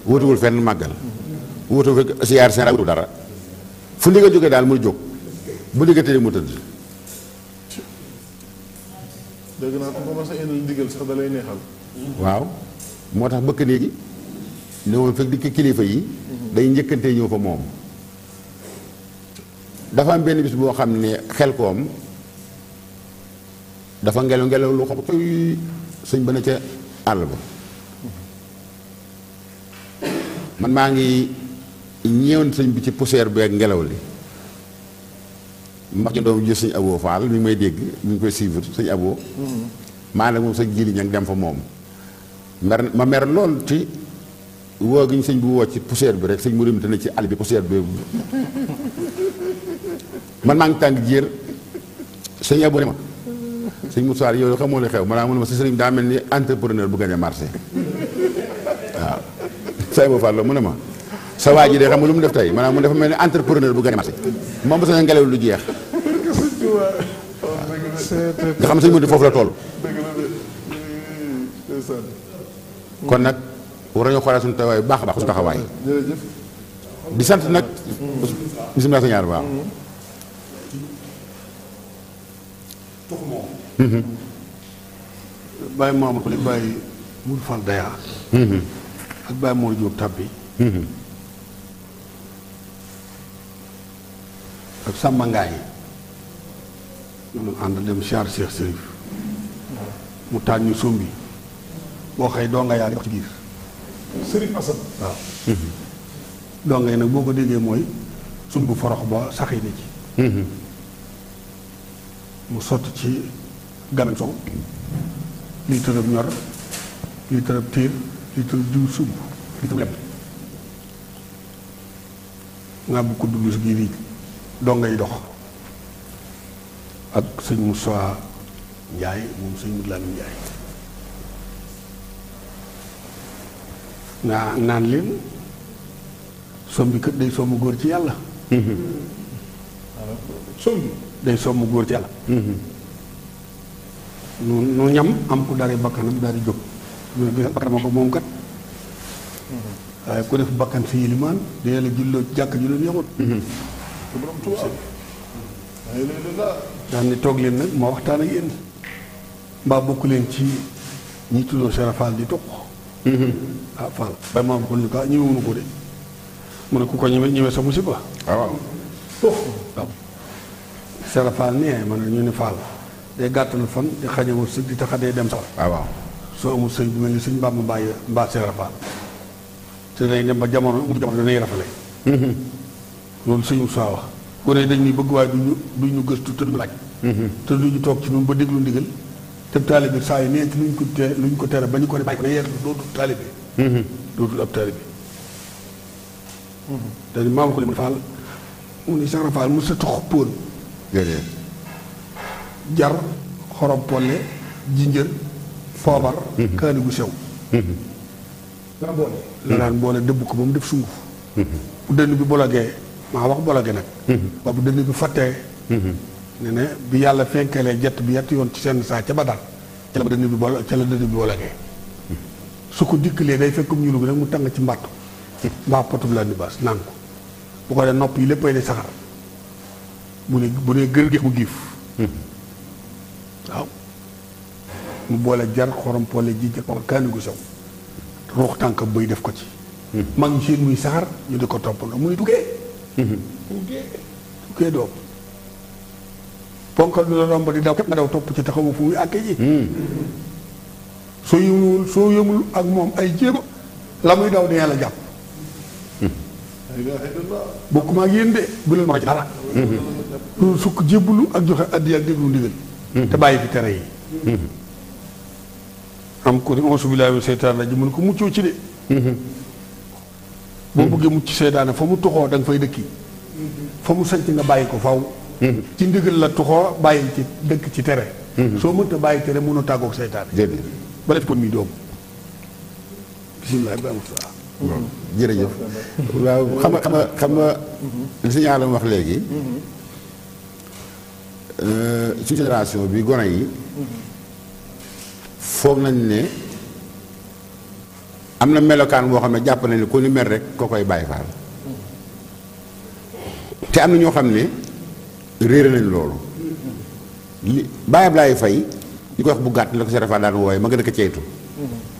wóotewul fenn màggal. wóotewul fekk ziar seen rajo dara fu ndigal jógee daal muy jóg bu ndigal tëddee mu tëdd. dégg naa ko waaw. moo tax bëkk néegi ne woon fekk dikk kilifa yi mhm. day njëkkante ñëw fa moom dafa am benn bis boo xam ne xel koom dafa ngelaw ngelaw lu xob tuy sëñ ba ne ca àll ba man maa ngi ñeewoon sëñ bi ci poussière bi ak ngelaw li mbax ci doom ji sëñ aboo faal mi may dégg mi ngi koy suivre sëñ aboo mhm. maa nag moom sa jili ña dem fa moom mer ma mer lool ci woo gi sëñ bu woo ci poussière bi rek sëñ mu rimte na ci àll bi poussière bi man maa ngi tàng jiir sëñ abone ma sëñ Moussa yow xamoo li xew maanaam mu ne ma sa sëriñ daa mel ni entrepreneur bu gagné marché waaw say mu ne ma sa waa de xam nga lu mu def tey maanaam mu dafa mel ni entrepreneur bu gagné marché moom ba lu jeex xam sëñ mu foofu la tool kon nag war nañoo xoolaat suñu taxawaay bu baax a baax suñu taxawaay. di sant nag. bisimilah sa ñaar waaw. tuxumoo. Baye Mamadou li Baye Mour ak Baye mu taal ñu sombi boo xëy doo nga yaa ngi ci biir. Serigne Assane. waaw. Mhm. doo ngay nag boo ko déggee mooy sumb forox ba sax yi ne ci. Mhm. mu sotti ci gamin sow lii tërëb ñor lii tërëb tiir lii tërëb diw sumb lii tërëb lem nga bu ko dugg si gii di doo ngay dox ak sëñ Moussa Ndiaye moom sëñ Lamine Ndiaye naa naan leen sombi kët day somb góor ci yàlla sombi day somb góor ci yàlla nu ñam am ku dari bakkanam dari jóg ñu ne bakkanam a moom kat waaye ku def bakkan si yilimaan dina la julloo jàkk ju leen yaxut daan ni toog leen nag ma waxtaan a yéen mbaa bokk leen ci ñi tuddoo Seraphaal di toq ah Fall bay maam ko ni ko ñëwewuñu ko de mu ne ku ko ñëwee ñëwee sa musiba ah, waaw waaw Serap Fall nee man ñu ne Fall day gàttal fan di xañe wu di tax a day dem sax ah, waaw soo amul sëñ bu mel ni sëñ Bamba Mbaye mbaa Serap Fall te dañ dem ba jamono mu jamono danay rafale mhm. loolu sëñ Moussa wax gone dañ ñuy bëgg waaye duñu duñu gëstu te du laaj mhm. te duñu toog ci ñun ba déglu ndigal te taalibe saa yi nee ci luñ ko te luñ ko tere ba ñu ko ne bàyyi ko ne yeer dootul taalibe mm-hmm. dootul ab taalibe dañu maam ko li mu faal mu ne Cheikh Rafal mu sa xuppoon jar xorom polle jinjër poobar mm-hmm. kaani gu sew mm-hmm. la boole la daan boole dëbb ko ba mu def sunguf bu dënn bi bologee maa wax bologee nag waa bu dënn bi fàttee ne ne bi yàlla fenkalee jett bi yett yoon ci seen saa ca Badar ca la dënn bi boole ca la dënn bi la su ko dikkalee day fekkum ñulu gi rek mu tàng ci mbàttu mbaa potub la ni bas naan bu ko dee nopp yi léppay ne saxar bu ne bu ne gër gi mu giif waaw mu boole jar xorom poole ji jëkk kaani gu sew ruux tànk bëy def ko ci hmm. mag ñu seen muy saxar ñu di ko toppandoo muy duggee hmm. duggee duggee doom ponkal du la romb di daw képp nga daw topp ci taxawu fu muy àkke ji hmm. soo yëmul soo yëmul ak moom ay jéego la muy daw dina la jàpp hmm. bokkuma ak yéen de bu leen ma ko ci dara loolu hmm. sukk jébbulu ak joxe addi ak déglu ndigal te bàyyi fi tere yi am ko ni onsu billaahi mun ko muccoo ci de boo bëggee mucc seytaane fa mu toxoo da nga fay dëkki fa mu sanc nga bàyyi ko faw ci ndigal la tuxoo bàyyi ci dëkk ci tere. Mhm. soo mënta bàyyi tere mënoo tàggoog seytaane. jërëjëf ba def ko mhm. waaw xam nga xam nga xam nga mhm. li si ñaalam wax léegi. Euh, ci génération bi gone yi. foog nañ ni am na melokaan woo xam ne jàpp nañ ko ku ni mel rek koo koy bàyyi faal. te am na ñoo xam ne. réere nañ loolu li Baye Ablaye Faye ñu ko wax bu gàtt ni la ko Cheikh daan wooye ma gën a ko ceytu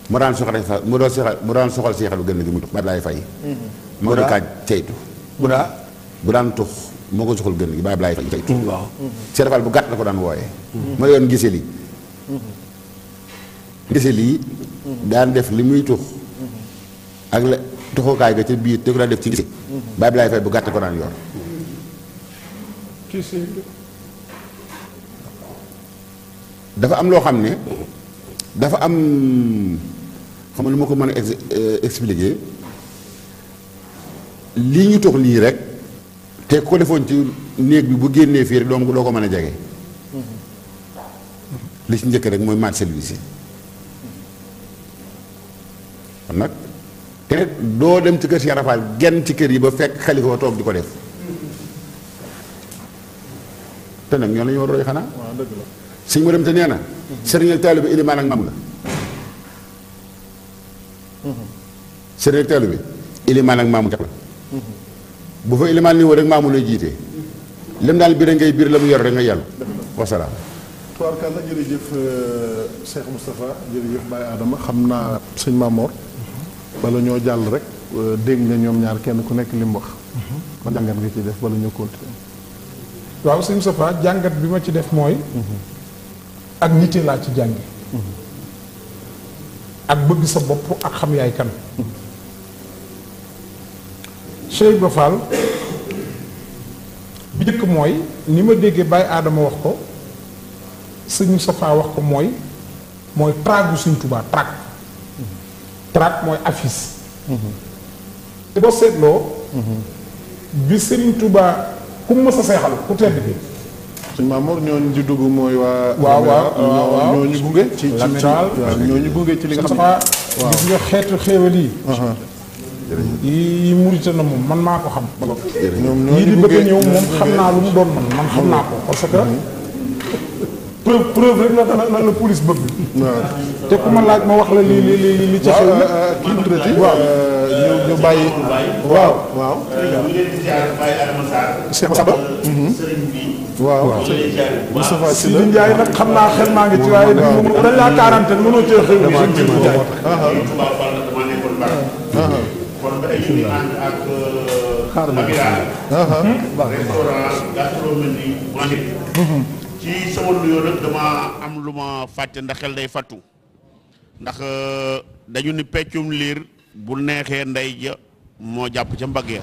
daan soxal mu doon soxal mu soxal seexalu mm-hmm. gën a gi mu Baye Ablaye bu daan tux moo ko soxal gën gi Baye Ablaye Faye ceytu mm-hmm. Mm-hmm. bu gàtt la ko daan wooye ma yoon gise lii gise lii daan def li muy tux ak la tuxukaay ga ca biir te ko daan def ci gise Baye Ablaye Faye bu gàtt ko daan yor kii dafa am loo xam ne dafa am xam lu ma ko mën a euh, expliquer lii ñu tox lii rek te ko defoon ci néeg bi bu génnee fii rek doom doo ko mën a jege li ci njëkk rek mooy maat service yi kon nag te doo dem ci kër si Arafaal genn ci kër yi ba fekk xalifa toog di ko def te nag ñoo a roy xanaa. waaw dëgg la sëñ ma dem ngay biir la mu yor euh, Adama xam naa sëñ Mamor. bala ñoo jàll rek euh, dégg nga ñoom ñaar kenn ku nekk li wax. man jàngat nga ci def bala ñoo continuer. waaw sëñ Moustapha jàngat bi ma ci def mooy ak nite laa ci jànge ak bëgg sa bopp ak xam yaay kan Cheikh Ibra bi njëkk mooy ni ma déggee Baye aadama wax ko sëñ Moustapha wax ko mooy mooy tragu sëñ Tuubaa trag trag mooy affiche mm-hmm. boo seetloo bi sëriñ Tuubaa ku mu mës a seexal ku tedd bi suñ maam ñooñu ci dugg mooy waa. waaw waaw waaw ñooñu gunge. ci ci ñooñu gunge ci li nga xam ne gis nga xeetu xéewal yi. yi yi na moom man maa ko xam. ñoom ñooñu bëgg ñëw moom xam naa lu mu doon man man xam naa ko parce que. preuve preuve rek la la la police bëgg. te ku ma laaj ma wax la li li li li ci xew nag. Euh, euh, kii bi dëkk waaw euh, ñu ñu bàyyi. waaw waaw. ñu leen di ziar bàyyi Adama Sarr. Cheikh Saba. sëriñ mhm. bi. waaw waaw Moustapha Sy Sidi Ndiaye nag xam naa xel maa ngi ci waaye dañ laa quarantaine mënoo cee xew bi sëriñ bi Ndiaye. kon ba tey ñu ngi ànd ak. xaaral ma ci sama nuyoo nag dama am lu ma fàtte ndax xel day fàttu ndax euh, dañu ni peccum liir bu neexee ndey ja moo jàpp ca mbagg ya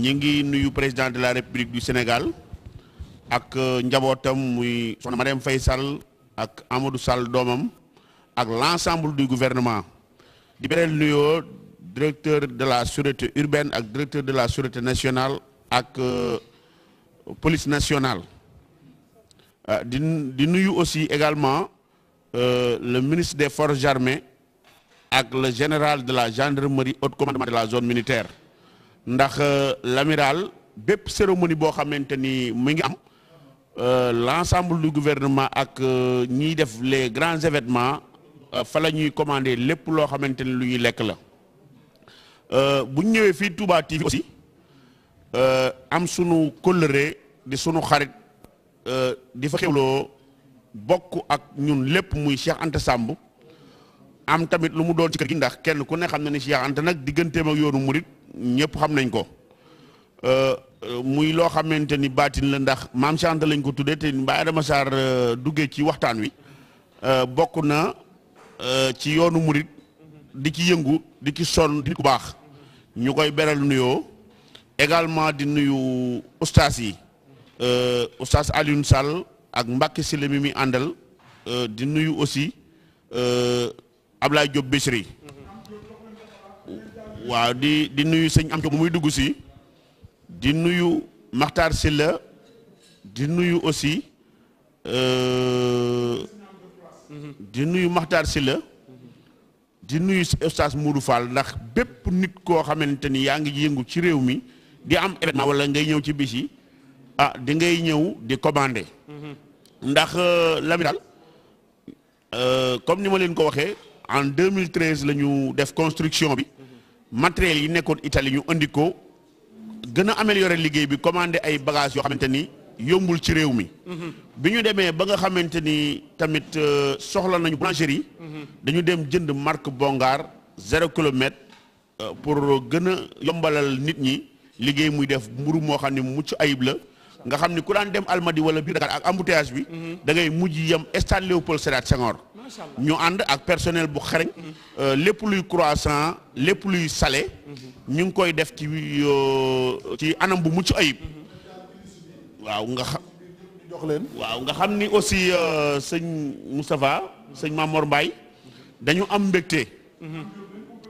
ñi ngi nuyu président de la république du Sénégal ak euh, njabootam muy soxna Marième fay sal ak Amadou Sall doomam ak l'ensemble du gouvernement di bereel nuyoo directeur de la sûreté urbaine ak directeur de la sûreté nationale ak euh, police nationale ah di di nuyu aussi également euh, le ministre des forces armées ak le général de la gendre gendarmerie haut commandement de la zone militaire ndax euh, l'amiral bépp cérémonie boo xamante ni mu ngi am euh, l'ensemble du gouvernement ak ñiy def les grands événements fa la ñuy commander lépp loo xamante ni lu ñuy lekk la bu ñëwee fii Touba TV aussi am sunu kóllëre di sunu xarit. Euh, di fa xewloo bokk ak ñun lépp muy Cheikh Anta Samb am tamit lu mu doon ci kër gi ndax kenn ku ne xam na ni Cheikh Anta nag digganteem ak yoonu murit ñëpp xam nañ ko euh, euh, muy loo xamante ni baatin la ndax maam Cheikh lañ ko tuddee te Mbaye Adama Sarr duggee ci waxtaan wi bokk na ci yoonu murit di ci yëngu di ci sonn di ku baax ñu koy beral nuyoo également di nuyu ustaas yi Euh, Oustaz Alioune Sall ak Mbacké Sylla mi muy àndal euh, di nuyu aussi euh, Ablaye Diop Bichri waaw di di nuyu sëñ am co bu muy dugg si di nuyu Makhtar Sylla di nuyu aussi di nuyu Makhtar Sylla di nuyu ndax bépp nit koo xamante ni yaa ngi yëngu ci réew mi di am événement wala ngay ñëw ci bis yi ah di ngay ñëw di commander. ndax euh, Lamine daal euh, comme ni ma leen ko waxee en 2013 la ñu def construction bi matériel yi nekkoon Italie ñu indi ko gën liggéey bi commander ay bagages yoo xamante ni yombul ci réew mi. bi ñu demee ba nga xamante ni tamit euh, soxla nañu boulangerie. dañu dem jënd marque Bongar zéro kilomètre pour gën a yombalal nit ñi liggéey muy def mburu xam ne mucc ayib la. nga xam ni ku daan dem Almadi wala biir Dakar ak embouteillage bi. Mhm. da mujj yem stade Léopold Sédar Senghor. ñu ànd ak personnel bu xarañ. Mhm. Euh, lépp luy croissant lépp luy salé. Mhm. ñu ngi koy def ci euh, ci anam bu mucc ayib. waaw nga xam. leen waaw nga xam ni aussi euh, sëñ Moustapha sëñ Mamor Mbaye dañu am mbégte.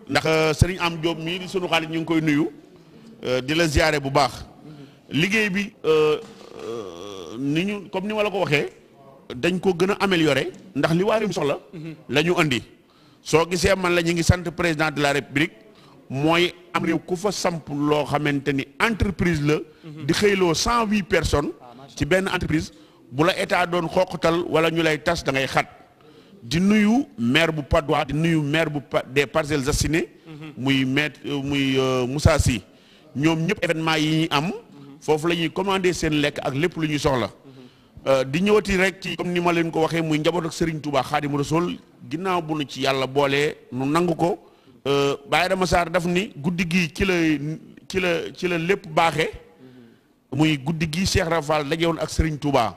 ndax sëriñ am Diop mii sunu xaalis ñu ngi koy nuyu. di la ziyaare bu baax. liggéey bi euh, euh, ni ñu comme ni ma la ko waxee dañ ko gën a améliorer ndax li waarim soxla la ñu andi soo gisee man la ñu ngi sant président de la république mooy am réew ku fa samp loo xamante ni entreprise la di xëyloo cent huit personnes ci benn entreprise bu la état doon xooqatal wala ñu lay tas da ngay xat di nuyu maire bu Patte d'Oie di nuyu maire bu des Parcelles Assainies muy maître euh, muy Moussa Sy ñoom ñëpp événement yi ñu am foofu la ñuy commandé seen lekk ak lépp lu ñuy soxla. Euh, di ñëwati rek ci comme ni ma leen ko waxee muy njaboot ak Serigne Touba Xaadimu sol ginnaaw bu nu ci yàlla boolee nu nangu ko. Euh, Baye Adama Sarr daf ni guddi gi ci la ci la ci la lépp baaxe muy guddi gi Cheikh Rafal dajewoon ak sëriñ Touba.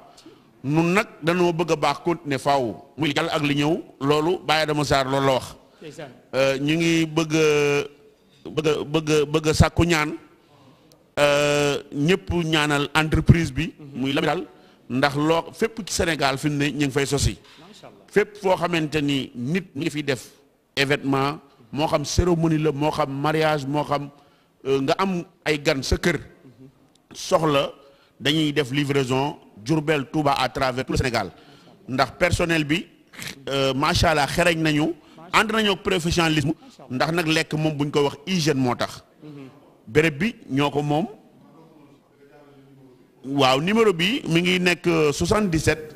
nun nag dañoo bëgg a baax ne faaw muy jàll ak li ñëw loolu Baye Adama saar loolu la wax. Euh, ñu ngi bëgg a bëgg sàkku ñaan. Euh, ñëpp ñaanal entreprise bi. muy Lamidal ndax loo fépp ci Sénégal fi ne ñu ngi fay sosi fépp foo xamante ni nit mi ngi fiy def événement moo xam cérémonie la moo xam mariage moo xam euh, nga am ay gan sa kër. soxla dañuy def livraison Diourbel Touba à travers tout Sénégal ndax personnel bi euh, macha allah xereñ nañu ànd nañu ak professionnalisme ndax nag lekk moom buñ ko wax hygiène moo tax. béréb bi ñoo ko moom waaw numéro bi mi ngi nekk 77.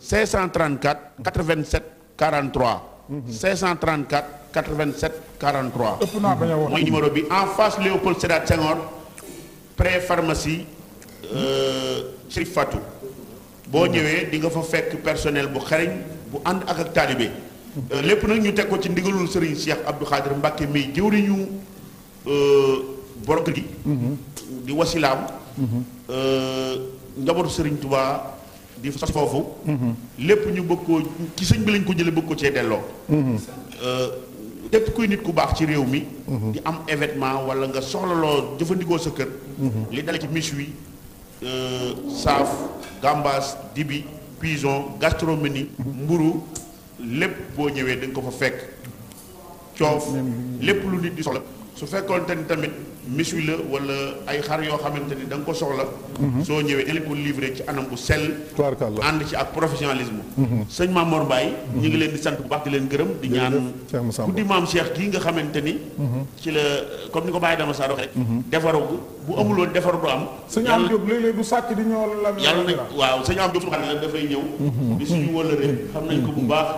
534 87 43. 534 87 43. ëpp naa bañ a woon mooy numéro bi en face Léopold Sédar Senghor pré pharmacie euh, Chérif Fatou. boo mhm. ñëwee dinga nga fa fekk personnel bu xariñ bu ànd ak ak taalibe. Euh, lépp nag ñu teg ko ci ndigalul Serigne Cheikh Abdou Khadir Mbacke mii jëwriñu. Euh, borog gi mhm. di wasilaaw mhm. euh, njabootu sëriñ Tuubaa di sos foofu mhm. lépp ñu bëgg koo ci sëñ bi lañ ko jële bëgg ko cee delloo euh, képp kuy nit ku baax ci réew mi di am événement wala nga soxlaloo jëfandikoo sa kër li dale ci miche wi euh, saaf gambas dibi pigeon gastronomie mburu lépp boo ñëwee da nga ko fa fekk coof lépp lu nit di soxla su fekkoonte ni tamit méchoui la wala ay xar yoo xamante ni da ko soxla. Mhm. soo ñëwee dañ ko livré ci anam bu sell. ànd ci ak professionnalisme. Mhm. sëñ Mamor Mbaye. ñu ngi mhm. leen di sant bu baax di leen gërëm. di ñaan guddi maam Cheikh kii nga xamante ni. ci comme ni ko Baye Dama Sarr waxee rek. defaru bu amul woon defaru du am. sëñ Am Diop léeg-léeg du sàcc di la. yàlla na waaw sëñ Am Diop xam ne dafay ñëw. di suñu wóllare xam nañ ko bu baax.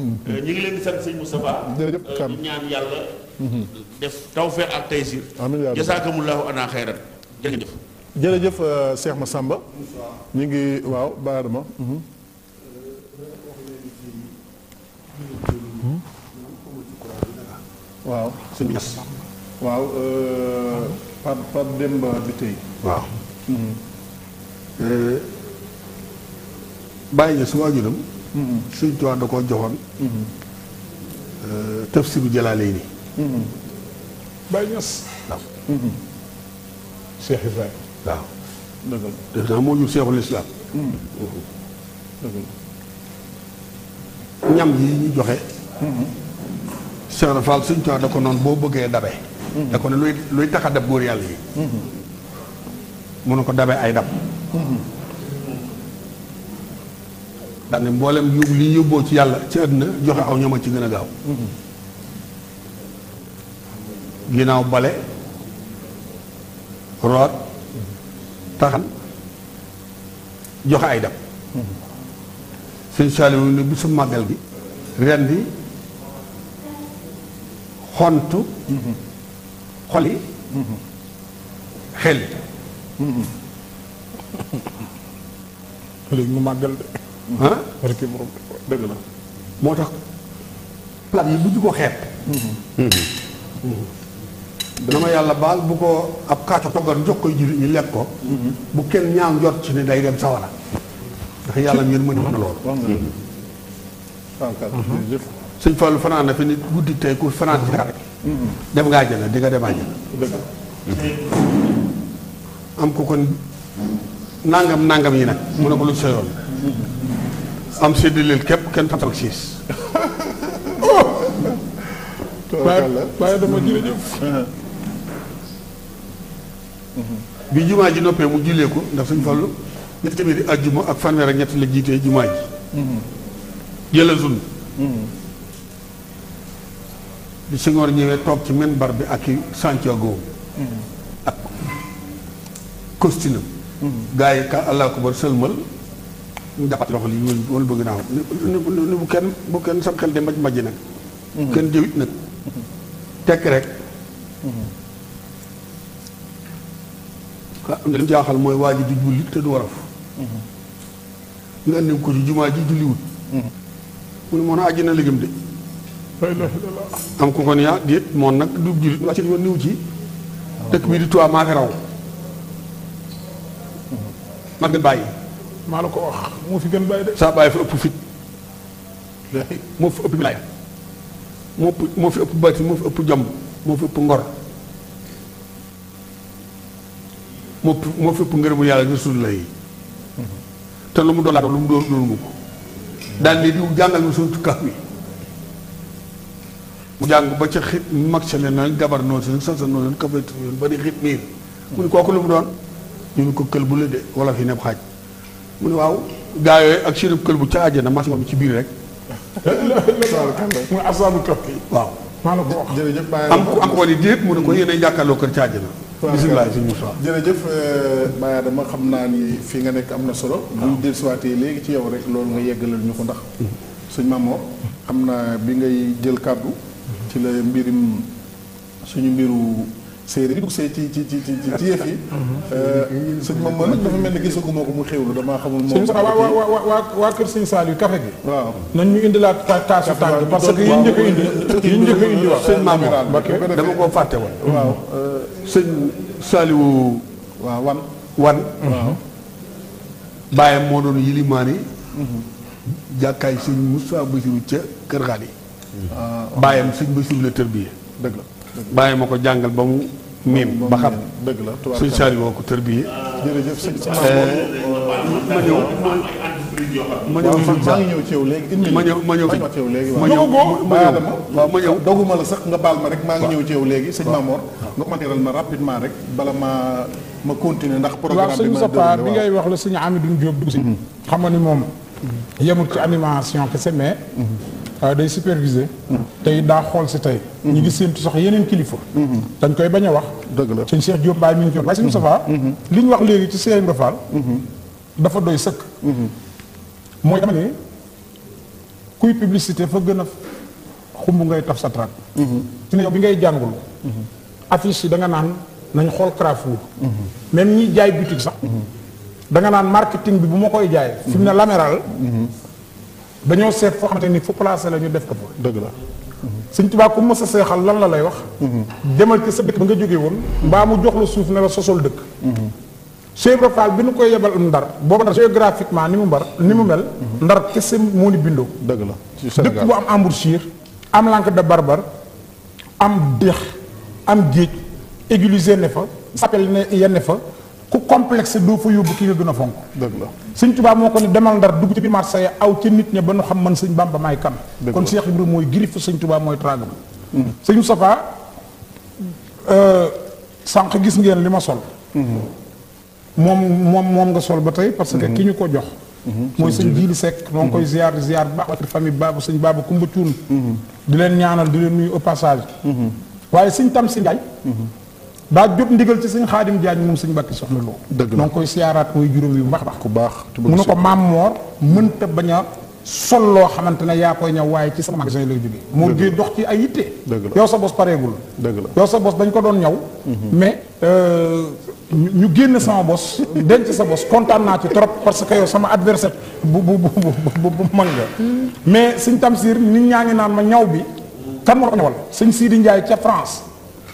Euh, ñu ngi leen di sant sëñ Moustapha. jërëjëf euh, ñaan yàlla def tawfeex ak taysiir jasaakumullahu ana xayran jërëjëf jërëjëf euh, Cheikh Massamba ñu ngi waaw baadama mhm. waaw sëñ bi waaw par euh, par Demba bi tey waaw mhm. euh, bàyyi na su waajuram mhm. sëñ Tuubaa da koo joxoon tafsiru Jalaalayni Baye Niass. waaw. Mhm. Cheikh Ibrahima. waaw. dëgg moo ñu Cheikhul Islam. Mhm. Mhm. ñam yi ñu joxe. Cheikh Rafal suñ toog da ko noon boo bëggee dabe. da ko ne luy luy tax a dab góor yàlla yi. mu ne ko dabe ay dab. daanaka mboolem li ñu yóbboo ci yàlla ci àdduna joxe aw ñoom ci gën a gaaw. ginnaaw bale root taxan joxe ay dab sëñ Saliou ni bisu màggal gi ren di xontu xol yi mu màggal de moo tax plat yi bu ñu ko dana ma yàlla baal bu ko ab kaata toggan jox koy jur ñu lekk ko bu kenn ñaaw njort ci ne day dem sawara ndax yàlla ngeen mën na loolu mhm. sëñ Fallu fanaan na fi nit guddi tey ku fanaan ci rek mhm. dem ngaa jëna di nga dem àjjana mhm. am ko kon nangam nangam yi nag mu ne ko lu seyoon am séddaleel képp kenn tam siis (laughs) waaye dama jërëjëf uh-huh. bi jumaa ji noppee mu jullee ko ndax suñ fàllu ñetti téeméeri àjjuma ak fanweer ak ñetti la jiitee jumaa ji jëla zun bi Senghor ñëwee toog ci minbar bi ak i Santiago ak costinam gars yi allah akbar sëlmal ñu jàppati loxo li wala bëgg naa ni bu kenn bu kenn sam xel de maj maj nag mhm. kenn jëwit nag tekk rek ah li mooy waa ji di julli te du waraf. nga andi ko ci jumaa ji julliwut. mu ne moon àjji na lëgëm de. am ko ni ah déet moon nag du jullit waa ci yoon niw ci. dëkk bi di Tuubaa maa fi raw. ma gën bàyyi. maa la ko wax moo fi gën bàyyi de. saa bàyyi fa ëpp fit. moo fi ëpp bilaay. moo fi ëpp baatin moo fi ëpp jom moo fi ëpp ngor. moo moo fépp ngërëmu yàlla rasul la yi te lu mu doon laa doon lu mu doon doon mu ko daal di jàngal ma suñu tukkaam mu jàng ba ca xit mag sa leen nañ gabar noonu seen sansa ba di xit mu ne lu mu doon ñu ne ko kël bu la de wala fi neb xaaj mu ne waaw gaa yooyu ak seenub kël bu ca àjjana mas moom ci biir rek mu ne asaabu kaf yi waaw maa la am ko am ko ni déet mu ne ko yéen a kër ca àjjana bisimilah sëñ Moussa jërëjëf Baye euh, dama xam naa ni fii nga nekk am na solo buñ dellusiwaatee léegi ci yow rek loolu nga yeggalal ñu ko ndax sëñ Mamor xam naa bi ngay jël kàddu ci la mbirim suñu mbiru sëy dañu ko sëñ ma ni gisaguma ko mu xéwlu damaa xamul. moom sëñ waa waa waa waa kër sëñ Saliou café ñu indilaat taasu tàng parce a a dama koo fàtte woon. waaw euh, sëñ Saliou. waaw wan wan. waaw bàyyam moo doon yilimaani. jàkkaay sëñ Moussa Bassirou ca Kër Xaali. Mm-hmm. bàyyam sëñ Bassirou la tërbiyee bàyyi ma ko jàngal ba mu miim ba xam. dëgg la tubaab suñu saali woo ko tër bii. jërëjëf sëñ eh, ma ñëw ma ñëw ma ñëw ci yow léegi. ma ñëw ma ñëw ma ñëw ma ma ñëw doguma la sax nga baal ma rek maa ngi ñëw ci léegi léegi sëñ Mamor. nga matéral ma rapidement rek bala ma ma continuer ndax. programme bi ma déglu bi ngay wax la sëñ Amidou Diop dugg si. Mhm. xam nga ni moom yemul ci animation kese mais. Mhm. waaye day superviser. tey daa xool si tey. ñu ngi séentu sox yeneen kilifa. dañ koy bañ a wax. dëgg la sëñ Cheikh Diop Baye mi ngi ci si waaye sëñ Moustapha li ñu wax léegi ci seen Ibra dafa doy sëkk. mooy dama ne kuy publicité fa gën a xumb ngay taf sa traat. ci ne bi ngay jàngul. affiche yi danga naan nañ xool Carrefour. même ñiy jaay boutique sax. da nga naan marketing bi bu ma koy jaay. fi mu ne laméral. dañoo seet foo xamante ni foo placé la ñu def ko fa. dëgg la. sëñ Tuubaa ku mës a seexal lan la lay wax. Mhm. demal ci sa dëkk ba nga jóge woon. mbaa mu jox la suuf ne la sosol dëkk. Mhm. Cheikh Ibra Fall bi nu koy yebal ndar booba ndar géographiquement ni mu mbar ni mu mel. Mhm. ndar kese moo ni bindoo. dëgg la ci Sénégal dëkk bu am embouchure. am langue de barbare am dex am géej aigulisé ne fa. sapel ne yenn fa. ku complexe doo fa yóbbu ki nga gën a fonk sëñ Tuubaa moo ko ne demal ndar dugg ci bi marché ya aw ca nit ñi ba nu xam man sëñ Bamba maay kan kon Cheikh Ibrahima mooy girif sëñ Tuubaa mooy tragam mm. sëñ Safa euh, sànq gis ngeen li ma sol mm-hmm. moom moom moom nga sol ba tey parce que mm-hmm. ki ñu ko jox mm-hmm. mooy suñ Jiili Seck noo ngi koy ziar ziar bu baax baabu suñ baabu Kumba Cuun di leen ñaanal di leen nuyu au passage waaye suñ Tam si Njaay daa jot ndigal ci sëñ xaadim Diagne moom sëñ Mbàkke soxna Lo. dëgg la noo ngi koy siyaaraat mooy juróom yu baax ku baax. mu ne ko maam Moor mënta bañ a sol loo xamante ne yaa koy ñaw waaye ci sama magasin lay jógee. moo gën dox ci ay yitte. yow sa bos pareegul. dëgg la yow sa bos dañ ko doon ñaw. Mm-hmm. mais euh, ñu génn sama bos denc sa bos kontaan naa ci trop parce que sama adversaire bu bu bu mm-hmm. mais sëñ Tamsir nit ñaa ngi naan ma ñaw bi. kan moo ko ñawal sëñ Sidi Ndiaye ca France.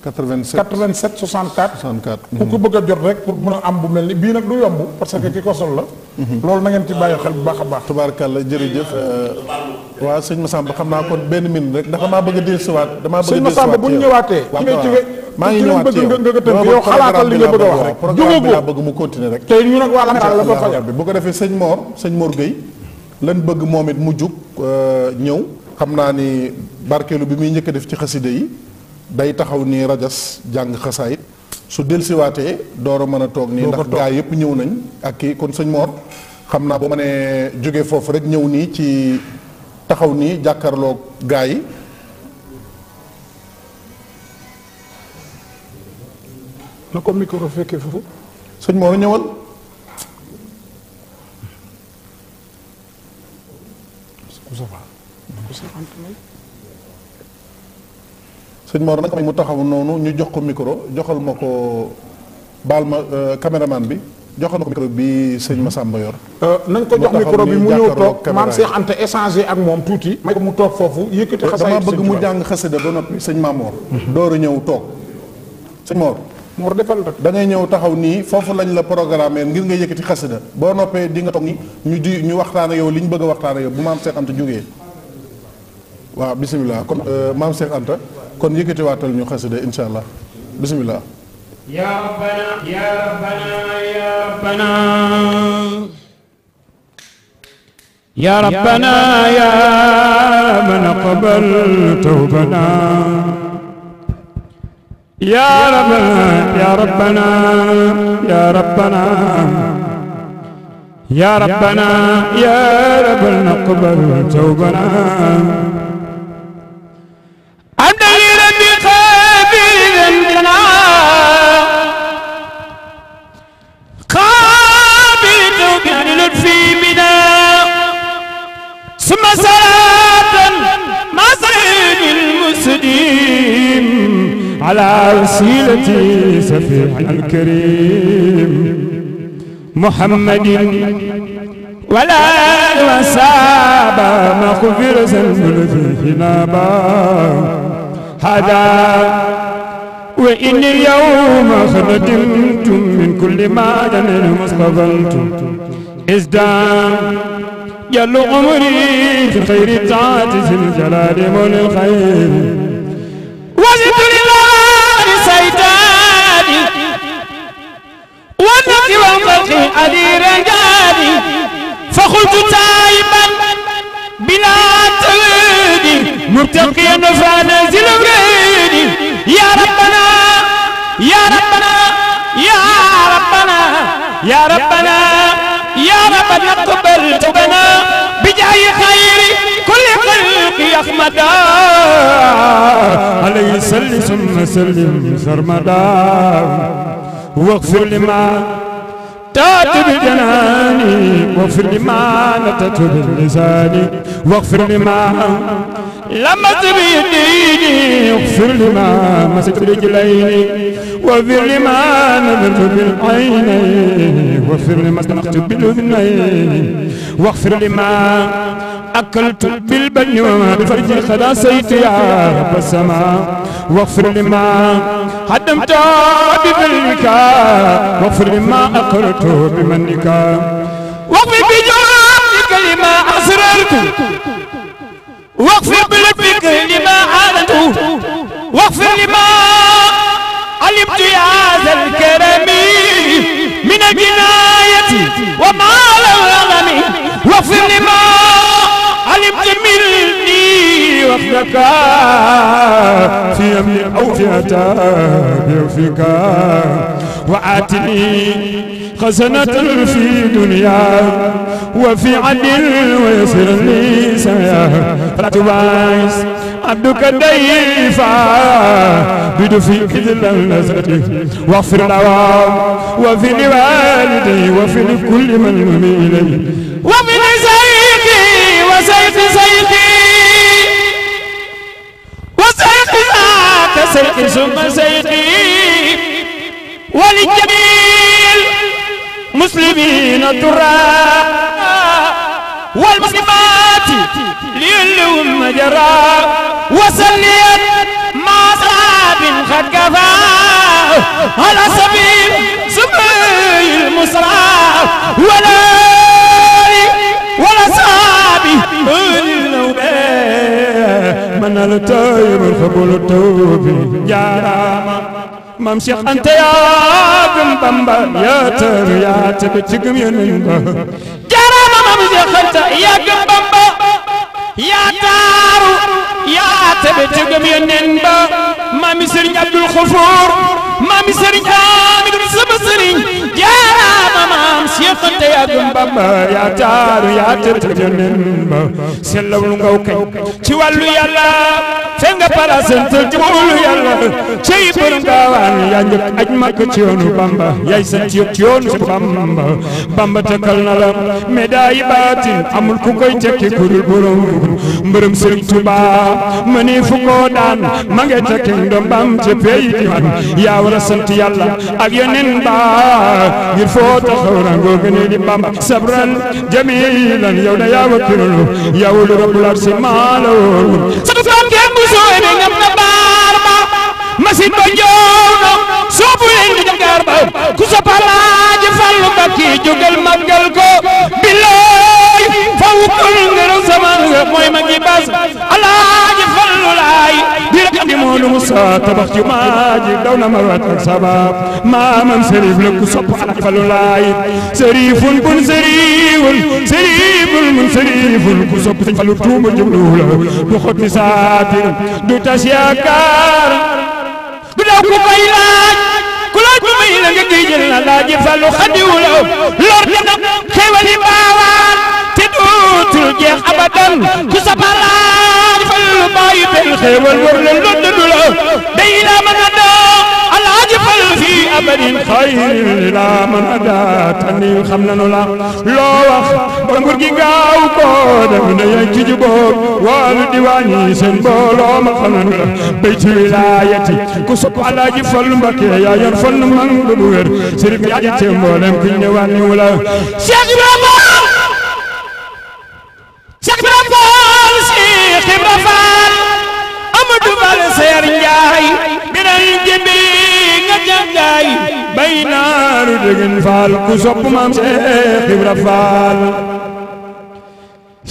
87 87 64. 64 ku ko bëgg a jot rek pour mën a am bu mel ni bii nag du yomb parce que ki ko sol la. Mhm. loolu na ngeen ci bàyyi xel bu baax a baax. tubaarkàlla jërëjëf. Euh, waaw sëñ Massamba xam naa kon benn min rek ndax damaa bëgg a dellusiwaat. damaa bëgg a dellusiwaat sëñ Massamba bu ñu ñëwaatee. waaw waaw maa ngi ñëwaat ci yow yow xalaatal li nga bëgg a wax rek. programme bi laa bëgg mu continuer rek. tey ñu nag waa Lamine la ba fajar bi bu ko defee sëñ Mor sëñ Mor Gueye lan bëgg moom it mu jug euh, ñëw xam naa ni barkeelu bi muy njëkk a def ci xaside yi day taxaw nii rajas jàng xasaayit su dellusiwaatee door a mën a toog nii ndax gaa yëpp ñëw nañ ak kii kon sëñ Mor xam naa bu ma nee jóge foofu rek ñëw nii ci taxaw nii jàkkaarloog gaa yi na ko micro fekkee foofu sëñ Mor ñëwal sëñ Mor nag mu taxaw noonu ñu jox ko mikoro joxal ma ko baal ma euh, caméraman bi joxal ma ko micro bi sëñ Massamba yor. Euh, nañ ko jox micro bi mu ñëw toog maam Cheikh Anta moom tuuti. may mu toog foofu yëkkati xasaay dama bëgg mu jàng xasida ba noppi sëñ Mamor. Mhm. door a ñëw toog sëñ Mor. Mor defal ñëw taxaw nii foofu lañ la programmer ngir nga yëkkati xasida boo noppee di nga toog ñu di ñu waxtaan ak yow li ñu bëgg a waxtaan ak bu maam Cheikh Anta jógee bisimilah kon euh, maam Anta. kon yëkkatiwaatal ñu xasida incha allah bisimilah. yaa rabbana yaa rabbana yaa rabbana yaa rabbana yaa man qabal tawbana yaa rabbana yaa rabbana yaa rabbana yaa rabbana yaa rabbana qabal tawbana على وسيلتي سفيع الكريم محمد ولا وساب مغفر ذنب فيه نابا هذا وإن اليوم خدمتم من كل ما جنن مصطفنتم إزدان جل عمري في خير طاعة الجلال من الخير فرق أذي رجالي فقلت تائبا بلا تردي مرتقيا فنزل غيري يا ربنا يا ربنا يا ربنا يا ربنا يا ربنا تقبل توبنا بجاي خير كل خلق أحمدا عليه سلم ثم سلم سرمدا واغفر لما تاتي بجناني واغفر لي ما نطقت بلساني واغفر لي ما لمست بيديني واغفر لي ما مسكت رجليني واغفر لي ما نظرت بالعينين واغفر لي ما استنقت بالاذنين واغفر لي ما أكلت بالبنوى بفرج خدا سيت يا رب السماء واغفر لما قدمت بظلمك واغفر لما أقرت بمنك واغفر بجوارك لما أسررت واغفر بلطفك لما عانت واغفر لما علمت يا ذا الكرم من جنايتي وما لم واغفر لما حفظك في يمي أو في أتى بيوفك وآتني خزنة في دنيا وفي عدل ويسر لي سيا فلا تبايس عبدك ضيفا بدفي إذن النزلة واغفر لهم وفي لوالدي وفي لكل من يميل إليه وفي وسيق ذاك سيق ثم سيقي ولجميل مسلمين ترى والمسلمات ليلهم مجرى وسليت ما صاب قد كفى على سبيل سبيل المسرى ولا nal tayyib xabul mam Cheikh Anta yaa gëm Bamba yaa tër yaa tebe ci gëm yónneen ba jaaraama mam Cheikh Anta yaa gëm Bamba yaa taaru yaa tebe ci gëm yónneen ba mami Serigne Abdul Xufuur maami sëriñ Amidou sama sëriñ jaaraama maam Seex Anta yaa gëm Bamba yaa taaru yaa tërëjëf yeneen ba sellawul ngaw kañ ci wàllu yàlla fekk nga parasent ci wàllu yàlla cey gaawaan yaa njëkk aj màkk ci yoonu Bamba yaay sant yëpp ci yoonu Bamba Bamba tekkal na la médaille baatin amul ku koy tekki ku dul mbërëm sëriñ Tuubaa mëni fu ko daan ma ngi tekki bam ca pays diwaan war a sant yàlla ak yeneen ba ngir foo taxaw na ngoo gënee di bamba sabran jamilan yow da yaa wakilu yow ba masin ba njoow na soobu leen di jagaar ba Moussa tabax ju maa ji daw na marwat ak sabab maamam sërif la ku sopp ak falu laay sërifun bun sërifun sërifun mun sërifun ku sopp sëñ falu tuuma jublu la du xotti saatir du tas yaakaar du daw ku koy laaj ku laaj bu may la nga géej la laajib falu xadiwu la lor na xewali baawaan dul jeex abadan ku sa balaam fal lu bàyyi benn xéewal war la lodd du la day laa mën a daa alaaji fal fi abadin xayri laa mën a daa tani xam nanu la loo wax ba nguur na yaa ci jubóog wàllu diwaan yi seen mbooloo ma xam nanu wilaayati ku alaaji fal mbakke yaa yor fan man bu wér sëriñ yaa ci Ibra Faal Amadou Bal Seer Njaay biral jibi nga jàngaay bay naaru dëgën faal ku sopp maam Cheikh Ibra Faal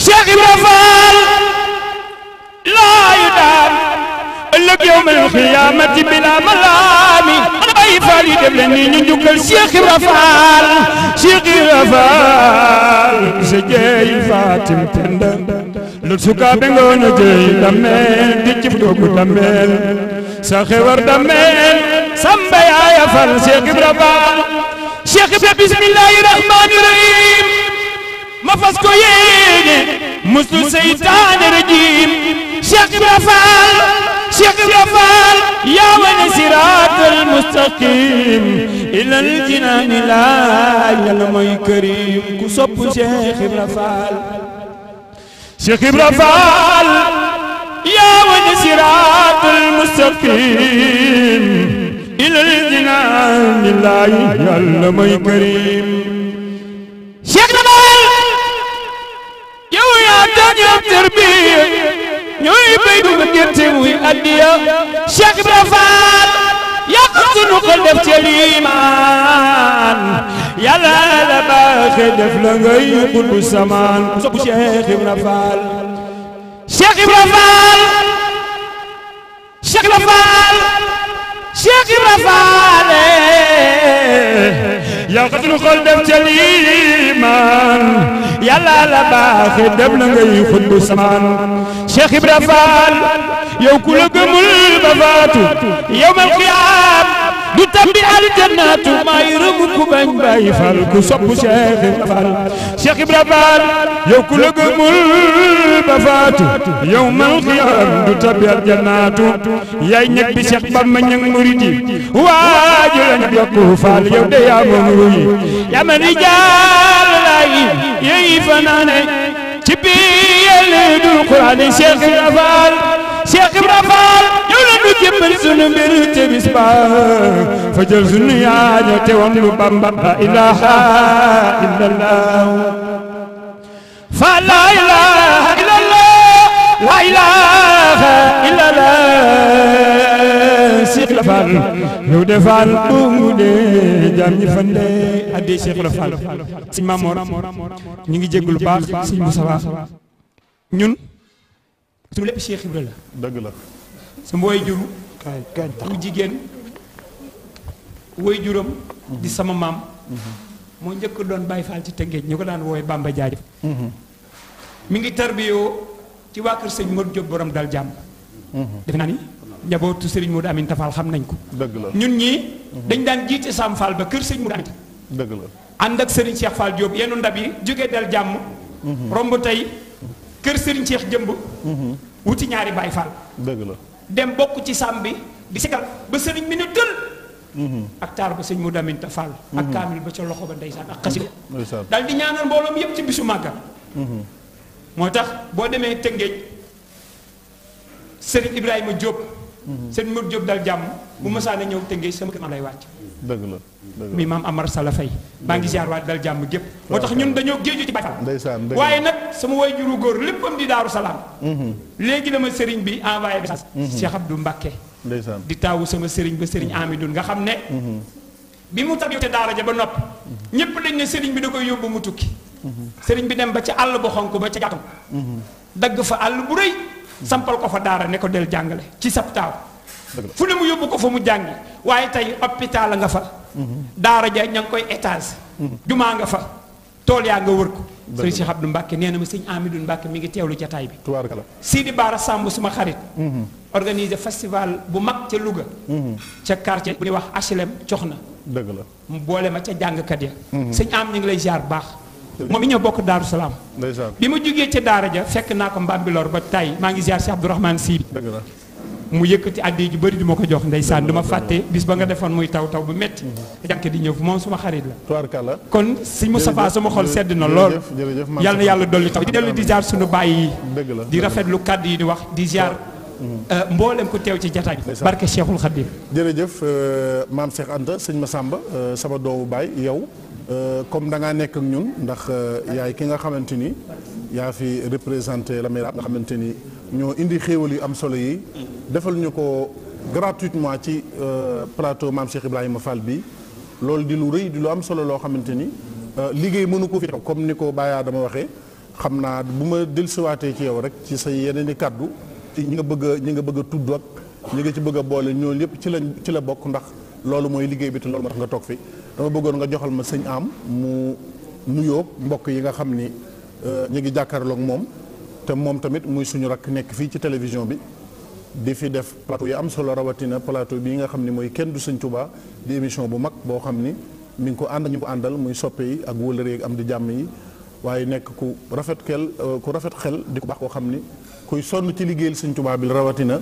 Cheikh Ibra Faal laayu daan ëllëg yawmal xiyaamati bilaa malaami ay faal yi dem leen ni ñu njukkal Cheikh Ibra Faal Cheikh Ibra Faal sa jeey Fatim Penda lu sukaabe a jëy dammeel di cib doogu dammeel sa xewar dammeel samba yaaya fal Cheikh Ibra Fall Cheikh Ibra bismillahi rahmaani rahim ma fas ko yéene musu seytaane rajim Cheikh Ibra Fall Cheikh Ibra Fall yaa wane siraatal mustaqim ilal jinaani laa yàlla mooy karim ku sopp Cheikh Ibra Fall Cheikh Ibra Fall yaa wadi siraatul mustaqiim ilal jinaan lillaahi yàlla may kariim Cheikh Ibra Fall yow yaa taañ yaa tarbiya ñooy bay du gerte muy addiya Cheikh Ibra Fall yaa ko sunu xol def ci liimaan yàlla la baaxee def la ngay xutbu samaan ku sopp Cheikh Ibra Fall Cheikh Ibra Fall Cheikh Ibra Fall Cheikh Ibra Fall yàqatul xol def ca liimaan yàlla la baaxee def la ngay xutbu samaan Cheikh Ibra Fall yow ku la gëmul ba faatu yowmal qiyaam du tabbi aljannatu may rëbb ku bañ bay fal ku sopp Cheikh Ibra Fall Cheikh Ibra Fall yow ku la gëmul ba yow mal xiyam du tabbi aljannatu yaay ñëg bi Cheikh Bamba ñëg murid yi waaju lañ jokku Fall yow de yaa moom ruyi yaa ma ni jaal laayi fanaane ci biir yel dul Quraan Cheikh Ibra Ibra Fall nu jébbal sunu mbir ci bis fa jël sunu yaajo te woon lu Bamba la ilaha illallah fa la ilaha bungu de jam ñi fande adde Cheikh la Fall si Mamor ñu ngi jéggul baax si Moussa ñun sama way juru bu jigéen woy juram mm-hmm. di sama maam mm-hmm. moo njëkk doon Baay Faal ci Tëngéej ñu ko daan woowee Bamba Jaajëf mm-hmm. mi ngi tarbiyoo ci waa kër sëñ Modou Diop borom dal jàmm defe naa ni njabootu sëriñ Modou Aminta Fall xam nañ ko dëgg la ñun ñi dañ daan jiite Sam Fall ba kër sëñ Modou Aminta dëgg la ànd ak sëriñ Cheikh Fall Diop yenn ndab yi jógee dal jàmm romb tey kër sëriñ Cheikh jëmb wuti ñaari Baay Faal dëgg la dem bokk ci sàmm bi di sikar ba sëriñ bi ne tël mhm. ak taar ba sëñ mu daminta Fall. ak mhm. kaamil ba ca loxo ba ndeysaan ak xasida mhm. dal di ñaanal mbooloom yépp ci bisu màggal moo tax boo demee Tëngéej sëriñ Ibrahima Diop. sëriñ Mour Diop dal jàmm bu masaana ñëw Tëngéej sama kër am lay wàcc dëgg la muy maam Amar Sala Faye maa ngi ziar waa dal jàmm gépp moo tax ñun dañoo géeju ci bàyyi ndeysaan waaye nag sama way juru góor léppam di daaru salaam mhm. léegi la ma sëriñ bi envoyé message mhm. Cheikh Abdou Mbacké ndeysaan di taawu sama sëriñ ba sëriñ mhm. Amidoun nga xam ne bi mu tabi te daara ja ba nopp ñépp dañ ne sëriñ bi da koy yóbbu mu tukki sëriñ bi dem ba ca àll bu xonk ba ca jàttam dagg fa àll bu rëy sampal ko fa daara ne ko del jàngale ci sab taaw fu ne mu yóbbu ko fa mu jàngi waaye tey hôpital nga fa daara ja ña ngi koy étage jumaa nga fa tool yaa nga wër ko sëñ Cheikh Abdou Mbacke nee na suñ sëñ Amidou Mbacke mi ngi teew lu teewlu jataay bi tubaarkala Sidi Baara Samb suma xarit mhm. organiser festival bu mag ca Louga mhm. ca quartier bu ñuy wax HLM cox na dëgg la mu boole ma ca jàngkat ya mhm. sëñ am ñu ngi lay jaar baax moom i ñoo bokk Daaru Salaam bi ma jógee ca daara ja fekk naa ko Mbambilor ba tey maa ngi ziar si Abdourahmane Sy bi mu yëkkati addi ju bëri di ma ko jox ndeysaan du ma fàtte bis ba nga defoon muy taw taw bu métti jànk di ñëw moom suma xarit la kon sëñ Moustapha sama xol sedd na lool yal na yàlla dolli taw di dellu di jaar suñu bàyyi yi di rafetlu kàddu yi di wax di jaar mm-hmm. euh, mboolem ku teew ci jataay bi barke Cheikhul Khadim jërëjëf euh, maam Cheikh Anta sëñ Massamba euh, sama doomu baay yow comme da ngaa nekk ak ñun ndax yaay ki nga xamante ni yaa fi représenté la Lamira nga xamante ni ñoo indi xéewal yu am solo yi. defal ñu ko gratuitement ci euh, plateau maam Cheikh Ibrahima Fall bi loolu di lu rëy di lu am solo loo xamante ni euh, liggéey mënu ko fi comme ni ko Baye Adama waxee xam naa bu ma dellusiwaatee ci yow rek ci sa yeneen i kàddu ci ñi nga bëgg ñi nga bëgg a tudd ak ñi nga ci bëgg a boole ñooñu yëpp ci la ci la bokk ndax loolu mooy liggéey bi te loolu moo tax nga toog fi dama bëggoon nga joxal ma sëñ am mu nuyoo mbokk yi nga xam ni. Euh, ñu ngi jàkkaarloog moom te moom tamit muy suñu rakk nekk fii ci télévision bi di fi def plateau yu am solo rawatina plateau bii nga xam ni mooy kenn du sëñ Touba di émission bu mag boo xam ni mi ngi ko ànd ñu ko àndal muy soppe ak wóllëre yi am di jàmm waaye nekk ku rafet xel euh, ku rafet xel di ko baax koo xam ni kuy sonn ci liggéeyal sëñ Touba bi rawatina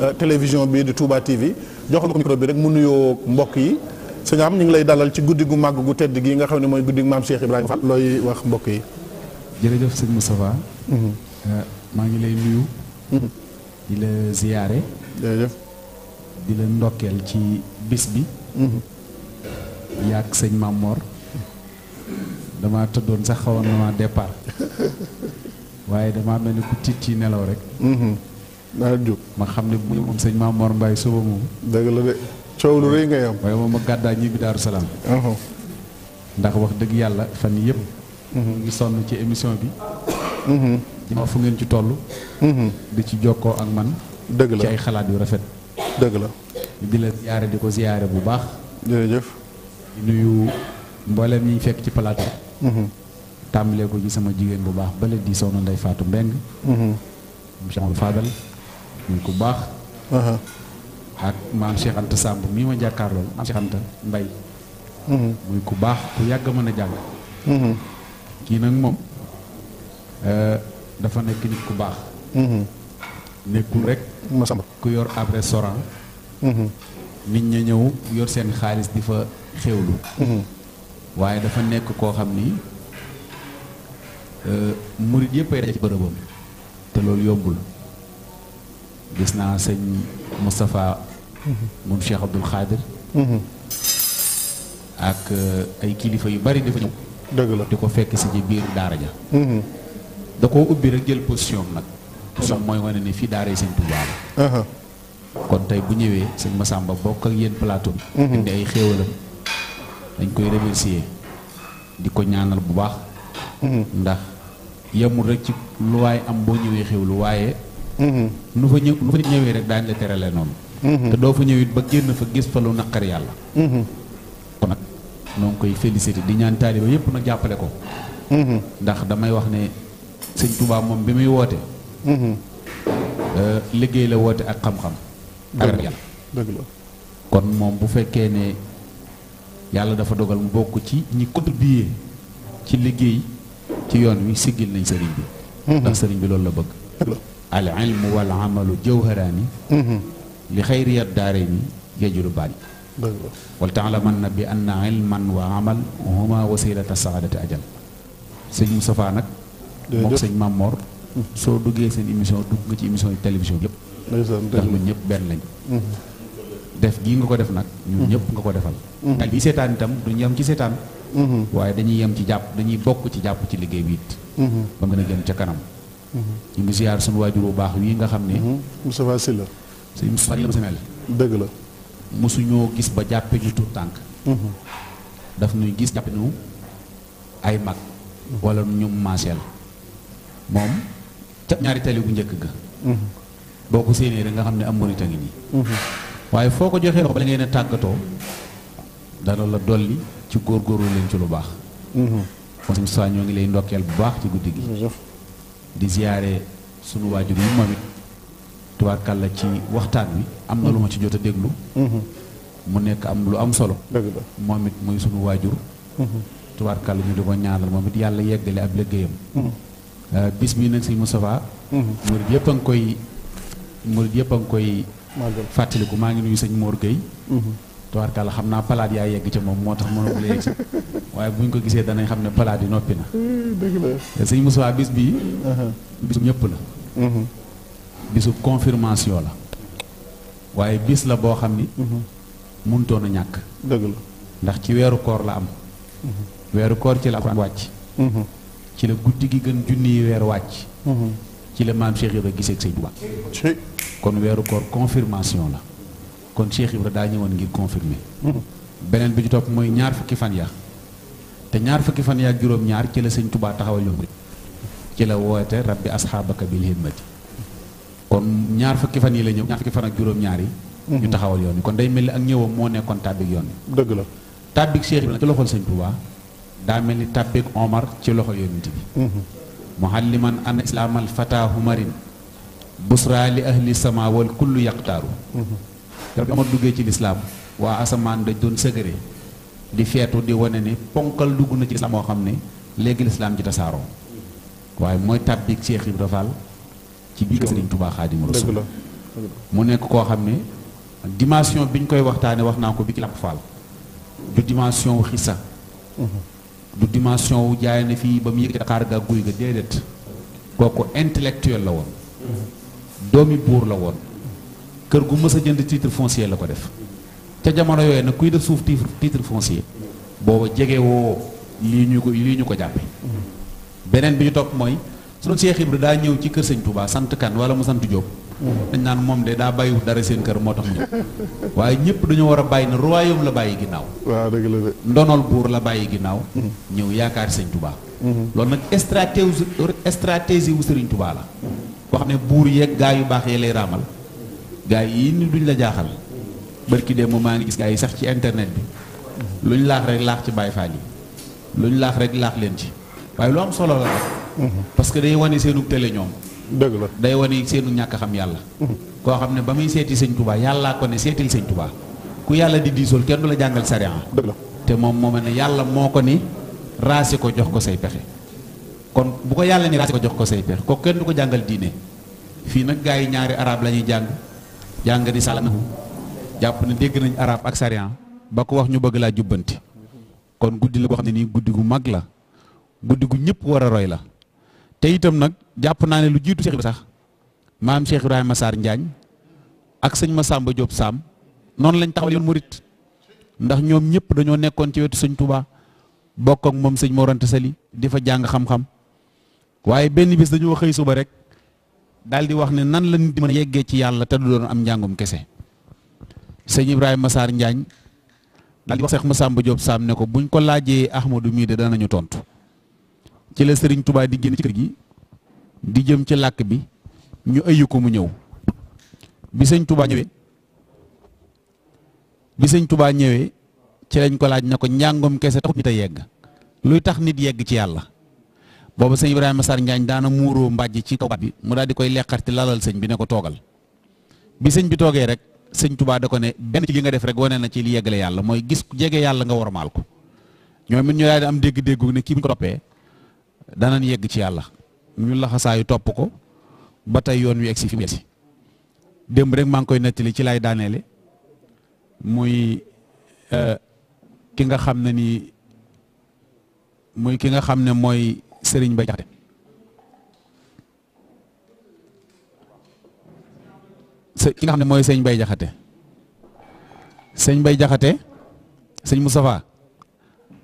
euh, télévision bii di Touba TV jox ko micro bi rek mu nuyoo mbokk yi sëñ am ñu ngi lay dalal ci guddi gu màgg gu tedd gi nga xam ne mooy guddi gu maam Cheikh Ibrahima looy wax mbokk yi. jërëjëf sëñ Moustapha mhm. euh, maa ngi lay nuyu. Mhm. di la ziyaare. jërëjëf. di la ndokkeel ci bis bi. Mhm. yaak sëñ Mamor. dama tëddoon sax xawoon na ma départ. waaye damaa mel ni ku tiit ci nelaw rek. ma xam ne bu ñu moom sëñ Mamor Mbaye suba moom. dëgg la de coow lu rëy ngay am. waaye moom ma gàddaa ñibbi Daaru Salaam. ndax wax dëgg yàlla fan yëpp. ngi mhm. sonn ci émission bi. Mhm. di ma fu ngeen ci toll. Mhm. di ci jokkoo ak man. dëgg la ci ay xalaat yu rafet. dëgg la. di la di ko ziyaare bu baax. jërëjëf. di nuyu mboolem ñi fekk ci plateau. tàmbalee ko ci sama jigéen bu baax bale di soxna Ndeye faatu Mbeng maam Cheikh Fadal ñu ko baax. ak maam Cheikh Anta Samb mii ma jàkkaarlool maam Cheikh Anta Mbay muy ku baax ku yàgg mën a jàng. kii nag moom euh, dafa nekk nit ku baax. Mm-hmm. nekkul rek. masamba ku yor ab restaurant. Mm-hmm. nit ñëw yor seen xaalis di fa xéwlu. Mm-hmm. dafa nekk koo xam ni euh, murit yëpp ay loolu yombul gis naa sëñ Moustapha. moom Cheikh Abdoul Khadir. ak euh, ay kilifa yu bari dafa ñëw. dëgg la di ko fekk si ci biir daara ja mm-hmm. da koo ubbi rek jël position nag sox mooy wane ne fii daara yi sëñ Tuubaa uh-huh. kon tey bu ñëwee sëñ Massamba bokk ak yéen plateau bi mm-hmm. indi ay xéewalam dañ koy remercier di ko ñaanal bu baax mm-hmm. ndax yemul rek ci lu waaye am boo ñëwee xéwlu waaye nu fa ñëwee rek daañu la terale noonu te doo fa ñëwit ba génn fa gis fa lu naqar yàlla noo ngi koy félicité di ñaan taaliba yëpp nag jàppale ko. Mm-hmm. ndax damay wax ne sëñ Touba moom bi muy woote. Mm-hmm. Euh, liggéey la woote ak xam-xam. ak ragal kon moom bu fekkee ne yàlla dafa dogal mu bokk ci ñi contribuer ci liggéey ci yoon wi siggil nañ sëriñ bi. Mm-hmm. ndax sëriñ bi loolu la bëgg. al ilmu wal amalu jawharaani. li xayriyat daare ni yajuru baani wal na bi naa anna ilman wa amal huma wasilata saadati ajal sëñ Moustapha nag mook sëñ Mamor soo duggee seen émission dugg nga ci émission yi télévision yëpp ndax lu ñëpp benn lañ mhm. def gii nga ko def nag ñun mhm. ñëpp nga ko defal mhm. ak yi seetaan itam duñu yem ci seetaan waaye dañuy yem ci jàpp dañuy bokk ci jàpp ci liggéey bi it ba nga a jëm ca kanam ñu ngi ziar suñu waajur bu baax wii nga xam ne Moustapha Sylla sëñ Moustapha Sylla dëgg la mosuñoo gis ba jàppe ñu tuut tànk mhm. daf nuy gis jàppe nu ay mag wala ñu maaseel moom ca ñaari tali bu njëkk ga mhm. boo ko séenée rek nga xam ne am murit a nii mhm. waaye foo ko joxee bala ngeen a tàggatoo dana la dolli ci góorgóorlu leen ci lu baax kon suñu saa ñoo ngi lay ndokkeel bu baax ci guddi gi di ziyaare sunu waajur yi moom it tubaarkàlla ci waxtaan wi am na lu ma ci jot a déglu mhm. mu nekk am lu am solo moom it muy sunu waajur mhm. tubaarkàlla ñu di ko ñaanal moom it yàlla yeggale ab liggéeyam mhm. euh, bis bi nag si Moustapha murid yëpp a ngi koy murid yëpp a ngi koy fàttaliku maa ngi nuyu sëñ Mor Gueye tubaarkàlla xam naa palaat yaa yegg ca moom moo tax mëna bu la waaye bu ñu ko gisee danañ xam ne palaat yi noppi na eh, dëgg la sëñ bis bi uh-huh. bis ñëpp la bisu confirmation la waaye bis la boo xam ni mënutoon mhm. a ñàkk dëgg ndax ci weeru koor la am mhm. weeru koor ci la alxuraan wàcc mhm. ci la guddi gi gën junni yi weer wàcc ci la maam Cheikh Ibra gisee ak Sëñ Tuubaa kon weeru koor confirmation la kon Cheikh Ibra daa ñëwoon ngir confirmer beneen bi ñu topp mooy ñaar fukki fan ya te ñaar fukki fan ya ak juróom-ñaar ci la Sëñ Tuubaa taxawal yoon ci la woote rabbi asxaabaka bil himmati kon ñaar fukki fan yi la ñëw ñaar fukki fan ak juróom-ñaar mhm. ñu taxawal yoon wi kon day mel ni ak ñëwam moo nekkoon tàbbik yoon wi dëgg la tàbbik bi Ibrahima ci loxol sëñ Touba daa mel ni tàbbik Omar ci loxol yonent bi mhm. muhalliman an islaamal fataa humarin busra li ahli sama wal kullu yaqtaaru mhm. bi Omar duggee ci lislaam waa asamaan dañ doon sëgëre di feetu di wane ni ponkal dugg na ci lislaam moo xam ne léegi lislaam ci tasaaroo waaye mooy ci biir Serigne Touba Xaadimu Rasuul mu nekk koo xam ne dimension bi ñu koy waxtaanee wax naa ko bi ci làmp faal du dimension wu xisa mhm. du dimension wu jaay na fii ba mu yëg xaar ga guy ga déedéet kooku intellectuel la mhm. la woon kër gu mës a jënd titre foncier la ko def ca jamono yooyu nag kuy def suuf titre titre foncier booba jege woo lii ñu ko lii ñu ko jàppe mhm. beneen bi ñu topp mooy sunu Cheikh Ibra daa ñëw ci kër sañ tubaa sant kan wala mu sant Diop. dañ naan moom de daa bàyyiwul dara seen kër moo tax mu ñëw waaye ñëpp dañoo war a bàyyi ne royaume la bàyyi ginnaaw. la de. ndonol buur la bàyyi ginnaaw. ñëw yaakaar sëñ Touba. lool nag stratégie stratégie wu sëriñ Touba la. wax ne buur yeeg gaa yu baax yee lay raamal. gaa yi ni duñ la jaaxal. barki dem moom maa ngi gis gaa yi sax ci internet bi. luñ laax rek laax ci Baye Fall yi. luñ laax rek laax leen ci. waaye parce que day wane seenu télé ñoom. dëgg la day wane seenu ñàkk xam yàlla. koo xam ne ba muy seeti sëñ Touba yàllaa ko ne seetil sëñ Touba ku yàlla di diisool kenn du la jàngal sariya. dëgg la te moom moo ma ne yàlla moo ko ni raase ko jox ko say pexe kon bu ko yàlla ni raase ko jox ko say pexe ko kenn du ko jàngal diine fii nag gars yi ñaari araab la ñuy jàng jàng ni salaam jàpp ne dégg nañ arab ak sariya ba ko wax ñu bëgg laa jubbanti kon guddi la boo xam ne nii guddi gu mag la guddi gu ñëpp war a roy la. te itam nag jàpp naa ne lu jiitu Cheikh bi sax maam Cheikh Ibrahima Sarr Njaañ ak sëñ Massamba Diop Sam noonu lañ taxaw yoon murit ndax ñoom ñëpp dañoo nekkoon ci wetu sëñ Touba bokk moom sëñ Morante Sali di fa jàng xam-xam waaye benn bis dañoo xëy suba rek daal di wax ne nan la nit di mën yeggee ci yàlla te du doon am njàngum kese sëñ Ibrahima Sarr Njaañ daal di wax ma Massamba Diop saam ne ko buñ ko laajee Ahmadou mii de danañu tontu. ci la sëriñ tubaa di génn ci kër gi di jëm ci làkk bi ñu ayu ko mu ñëw bi sëñ Touba ñëwee bi sëñ Touba ñëwee ci lañ ko laaj na ko njàngum kese taxut nit a yegg luy tax nit yegg ci yàlla boobu sëñ Ibrahima Sarr Njaañ daana muuroo mbàjj ci kaw bi mu daal di koy lalal sëñ bi ne ko toogal bi sëñ bi toogee rek sëñ Touba da ko ne benn ci li nga def rek wane na ci li yeggale yàlla mooy gis jege yàlla nga maal ko ñoom it ñu daal di am dégg-déggu ne kii bu ko toppee. danañ yegg ci àlla ñu laxasaayu topp ko ba tey yoon wi egg si fi mu egg si démb rek maa ngi koy nettali ci laay daaneele muy euh, ki nga xam ne nii muy ki nga xam ne mooy sëriñ Ba Jaxate ki nga xam ne mooy sëñ Bay Jaxate sëñ Bay Jaxate sëñ Moustapha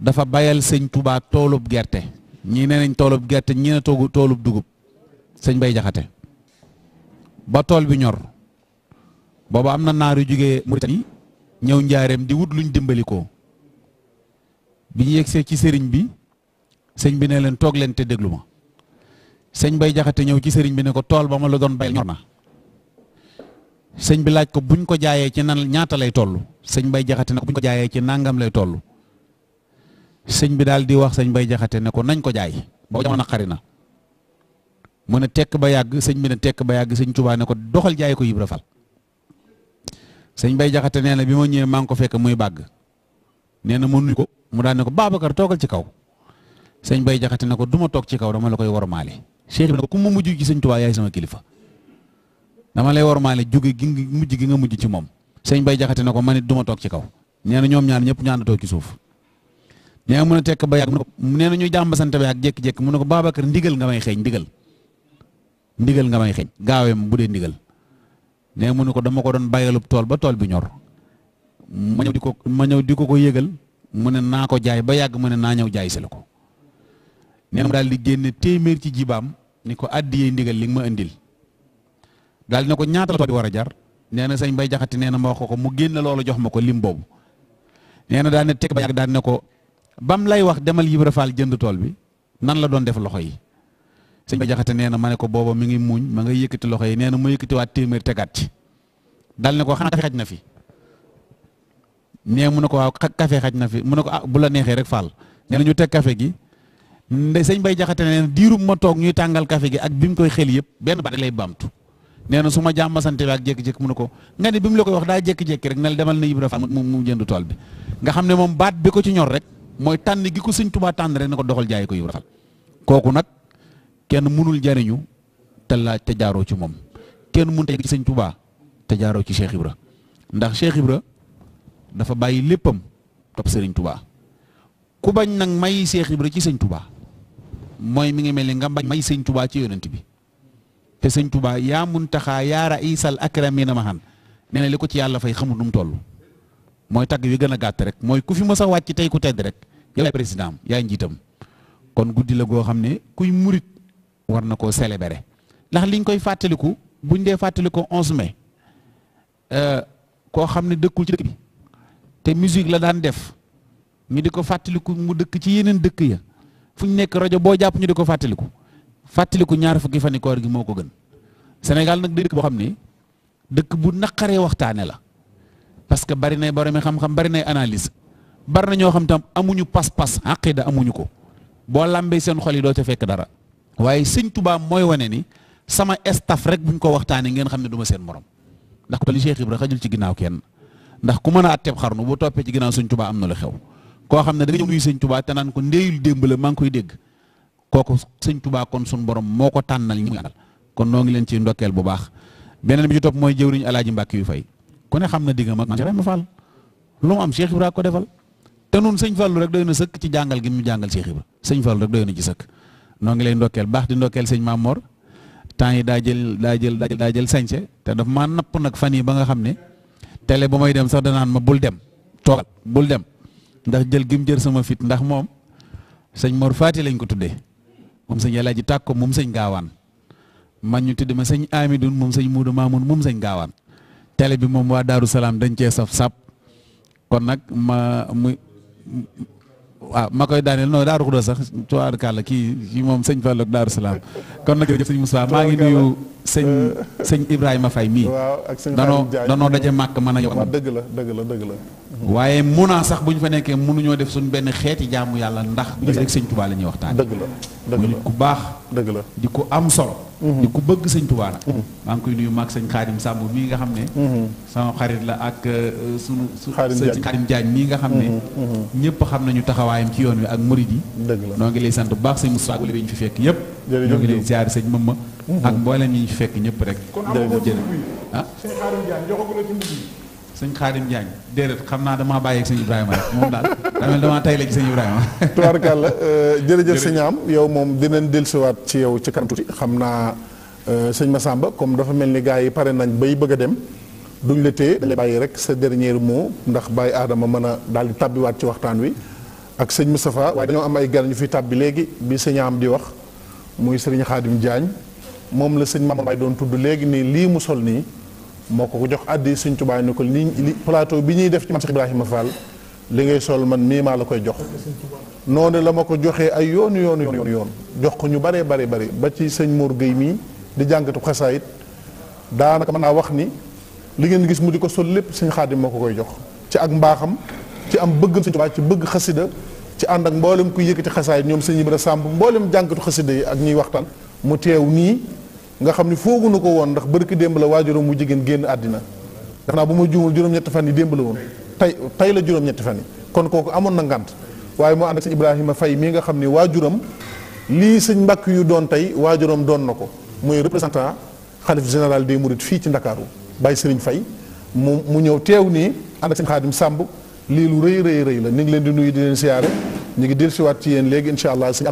dafa bayal sëñ Touba toolub gerte ñii ne nañ toolub gerte ñii ne toogu toolub dugub sëñ bay jaxate ba tool bi ñor booba am na naar jóge jógee Mauritanie ñëw njaareem di wut luñ dimbali ko bi ñu yegsee ci sëriñ bi sëñ bi ne leen toog leen te ma sëñ bay jaxate ñëw ci sëriñ bi ne ko tool ba ma la doon bay ñor na sëñ bi laaj ko buñ ko jaayee ci nan ñaata lay toll sëñ bay jaxate ne ko buñ ko jaayee ci nangam lay toll sëñ bi daal di wax sëñ bay jaxate ne ko nañ ko jaay boo jamono xari na mu ne tekk ba yàgg sëñ bi ne tekk ba yàgg sëñ Tuubaa ne ko doxal jaay ko Ibra Fall sëñ bay jaxate nee na bi ma ñëwee maa ngi ko fekk muy bàgg nee na mënuñ ko mu daal ne ko Babacar toogal ci kaw sëñ bay jaxate ko du ma toog ci kaw dama la koy wormaale Cheikh bi ne ko ku ma mujj ci sëñ Tuubaa yaay sama kilifa dama lay wormaale jóge gi mujj gi nga mujj ci moom sëñ bay jaxate ne ko man it toog ci kaw nee na ñoom ñaar ñëpp ñaan toog ci suuf nee na mën a tekk ba yàgg nee na ñuy jàmba sant ba yàgg jékki-jékki mu ne ko Babacar ndigal nga a xeeñ ndigal ndigal nga may xeeñ gaawem bu dee na mu ne ko dama ko doon bàyyalub tool ba tool bi ñor ma ñëw di ko ma ñëw di ko ko yëgal mu a naa ko jaay ba yàgg mu a naa ñëw jaay si ko nee na mu daal di génne téeméer ci jibaam ni ko àddiyee ndigal li nga ma indil daal dina ko ñaata tool bi war a jar nee na sëñ bay jaxati nee na ma wax ko ko mu génne loolu jox ma ko lim boobu nee na daal ba yàgg daal ko bam lay wax demal Ibra Faal jënd tool bi nan la doon def loxo yi sëñ ba jaxate nee na ma ne ko booba mi ngi muuñ ma nga yëkkati loxo yi nee na mu yëkkatiwaat téeméer tegaat ci dal ne ko xanaa xaj na fi nee mu ne ko waaw kafe xaj na fi mu ne ko ah bu la neexee rek faal nee ñu teg kafe gi nde sëñ bay jaxate nee na ma toog ñuy tàngal kafe gi ak bi mu koy xel yëpp benn baat lay baamtu nee na su ma jàmm sante bi ak jékki-jékki mu ne ko nga ne bi la koy wax daa jékki-jékki rek ne la demal na Ibra Faal mu jënd tool bi nga xam ne moom baat bi ko ci ñor rek mooy tànn gi ko sëñ tubaa tànn rek na ko doxal jaay ko yiw rafet kooku nag kenn mënul jariñu te laa te jaaroo ci moom kenn mun a yegg ci sëñ Tuubaa te jaaroo ci Cheikh Ibra ndax Cheikh Ibra dafa bàyyi léppam topp sëriñ Tuubaa ku bañ nag may Cheikh Ibra ci sëñ tubaa mooy mi ngi mel ni nga bañ may sëñ Tuubaa ci yonent bi te sëñ tubaa yaa muntaxaa yaa raisal akramina mahan nee na li ko ci yàlla fay xamul nu mu toll. mooy tagg wi gën a gàtt rek mooy ku fi mës wàcc tey ku tedd rek yow yaay président yaay njiitam kon guddi la goo xam ne kuy murit war na koo célébrer ndax liñ koy fàttaliku buñ dee fàttaliku 11 mai euh, koo xam ne dëkkul ci dëkk te musique la daan def ñu di ko fàttaliku mu dëkk ci yeneen dëkk ya fu ñu nekk rajo boo jàpp ñu di ko fàttaliku fàttaliku ñaar fukki fani koor gi moo ko gën Sénégal nag dëkk boo xam ne dëkk bu naqaree waxtaane la. parce que bari nay boromi xam-xam bari nay analyse bari na ñoo xam tam amuñu pas-pas àqida amuñu ko boo làmbee seen xol yi doo ca fekk dara waaye sëñ Tuubaa mooy wane ni sama staff rek buñ ko waxtaanee ngeen xam ne duma seen morom ndax ko li Cheikh Ibra ci ginnaaw kenn ndax ku mën a àtteeb xarnu bu toppee ci ginnaaw sëñ tubaa am na lu xew koo xam ne da nga nuyu sëñ Tuubaa te naan ko ndéeyul démb maa ngi koy dégg kooku sëñ Tuubaa kon sun borom moo ko tànnal ñi muy àndal kon noo ngi leen ciy ndokkeel bu baax beneen bi ci topp mooy jëwriñ Alaaji Mbàkke yu fay kone xam na diggam ak Ibrahima Fall lu mu am Cheikh Ibra ko defal te nun sëñ Fallu rek doy na sëkk ci jàngal gi mu jàngal Cheikh Ibra sëñ Fallu rek doy na ci sëkk noo ngi lay ndokkeel baax di ndokkeel sëñ Maam Mor temps yi daa jël daa jël daa jël sañse te daf maa nag fan yi ba nga xam ne télé ba may dem sax danaan ma bul dem toogal bul dem ndax jël gim jër sama fit ndax moom sëñ moor Faati lañ ko tuddee moom sëñ Alaaji Tàkko moom sëñ Gaawaan man ñu tudd ma sëñ Amidun moom sëñ Muudu Maamun moom sëñ Gaawaan télé bi moom waa Daaru Salaam dañ cee saf sap kon nag ma muy waaw ah, ma koy daaneel non Daaru Xudo sax tuwaar kàlla kii yi moom sëñ Fallou ak Daaru Salaam kon nag jërëjëf sëñ Moussa maa ngi nuyu sëñ sëñ Ibrahima fay mii. waaw ak sëñ danoo danoo daje màkk mën a yow. dëgg la dëgg la dëgg la. waaye mun naa sax bu ñu fa nekkee mënuñoo def suñu benn xeeti jaamu yàlla ndax. dëgg la rek sëñ la ñuy waxtaan. dëgg la dëgg la dëgg la di ko am solo mhm. di ko bëgg sëñ Tuubaa nag mhm. maa ngi koy nuyu maag sëñ Xaadim Sàmb mii nga xam ne mhm. sama xarit la ak euh, sunu sëñ Xaadim Jaañ mii nga xam ne ñëpp xam nañu taxawaayam ci yoon wi ak murid yi dëgg la noo ngi lay sant bu baax sëñ Moussa Goulet bi ñu fi fekk ñëpp ñoo ngi leen ziar sëñ Mamma ak mboolem yi ñu fi fekk ñëpp rek sëñ Xaadim Njaañ déedéet xam naa damaa bàyyi ak sëñ Ibrahima rek moom daal damel damaa tay la ci sëñ Ibrahima (laughs) tubaarkàlla euh, jërëjëf sëñ am yow moom dinañ dellusiwaat ci yow ci kanam tuuti xam naa euh, sëñ ma Massamba comme dafa mel ni gars yi pare nañ bay bëgg a dem duñ la téye dañ bàyyi rek sa dernier mot ndax bàyyi aadama mën a daal di tàbbiwaat ci waxtaan wi ak sëñ Moustapha waaye dañoo am ay gan ñu fi tàbbi léegi bi sëñ am di wax muy sëriñ Xaadim Njaañ moom la sëñ Mame Mbaye léegi nii lii mu sol nii moo ko ko jox addi Sëñ Tuubaa ni ko li li plateau bi ñuy def ci Maam Cheikh Ibrahima Fall li ngay sol man mii maa la koy jox noonu la ma ko joxee ay yoonu yoonu yoon jox ko ñu baree bare bare ba ci sëñ moor Guèye mii di jàngatu xasaayit daanaka mën naa wax ni li ngeen gis mu di ko sol lépp sëñ Xaadim moo ko koy jox ci ak mbaaxam ci am bëgg sëñ Tuubaa ci bëgg xasida ci ànd ak mboolem kuy yëkkati xasaayit ñoom sëñ Ibra Samb mboolem jàngatu xasida ak ñuy waxtaan mu teew nii nga xam ni foogu foogunu ko woon ndax bërki démb la waajuram mu jigéen génn àddina daf naa bu ma juumul juróom-ñetti fan yi démb la woon tey tey la juróom-ñetti fan yi kon kooku amoon na ngant waaye moo ànd ak sëñ Ibrahima Faye mii nga xam ni waajuram lii sëñ mbàkk yu doon tey waajuram doon na ko mooy représentant xalif général des mourides fii ci ndakaaru Baye Serigne Faye mu mu ñëw teew nii ànd ak sëñ Xaadim Sàmb lii lu rëy rëy rëy la ñu ngi leen di nuyu di leen siyaare ñu ngi ci yéen léegi allah sëñ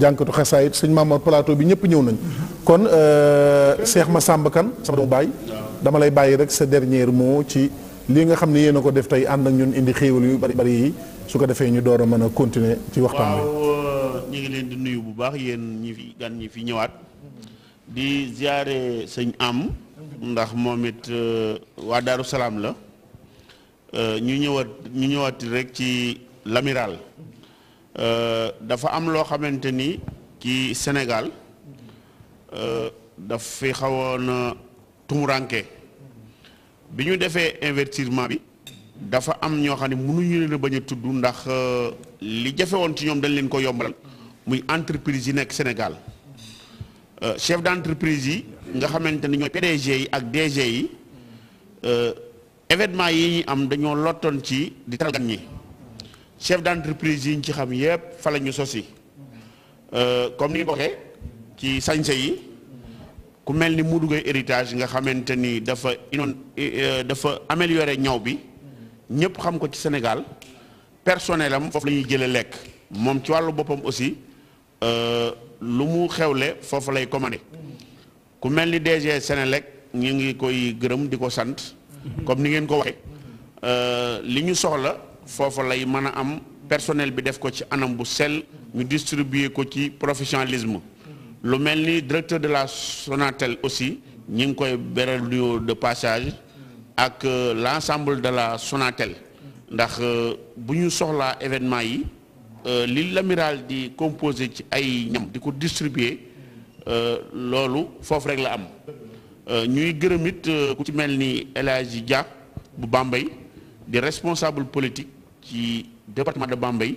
jànkatu xasaayit sëñ Maamoor plateau bi ñëpp ñëw nañ kon euh, Cheikh Massamba Kane sama doomu baay dama lay bàyyi rek sa dernier moo ci lii nga xam ne yéen a ko def tey ànd ak ñun indi xéewal yu bari bari yi su ko defee ñu door a mën a continuer ci waxtaan bi euh, ñu ngi leen di nuyu bu baax yéen ñi fi gan ñi fi ñëwaat di ziare sëñ am ndax moom it euh, waa Daaru Salaam la ñu ñëwaat ñu ñëwaat rek ci l'amiral Euh, dafa am loo xamante ni ci Sénégal euh, daf fi xawoon tumuranke bi ñu defee investissement bi dafa am ñoo xam ne mënuñu leen a bañ a tudd ndax euh, li jafe woon ci ñoom dañ leen ko yombalal muy entreprise yi nekk Sénégal chef d'entreprise yi nga xamante ni ñooy PDG yi ak g yi événement yi ñu am dañoo lottoon ci di teral gan ñi chef d'entreprise yi ñu ci xam yëpp fa la ñu sosi euh, comme ni nga waxee ci sañse yi ku mel ni Modou Gueye héritage nga xamante ni dafa inoon euh, dafa amélioré ñaw bi ñëpp xam ko ci Sénégal personnel am foofu la ñuy jëlee lekk moom ci wàllu boppam aussi euh, lu mu xewle foofu lay commandé ku mel ni DG lekk ñu ngi koy gërëm di ko sant comme ni ngeen ko waxee li ñu soxla foofa lay mën a am personnel bi def ko ci anam bu sell ñu distribuer ko ci professionnalisme lu mel ni directeur de la Sonatel aussi ñi ngi koy beral nuyoo de passage ak euh, l'ensemble de la Sonatel ndax euh, bu ñu soxla événement yi euh, li l'amiral di composé ci ay ñam di ko distribuer loolu foofu rek la am ñuy gërëmit ku ci mel ni El Hadji Dia bu Bambey di responsable politique ci département de Bambey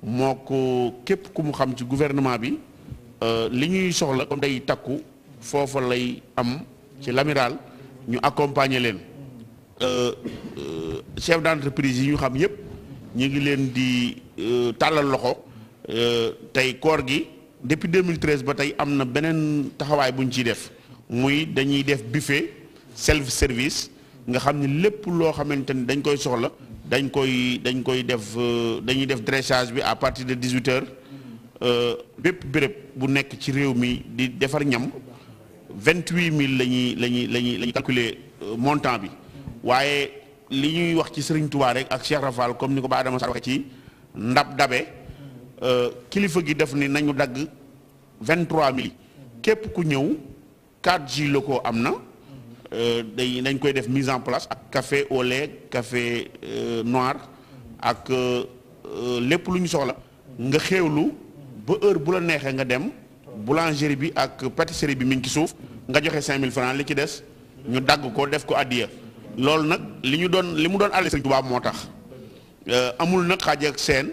moo ko képp ku mu xam ci gouvernement bi euh, li ñuy soxla comme day takku foofa lay am ci l'amiral ñu accompagner leen euh, euh, chef d'entreprise yi ñu xam yépp ñu ngi leen di tàllal loxo tey koor gi depuis 2013 ba tey am na beneen taxawaay buñ ci def muy dañuy def buffet self service nga xam ne lépp loo xamante ni dañ koy soxla dañ koy dañ koy def euh, dañuy def dressage bi à partir de 18 heures euh, bépp béréb bu nekk ci réew mi di defar ñam vingt la mille la ñuy la ñuy la ñuy calculer euh, montant bi waaye li ñuy wax ci Serigne Touba rek ak Cheikh Rafal comme ni ko ba Adama Sarr waxe ci ndab dabe kilifa gi def ni nañu dagg vingt 23000 képp ku ñëw 4G la ko am na. Euh, day dañ koy def mise en place ak café au lait café euh, noir ak euh, lépp lu ñu soxla nga xéewlu ba heure bu la neexee nga dem boulangerie bi ak pâtisserie bi mi ngi ci suuf nga joxe mille francs li ci des ñu dagg ko def ko addiya loolu nag li ñu doon li mu doon àll Sëriñ Tuubaa moo tax amul nag xaaj seen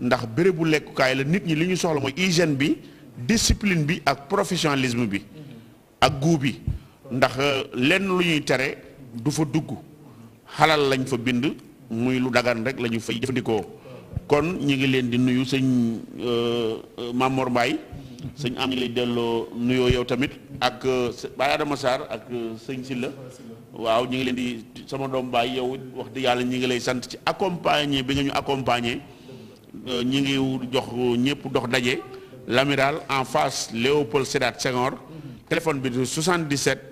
ndax bérébu lekkukaay la nit ñi li ñu soxla mooy hygiène bi discipline bi ak professionnalisme bi ak goût bi ndax euh, lenn lu ñuy tere du fa dugg xalal lañ fa bind muy lu dagan rek la ñu fay jëfandikoo kon ñu ngi leen di nuyu sëñ euh, euh, Mamor Mbaye sëñ am ngi lay delloo nuyoo yow tamit ak Baye Adama Sarr ak sëñ Silla waaw ñu ngi leen di sama doom baay yow wax dëgg yàlla ñu ngi lay sant ci accompagner bi nga ñu accompagner ñu ngi jox ñëpp dox daje l'amiral en face Léopold Sédar Senghor téléphone bi du 77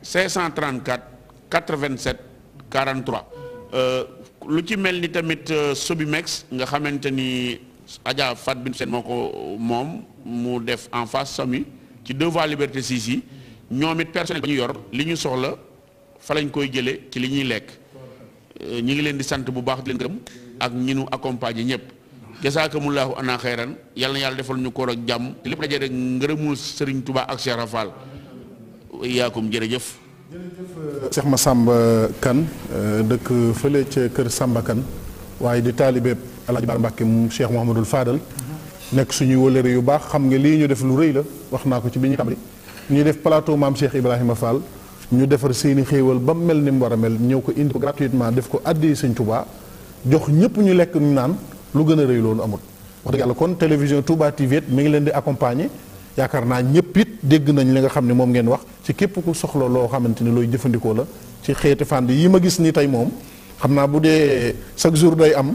534 87 43 lu ci mel ni tamit euh, Sobimex nga xamante ni Adja Fat Bin Seen moo ko moom mu def en face SAMU ci deux voies liberté 6 yi ñoom it personnel ba ñu yor li ñu soxla fa lañ koy jëlee ci li ñuy lekk euh, ñi ngi leen di sant bu baax di leen gërëm ak ñi nu accompagner ñëpp. jasaakamullahu ana xayran yàlla na yàlla defal ñu ko ak jàmm lépp na dajee rek ngërëmul Serigne Touba ak Cheikh Rafal iyaakum jërëjëf. jërëjëf euh, Cheikh Massamba Kane euh, dëkk fële ca kër Samba Kane waaye di taalibeeb Alaaji Bara Mbàkke mu Cheikh Mouhamadul Fadal. nekk suñuy wëlëre yu baax xam nga lii ñu def lu rëy la wax naa ko ci bi ñu tàmbali ñuy def plateau maam Cheikh Ibrahima Fall ñu defar seeni xéewal ba mel ni mu war a mel ñëw ko indi ko gratuitement def ko addi Sëñ Touba jox ñëpp ñu lekk ñu naan lu gën a rëy loolu amul. wax dëgg yàlla kon télévision Touba TV mi ngi leen di accompagner. yaakaar naa ñëpp it dégg nañ li nga xam ne moom ngeen wax ci képp ku soxla loo xamante ni looy jëfandikoo la ci xeeti fànn yi ma gis ni tey moom xam naa bu dee chaque jour day am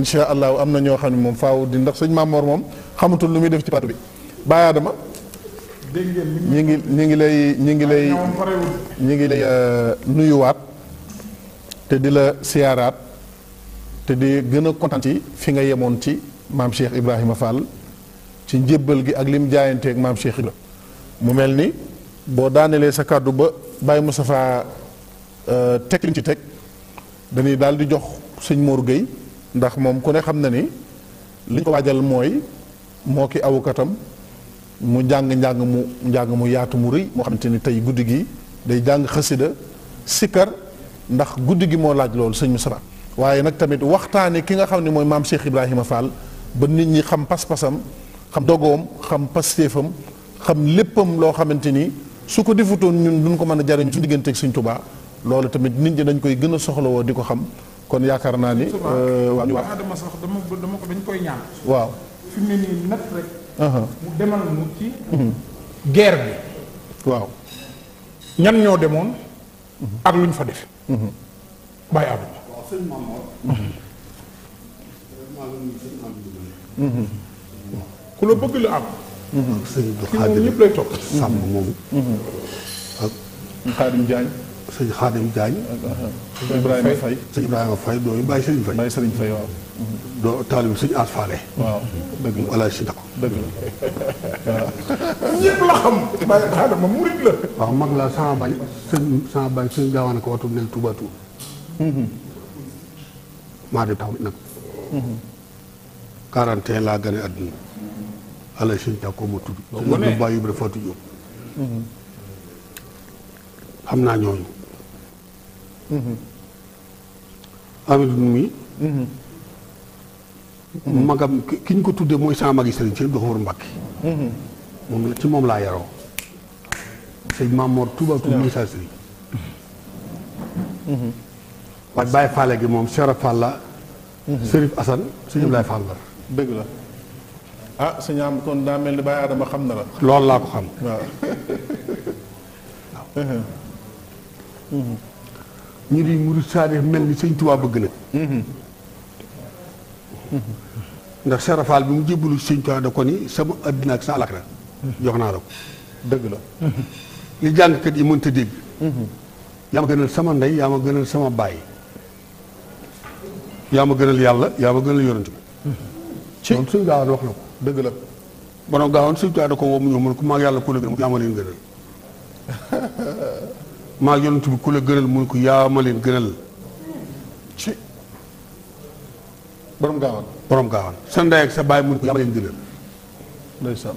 insha allah am na ñoo xam ne moom faaw di ndax sëñ Mamor moom xamatul lu muy def ci pat bi Baye Adama ñi ngi ñu ngi lay ñu ngi lay ñi ngi lay euh, nuyuwaat te di la siyaaraat te di gën a kontaan ci fi nga yemoon ci maam Cheikh Ibrahima Fall ci njébbal gi ak lim jaayanteeg maam Cheikh Ibra mu mel ni boo daanelee sa kàddu ba Baye Moustapha euh, teg liñ ci teg dañuy daal di jox sëñ Mor Gueye ndax moom ku ne xam na ni liñ ko waajal mooy moo awukatam mu njàng njàng mu njàng mu yaatu mu moo xamante ni tey guddi gi day jàng xasida sikkar ndax guddi gi moo laaj loolu sëñ Moustapha waaye nag tamit waxtaane ki nga xam ne mooy maam Cheikh Ibrahima Fall ba nit ñi xam pas-pasam xam dogoom xam pastéefam xam léppam loo xamante ni su ko defutoon ñun duñ ko mën a jariñ suñu digganteeg Sëñ tubaa loolu tamit nit ñi dañ koy gën a soxlawoo di ko xam kon yaakaar naa ni. Euh, waaw ñu aadama sax ko dañ koy ñaan. waaw fi mu ne nii nag rek. Mhm. bi. waaw. ñan ñoo demoon. Mhm. ak lu ñu fa def. Mhm. bàyyi aadama. ku la bëgg la am. Mm-hmm. sëñ Abdou Khadim moom ñëpp lay topp. sàmm moom. Mm-hmm. ak. Ah. waaw. Mm-hmm. doo taalibu la walaay si dako. dëgg (laughs) ñëpp la xam. mag laa sama baay sëñ sama baay sëñ nel Touba maa di taw nag. 41 laa gane àdduna. Alla Cheikh Diakhoum ma tudd. Mhm. Mhm. Mhm. ko tuddee mooy sama magi Serigne Cheikh Abdou Khadre Mbacké. moom moom laa yaroo. sëñ Mamor Touba Touba mooy saa Serigne. waaye Baye Fallé gi moom Serap Fall la. Serif Assane sëñ Ablaye Fall la. la. ah sëñ am kon daa mel ni Baye Adama xam na la. lool laa ko xam. waaw. (laughs) ñu di murid saadix mel ni sëñ Tuubaa bëgg na. ndax sarafaal bi mu jébbalu sëñ Tuubaa da ko ni sama àddina ak sa alaaxira jox naa la ko. dëgg la. li jàngkat yi mënta dégg. yaa ma gënal sama ndey yaa ma gënal sama baay. yaa ma gënal yàlla yaa ma gënal yonent bi. ci loolu sëñ wax na ko. dëgg la borom gaawoon suñu tuwaat da ko woo mu ñëw mu ko maa yàlla ku la gënal yaa ma (laughs) mu ko yaa ma leen gënal ci borom gaawoon borom gaawoon sa ndey ak sa baay mu ne ko yaa gënal ndeysaan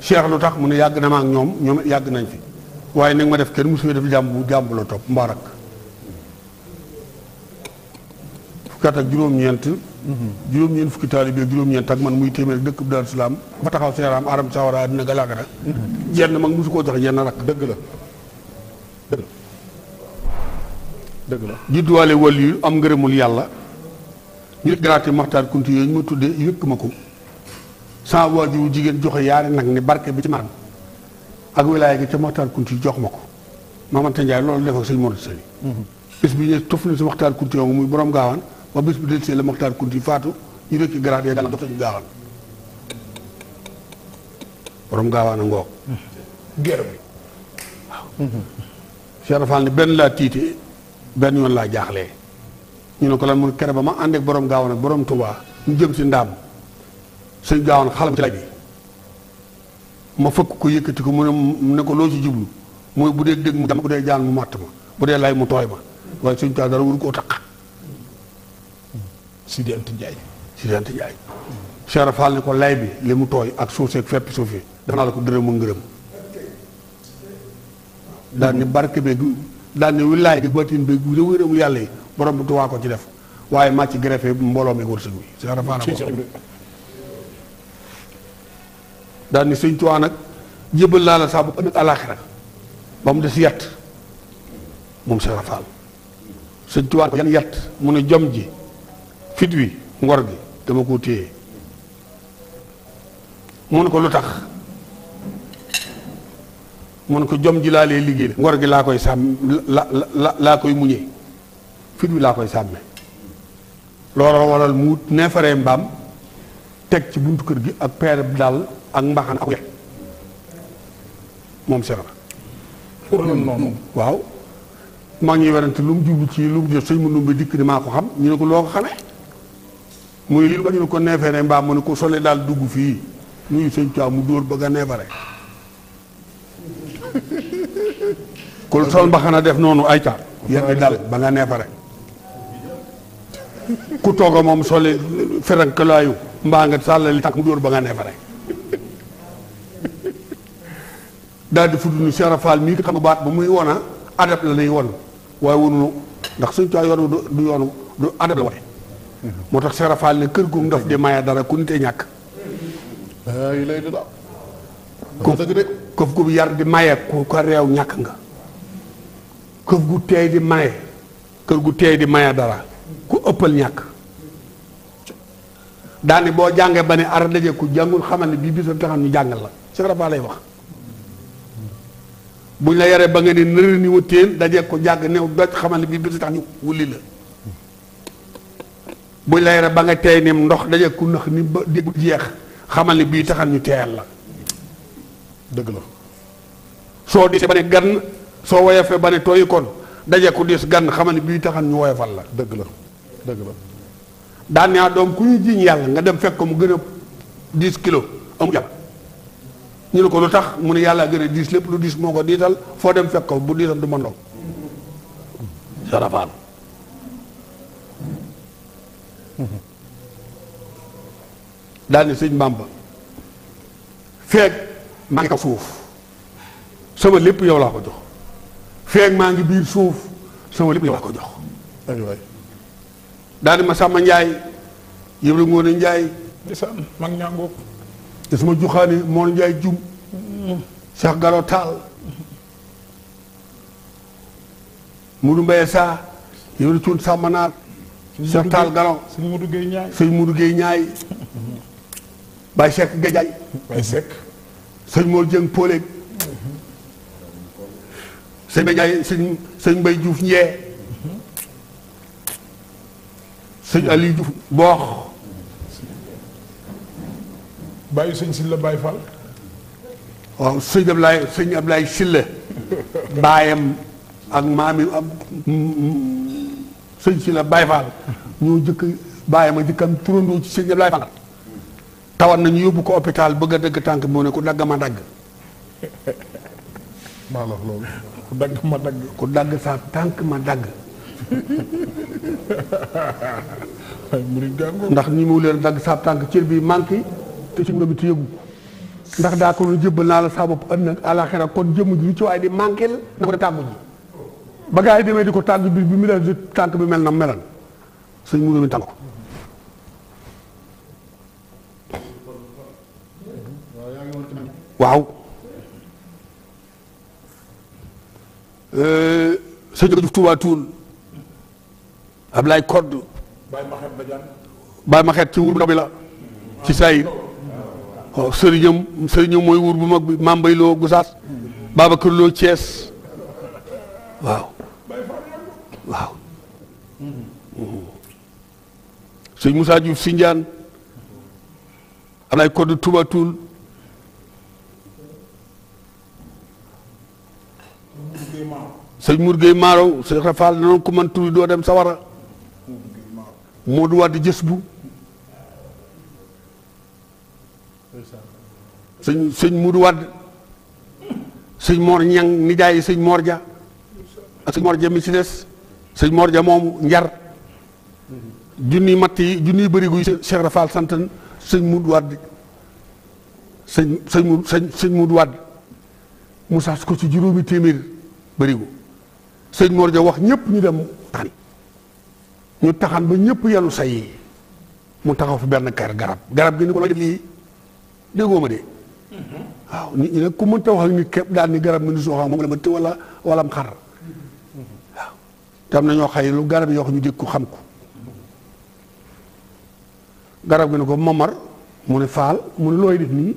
cheikh lu tax mu ne yàgg na ma ak ñoom ñoom yàgg nañ fi waaye ni nga ma def kenn mosu def jàmbu jàmbu la topp mbaarak fukki at juróom-ñeent mhm. juróom-ñeent fukki taalibe juróom-ñeent ak man muy téeméer dëkk bu Daaru Salaam taxaw seeraam aram sawara addina galaagara mhm. jenn mag mosu koo jox jenn rak dëgg la la dëgg la jidduwaale wàll yàlla ñu garaati maxtaar kunti yooyu ñu ma tudde yëkk ko sans waajur jigéen joxe yaari nag ni barke bi ci man ak wilaaya gi ca maxtaar kunti jox ma ko Maamante Njaay loolu def ak sëñ Mor Sali mhm. bis bi na si maxtaar kunti yooyu muy borom gaawaan ba bis bu delsee la Maxtaar Kunti faatu ñu rëkki garaat ya dal jox ñu gaawaan borom gaawaan a ngoog ger bi waaw Cheikh Fall benn laa tiite benn yoon laa jaaxle ñu ne ko lan mun kere ba ma ànd ak borom gaawaan ak borom Tuubaa ñu jëm si ndaam suñ gaawaan xalam ci laaj bi ma fëkk ko yëkkati ko mu ne mu ne ko loo ci jublu mooy bu dee dëgg mu dee jaan mu màtt ma bu dee lay mu tooy ma waaye suñ taa dara wuru koo taq Sidi Anta Ndiaye. Sidi Anta Ndiaye. Cheikh Ibra ni ko lay bi li mu tooy ak suuf seeg fépp suuf yi naa la ko dërëm ngërëm. daan ni barke beeg daan ni wilaay bi batin beeg wéramu yàlla yi borom bi tuwaa ko ci def waaye màcc ci mbooloo mi wërsëg bi. Cheikh Ibra Fall ko daan ni tuwaa nag jébal naa la saa ba mu des yat moom Cheikh Ibra Fall sëñ tuwaa yan yat mu ne jom ji. fit wi ngor gi dama ko téye mu ko lu tax mu ko jom ji laa lay liggéey ngor gi laa koy sàmm la la laa koy muñee fit wi laa koy sàmme looloo waral mu neefaree mbaam teg ci buntu kër gi ak peer daal ak mbaxana ak moom Cheikh la noonu waaw maa ngi werante lu mu ci lu mu def sëñ mu dikk ni maa ko xam ñu ne ko loo ko xamee muy ne li ba ñu ko neefere mbaa mu ne ko sole daal dugg fii nuyu sëñ Tuubaa mu dóor bëgg a neefere (laughs) kul sol mbaxana def noonu ay car yet bi dal ba nga neefere ku tooga moom sole ferankalaayu mbaa nga sàllali tànk mu dóor ba nga neefere daal di fudd nu serafal mii xam nga baat ba muy wona ah, adab la lay won waaye wonunu ndax sëñ Tuubaa yoonu du yoonu du adab la wone moo tax Cheikh Rafaal ne kër gu ndof di maye dara ku nite ñàkk. ay këf gu yar di maye ku ko réew ñàkk nga. këf gu teey di maye. kër gu teey di maye dara. ku ëppal ñàkk. daani boo jàngee ba ne ar daje ku jàngul xamal ne bii bisam taxam ñu jàngal la Cheikh Rafaal wax. buñ la yaree ba nga ne nërë ni wa téen daje ko jàgg new doj xamal ne bii bisu tax ñu wulli la buñ lay re ba nga teey nim ndox daje ku ndax ni ba di jeex xamal ni bii taxal ñu teyal la dëgg la soo diisee ba ne gan soo woyofee ba ne tooy kon daje ku diis gan xamal ni bii taxal ñu woyofal la dëgg la dëgg la daan naa doom ku ñu jiiñ yàlla nga dem fekk ko mu gën a dix kilos amu jàpp ñu ne ko lu tax mu ne yàlla gën a diis lépp lu diis moo ko diital foo dem fekk ko bu diisal du ma ndox. (laughs) daal ni sëñ Bàmba feeg maa ngi kaw suuf sama lépp yow laa ko jox feeg maa ngi biir suuf sama lépp yow laa ko jox aywaay daal ma sàmma njaay yëpp la ngoon a njaay desaan mag ñàngoog te sama juxaani moon njaay jum Cheikh Garo Tall Mudu Mbaye saa yëpp la cuun sàmmanaat Cheikh Tall Galon sëñ Modou Gueye Ñaay sëñ Modou Gueye Ñaay Baye Cheikh Guédiaye Baye Cheikh sëñ Mor Dieng Poleg sëñ Bédiaye sëñ sëñ Mbaye Diouf Ndié sëñ Aliou Diouf Boox bàyyi sëñ Silla Baye Fall waaw sëñ Ablaye sëñ Ablaye Silla baayam ak maami am sëñ si la baay Fall ñoo jëkk bàyyi ma jëkkam turandoo ci sëñ Ablaye Fall tawat nañu yóbbu ko hôpital bëgg a dëgg tànk moo ne ku dagg ma dagg maa la loolu ku dagg ma dagg ku dagg tànk ma dagg ndax ñi mu leen dagg sa tànk cër bii manqué te ci nga bi te yëgu ndax daa ko jëbbal naa la sa bopp ëllëg àlaxira kon jëmm ji lu ci waaye di manqué na ko de tàggu ji ba gaa demee di ko tàgg bi bi mu def tànk bi mel na melan sëñ mu mi tànk ko waaw euh, sëñ Jóob oh, mooy wur bu mag bi Mambay Loo Gusaas Babacar Loo Cees waaw waaw sëñ Moussa Diouf Sindiane Ablaye Codé Touba Toul sëñ Mour Gueye Maro sëñ Rafal noonu ku man tudd doo dem Sawara Modou Wade jës bu sëñ sëñ Modou Wade sëñ Mor Ñang nijaay sëñ Mor Dia ak sëñ Mor Dia mi sëñ Mor Dia moom njar junniy matt yi junniy bërigu Cheikh Rafal santan sëñ mut Wade sëñ sëñ mu sëñ sëñ Moudou Wade mu saas ko ci juróomi téeméer bërigu sëñ Mor Dia wax ñëpp ñu dem taxan ñu taxan ba ñëpp yenu say yi mu taxaw fi benn kër garab garab gi ni ko looy def lii déggoo ma de mm-hmm. waaw nit ñi nag ku mënta wax ak nit képp daal ni garab mu ni soo xam moom la ma te wala wala am xar te nañoo na garab yoo xam ñu dégg ko xam ko garab gi ne ko momar mu ne faal mu ne looy def nii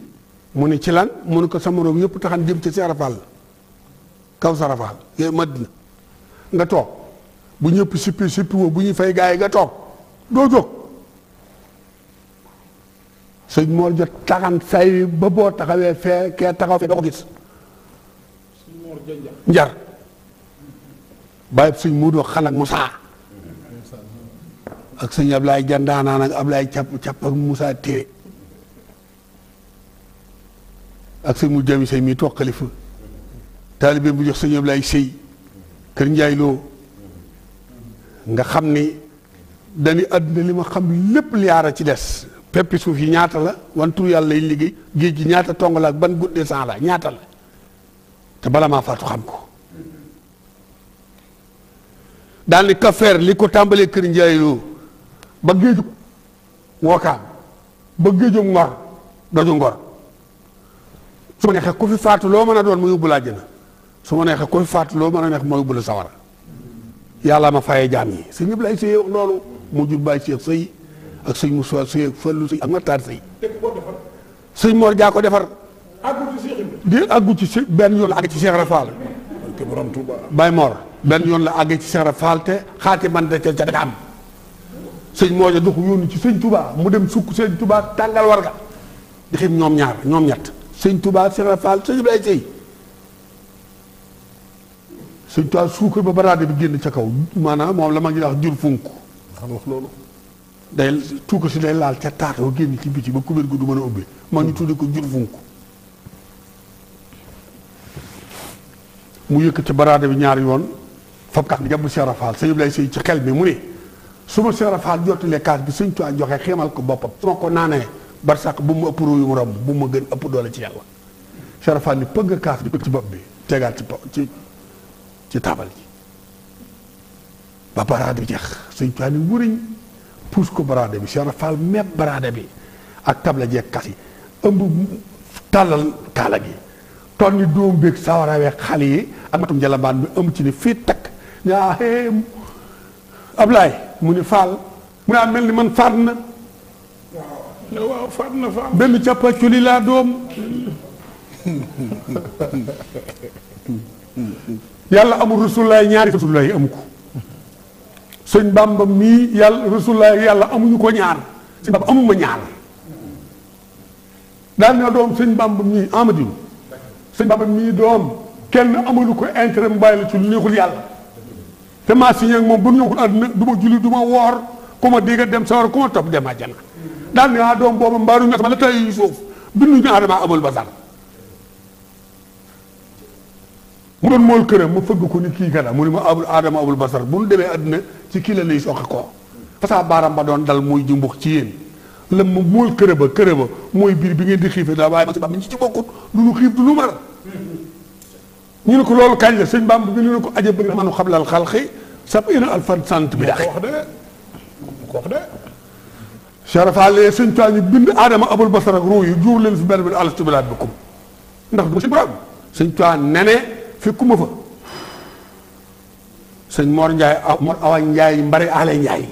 mu ne ci lan mu ne ko sama roog yëpp taxan jëm ci Seera Faal kaw Seera Faal yooyu Madina nga toog bu ñëpp suppi suppi woo bu ñuy fay gaa yi nga toog doo jóg sëñ moor jot taxan say ba boo taxawee fee kee taxaw fee doo ko gis njar bàyyi suñ Muudu xanak Musaa ak sëñ Ablaye Jandaanaan ak Ablaye Cap Cap ak Musaa Téere ak sëñ mu jami sëy mi xalifa taalibe bu jox sëñ Ablaye sëy kër Njaay Loo nga xam ni dañu àdduna li ma xam lépp a ci des peppi suuf yi ñaata la wantu yàlla lay liggéey géej gi ñaata tong ak ban guddee san ñaata la te bala maa faatu xam ko daal di kafeer li ko tàmbalee kër njaayloo ba géeju wookaam ba géeju ngor doju ngor su ma neexee ku fi faatu loo mën a doon mu yóbbu la àjjana su ma neexee ku fi faatu loo mën a nekk mooy yóbbu la sawara yàlla ma fayee jaam yi sëñ ñëpp lay sëy wax loolu mu jur bàyyi sëy ak sëy ak sëñ Moussa sëy ak Fallou sëy ak Matar sëy sëñ Mor jaa ko defar di àggu ci benn yoon àgg ci Cheikh Rafal Baye Mor benn yoon la àggee ci sara falte xaati man de ca ca am sëñ mooja du ko yónni ci sëñ tubaa mu dem sukk sëñ tubaa tàngal warga di xim ñoom ñaar ñoom ñett sëñ tubaa sara faal sëñ Ibrahima sëy sëñ tubaa suukar ba baraade bi génn ca kaw maanaam moom la ma ngi wax jur funk xam wax loolu day tuuka si day laal ca taatoo génn ci biti ba kubéer gu du mën a ubbi ma ñu tudde ko jur funk mu yëkkati baraade bi ñaari yoon fabkat bi jàpp Cheikh Rafal sëñ Abdoulaye Seye ci xel mi mu ne su ma Cheikh Rafal jottalee kaas bi suñ Tuubaa joxe xemal ko boppam su ma ko naanee barsàq bu mu ëpp ru yu mu romb bu ma gën ëpp doole ci yàlla Cheikh Rafal ni pëgg kaas bi ci bopp bi tegaat ci ci ci taabal ji ba baraade bi jeex sëñ Tuubaa ni wuriñ puus ko baraade bi Cheikh Rafal meeb baraade bi ak table jeeg kaas yi ëmb tàllal kaala gi ton ni dóom beeg sawara weeg yi ak matum jalambaan bi ëmb ci ni fii takk ñaa hee Ablaye mu ne Fall mu naa mel ni man faat na waaw faat na laa doom yàlla amul rasulaay ñaari rasulaay amu ko sëñ Bamba mii yàlla rasulaay yàlla amuñu ko ñaar sëñ Bamba amuma ñaar daal na doom sëñ Bamba mii Amadu sëñ Bamba mii doom kenn amalu ko intérêt mu bàyyi la ci lu neexul yàlla te maa signé ak moom bu ñëwul àdduna du ma julli du ma woor ku ma dégg dem sawar ku ma topp dem àjjana daal ne ah doom boobu mbaaru ñu asama la tey yu suuf binduñu Aadama amul basar mu mool këram kii gala mu ma amul Aadama amul basar bu ñu demee àdduna ci kii la lay soqe ko fasaa baaram ba doon dal muy jumbux ci yéen la mu mool kërë ba kërë mooy biir bi ngeen di xiife daa waaye ma si ba mi ci bokkut du ñu xiif du ñu mar ñu ne ko loolu kañ la sëñ bu bi ñu ne ko aja bëri manu xablal xalqi sab'iina alfan sant bi daqi wax de wax de sharafale sëñ Tuubaa ñu bind aadama abul basar ak ruu yu juur leen fi benn ndax du sëñ Bamba sëñ Tuubaa sëñ Mor Ndiaye ah, Mor Awa Ndiaye Mbare Ale Ndiaye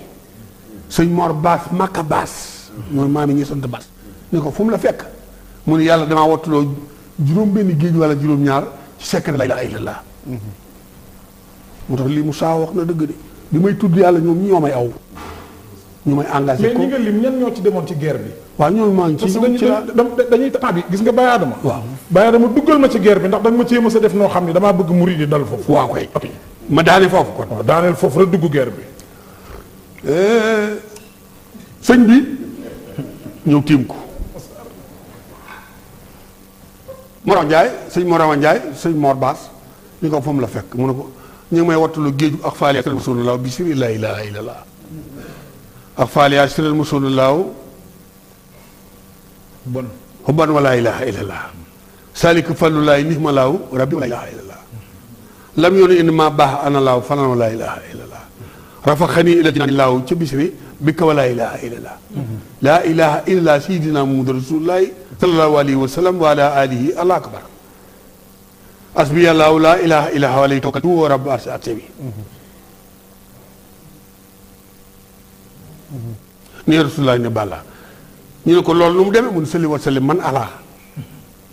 sëñ Mor Baas Makka Baas mooy maam yi ñuy sant Baas ne ko fu la fekk mu ne yàlla damaa wattuloo juróom benn géej wala juróom-ñaar ci secret la ilaha illallah moo tax lii Moussa wax na dëgg de bi may tudd yàlla ñoom ñoo may aw ñu may engagé ko mais ñoo ci demoon ci guerre bi waaw ñoom maa ngi ci ñoom ci dañuy temps bi gis nga Baye Adama waaw Baye Adama duggal ma ci guerre bi ndax da ma ci mës sa def noo xam ne damaa bëgg mu yi dal foofu waaw koy ma daane foofu kon waaw daaneel foofu rek dugg guerre bi eh, sëñ bi ñëw tiim ko Morow Ndiaye sëñ Morawa Ndiaye sëñ Mor Baas ñu ko fa la fekk mu ko ñu may wattalu géeju ak faaliya sëriñ Rasulullah bi siri laa ilaaha illallah salik fallu laay nihma laaw rabbi wa laa ilaaha lam yoonu indi ma baax ana laaw falan wa laa ilaaha illallah rafa xani ila laa ilaaha illallah laa ilaaha illallah sayyidina sallallahu alayhi wa sallam wa ala alihi allah akbar asbi allahu la ilaha illa huwa alayhi tawakkaltu wa rabbu arsi atsebi ne ñu ne ko lool nu mu demee mun sëli wa sëli man ala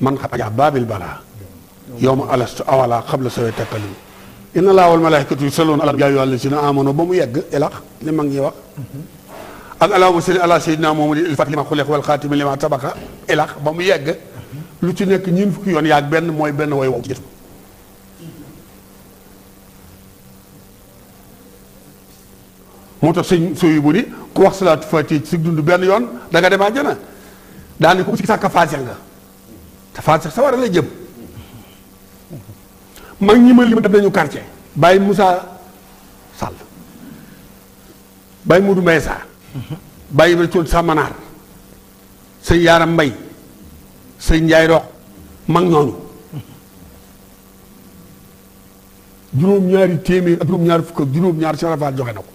man xaja baabil bala yowma alastu awala xabla sawee takkalim inna laa wal malaikatu yusalluuna ala nabiyyi ya ayyuha allazina amanu ba mu yegg elax li mag ñi wax ak allahumma salli ala sayyidina Muhammadin il fatih lima xuleex wal xaatimi lima tabaqa ilax ba mu yegg lu ci nekk ñun fukki yoon yaag benn mooy benn way wow moo tax sëñ sooy bu ni ku wax salaatu fati ci dund benn yoon da demaa dem àjjana ko si sàkka faase nga sa war a la jëm mag ñi ma lim def nañu quartier Baye Moussa Sall Baye Modou Mbaye Sarr bàyyi ba cuun sàmmanaar sëñ yaaram mbay sëñ njaay rox mag juróom-ñaari téeméer ak juróom-ñaar fukk juróom-ñaar si rafaal joxe na ko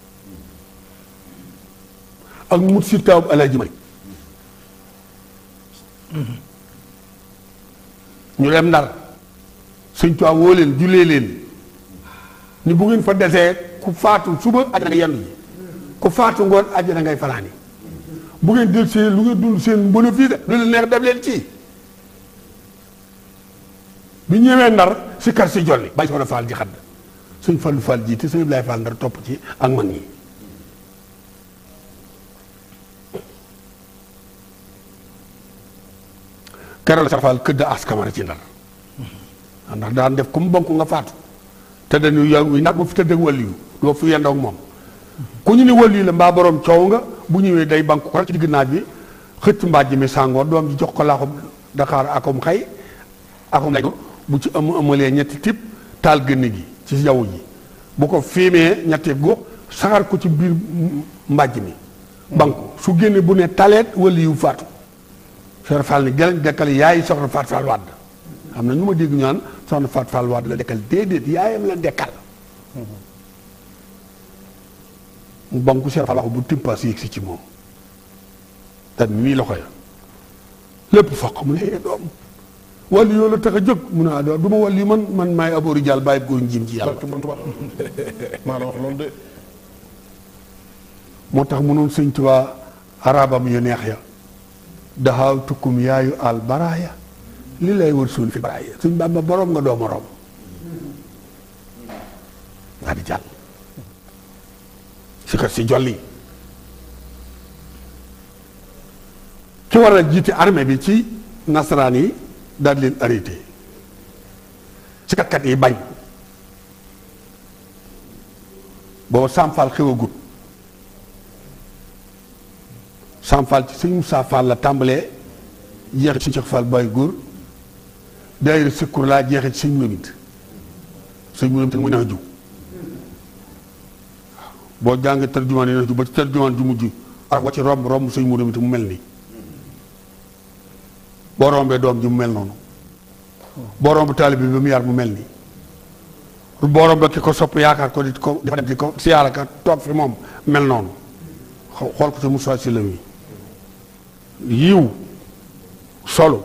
ak mut si taawub alaaji may ñu ndar suñ tuwaa woo leen jullee leen ni bu fa desee ku faatu suba ak nga yendu ku faatu ngoon àjjana ngay fanaani bu ngeen del seen lu ngeen dund seen bénéfice lu leen neex def leen ci bi ñëwee ndar si kar si jolli bàyyi soxna Fall ji xadd suñ Fallu Fall ji te suñu Ibrahima Fall topp ci ak mag ñi këdd as ci ndar ndax daan def comme bonk nga faatu te dañuy yow nag bu fi tëddee wàll doo fi yendoo moom ku ñu ni wëlii la mbaa borom coow nga bu ñëwee day bank ko rek ci digg naa bi xëcc mbàjj mi sàngoor doom ji jox ko laaxum daqaar akum xay akum lay bu ci ëmm ëmmalee ñetti tip taal gën gi ci jaww ji bu ko fiimee ñetti góox saxar ko ci biir mbàjj mi bank su génne bu ne taleet wala yu faatu soxna Fall ni dekkal yaay soxna Faat Fall Wàdd xam na ñu ma dégg ñu naan soxna Faat Fall Wàdd la dekkal déedéet yaayam la dekkal mm-hmm. mu banku seen falaxu bu timpaas yëg si ci moom daan mii loxo ya lépp fokk mu ne eh, doom wàllu yoo la tax a jóg mun naa ah, doon du ma wàllu man man maay aboori jàll bàyyi góor njiim ji yàlla (laughs) maa moo tax mu noon sëñ Tuubaa arabam yu neex ya daxaaw tukkum yaayu al baraaya li lay wër suul fi baraaya suñ Bàmba borom nga doo moroom daa di jàll sikar si jolli ki war a jiite armée bi ci nasaraan yi daal leen arrêté sikarkat yi bañ booba samfal xew a gut samfal ci sëñ Moussa Fall la tàmbalee jeex ci Cheikh Fall Baye Góor daayira Secours laa jeexee ci sëñ Mouride sëñ Mouride mooy naa jug boo jàngee tarjumaan yi ba ci tarjumaan ju mujj ak ba ci romb romb sëñ Moodu mu mel nii boo rombee doom ji mel noonu boo romb taalib ba mel nii boo rombee ki ko sopp yaakaar ko di ko dafa dem di ko siyaara ka toog fi moom mel noonu xool ko ci Moussa si la mi yiw solo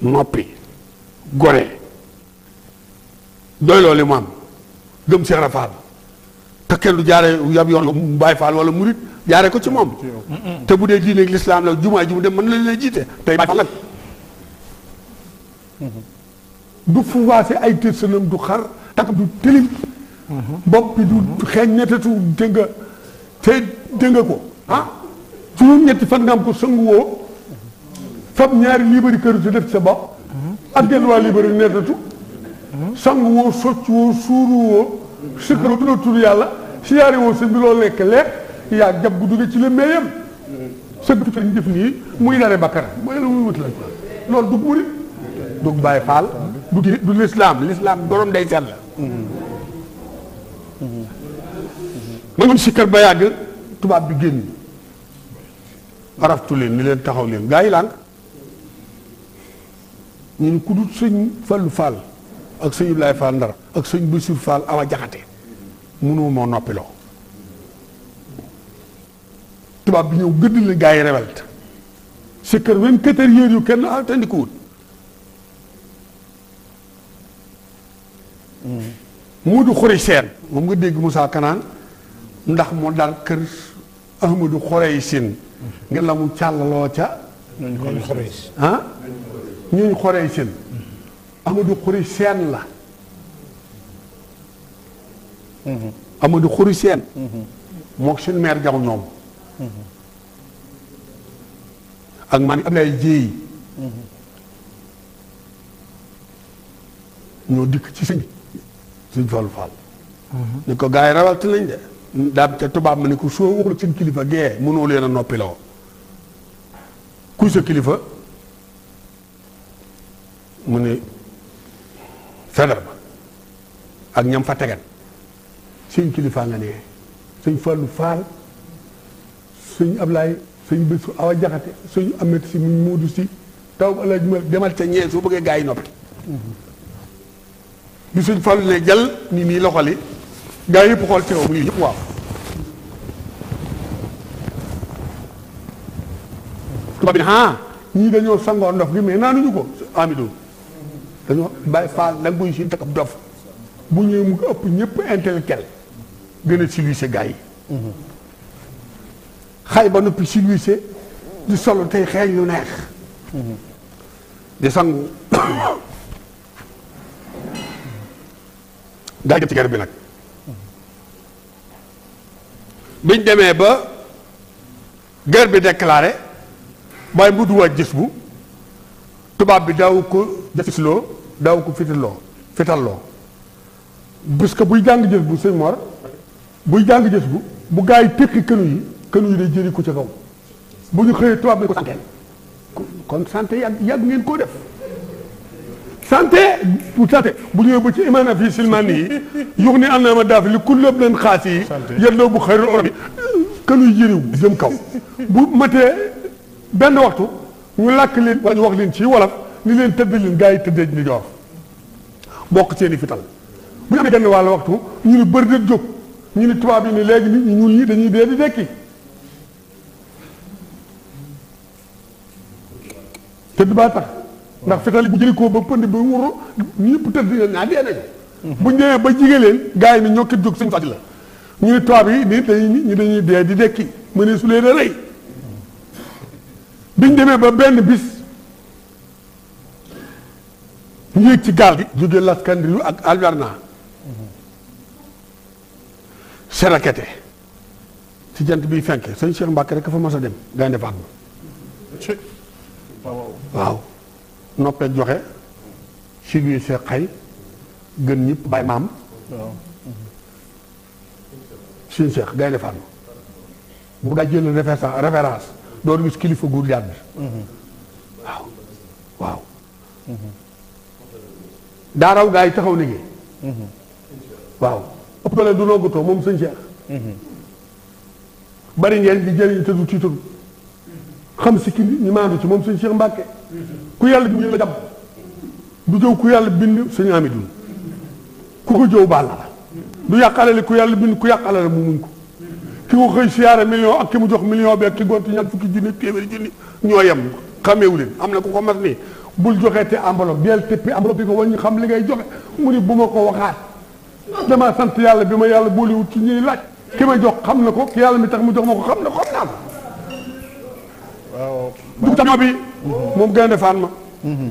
noppi gore doy li mu gëm Seex Rafaal te kenn du jaare yab yoonu Baay Faal wala murit jaare ko ci moom te bu dee diine lislaam la jumaa ji dem mën na leen jiite tey Baay Faal nag du fuwaase ay tërsanam du xar takk du tilim bopp du xeeñ netatu dënga te dënga ko ah juróom fan nga am ko sanguwoo fab ñaari liibari këru def sa ak genn waa liibari netatu sanguwoo socc woo suuru woo sukkaru dina tudd yàlla siyaari woo sëñ bi loo lekk lekk yaa jab gu ci la meeyam sëgg ci ñu def nii muy nare bakkara mooy lu muy wut loolu du murit du bàyyi faal du du lislaam lislaam borom day sell la ma ngi sikkar ba yàgg tubaab bi génn araftu leen ni leen taxaw leen gaa yi lànk ñun ku dul sëñ ak suñu Ibrahima Fall Ndar ak sëñ Bassirou Fall Awa Jaxate mënoo moo noppiloo tubaab bi ñëw gëdd la gaa yi révolte si kër vingt-quatre heures yu kenn a ah attendikuwut hmm. Moodu Xuri Seen moom nga dégg Moussa Kanaan ndax mu daal kër Ahmadu Xurey Seen nga la mu càllaloo ca ñooñu Xurey Seen amadu Khoury Sène la mhm. Amadou Khoury Sène mhm. mook suñu maire jaw ñoom mhm. ak man Ablaye Dieye ñoo dikk ci sëñ sëñ Fall Fall ni ko gars yi rawalti nañ de daam ca tubaab ma ni ko soo waxul seen kilifa gee mënoo leen a noppi la kuy sa kilifa mu ne sadar ba ak ñam fa tegan suñ kilifaa nga nee suñ fàllu faal suñ ablaay suñ bésu awa jaxate suñ amet si muñ muudu si taw alaaj ma demal ca ñee soo bëggee gaa yi noppi mhm. bi suñ fàllu ne jal ni mii loxoli gaa yi yëpp xool ci mu ñu ñëpp waaw tubaab bi ne ah ñii dañoo sangoor ndox gi mais naanuñu ko amidoon dañoo bàyyi faal nag muy si takab dof bu ñëwee mu ëpp ñëpp intellectuel gën a silwise gars yi ba noppi silwise di solo tey xeeñ lu neex di sangu gaa jëm ci garab bi nag biñ demee ba guerre bi déclaré waaye mu gis bu tubaab bi daaw ko defisloo daaw ko fitaloo fitalloo parce que buy jàng jës bu sëñ Mor buy jàng jës bu bu gaa yi tekki kënu yi kënu yi day jëri ko ci kaw bu ñu xëyee tubaab nañ ko santeen kon santé yàgg yàgg ngeen koo def santé bu santé bu ñëwee ba ci imaana fii silmaani yi yux ni am naa ma daafi li ku lépp leen xaas yi yelloo bu xëyul oromi kënu yi jëriw jëm kaw bu matee benn waxtu ñu làkk leen wala ñu wax leen ci wolof ni leen tëddalin gaa yi tëddee ñu joor bokk seeni fital bu ñu amee genn wàll waxtu ñu ni bëri na jóg ñu ni tubaab yi ni léegi nit ñi ñuul ñi dañuy dee di dekki tëdd baa tax ndax fital yi bu jëli koo ba pënd ba wóor ñëpp tëdd na naa dee nañ bu ñu demee ba jige leen gaa yi ni ñokkit jóg suñu fàttali la ñu ni tubaab yi ni dañuy ñi dañuy dee di dekki mu ne su leen a rey biñ demee ba benn bis ñu yéeg ci gaal gi jóge Laskandiriw ak Alverna Serakete ci jant biy fenk sëñ Cheikh Mbacke rek ka fa mas a dem gaynde Fatma waaw noppee joxe si biir see xay gën ñëpp bay maam sëñ Cheikh gaynde Fatma bu daa jël référence door gis kilifa guur yaat bi waaw waaw daa gaa yi taxaw liggéey. waaw ëppale du noggatoo moom sëñ Cheikh. bari ngeen di jëriñ te du tiitaru xam si ki ñu maandu ci moom sëñ Cheikh Mbacke. ku yàlla bind la jàpp du jëw ku yàlla bind sëñ Amidou ku baal la du yàqale li ku yàlla bind ku yàqale la mu muñ ko. ki ko siyaare million ak ki mu jox million bi ak ki gont ñaar fukki junni téeméeri junni ñoo yem xameewu leen am na ku ko mat nii bul joxe te enveloppe del teppi enveloppe bi ko wala ñu xam li ngay joxe mu ni bu ma ko waxaat damaa sant yàlla bi ma yàlla boolewut ci ñuy laaj ki ma jox xam na ko ki yàlla mi tax mu jox ma ko xam na ko xam naa bi moom gaynde faan ma mm-hmm.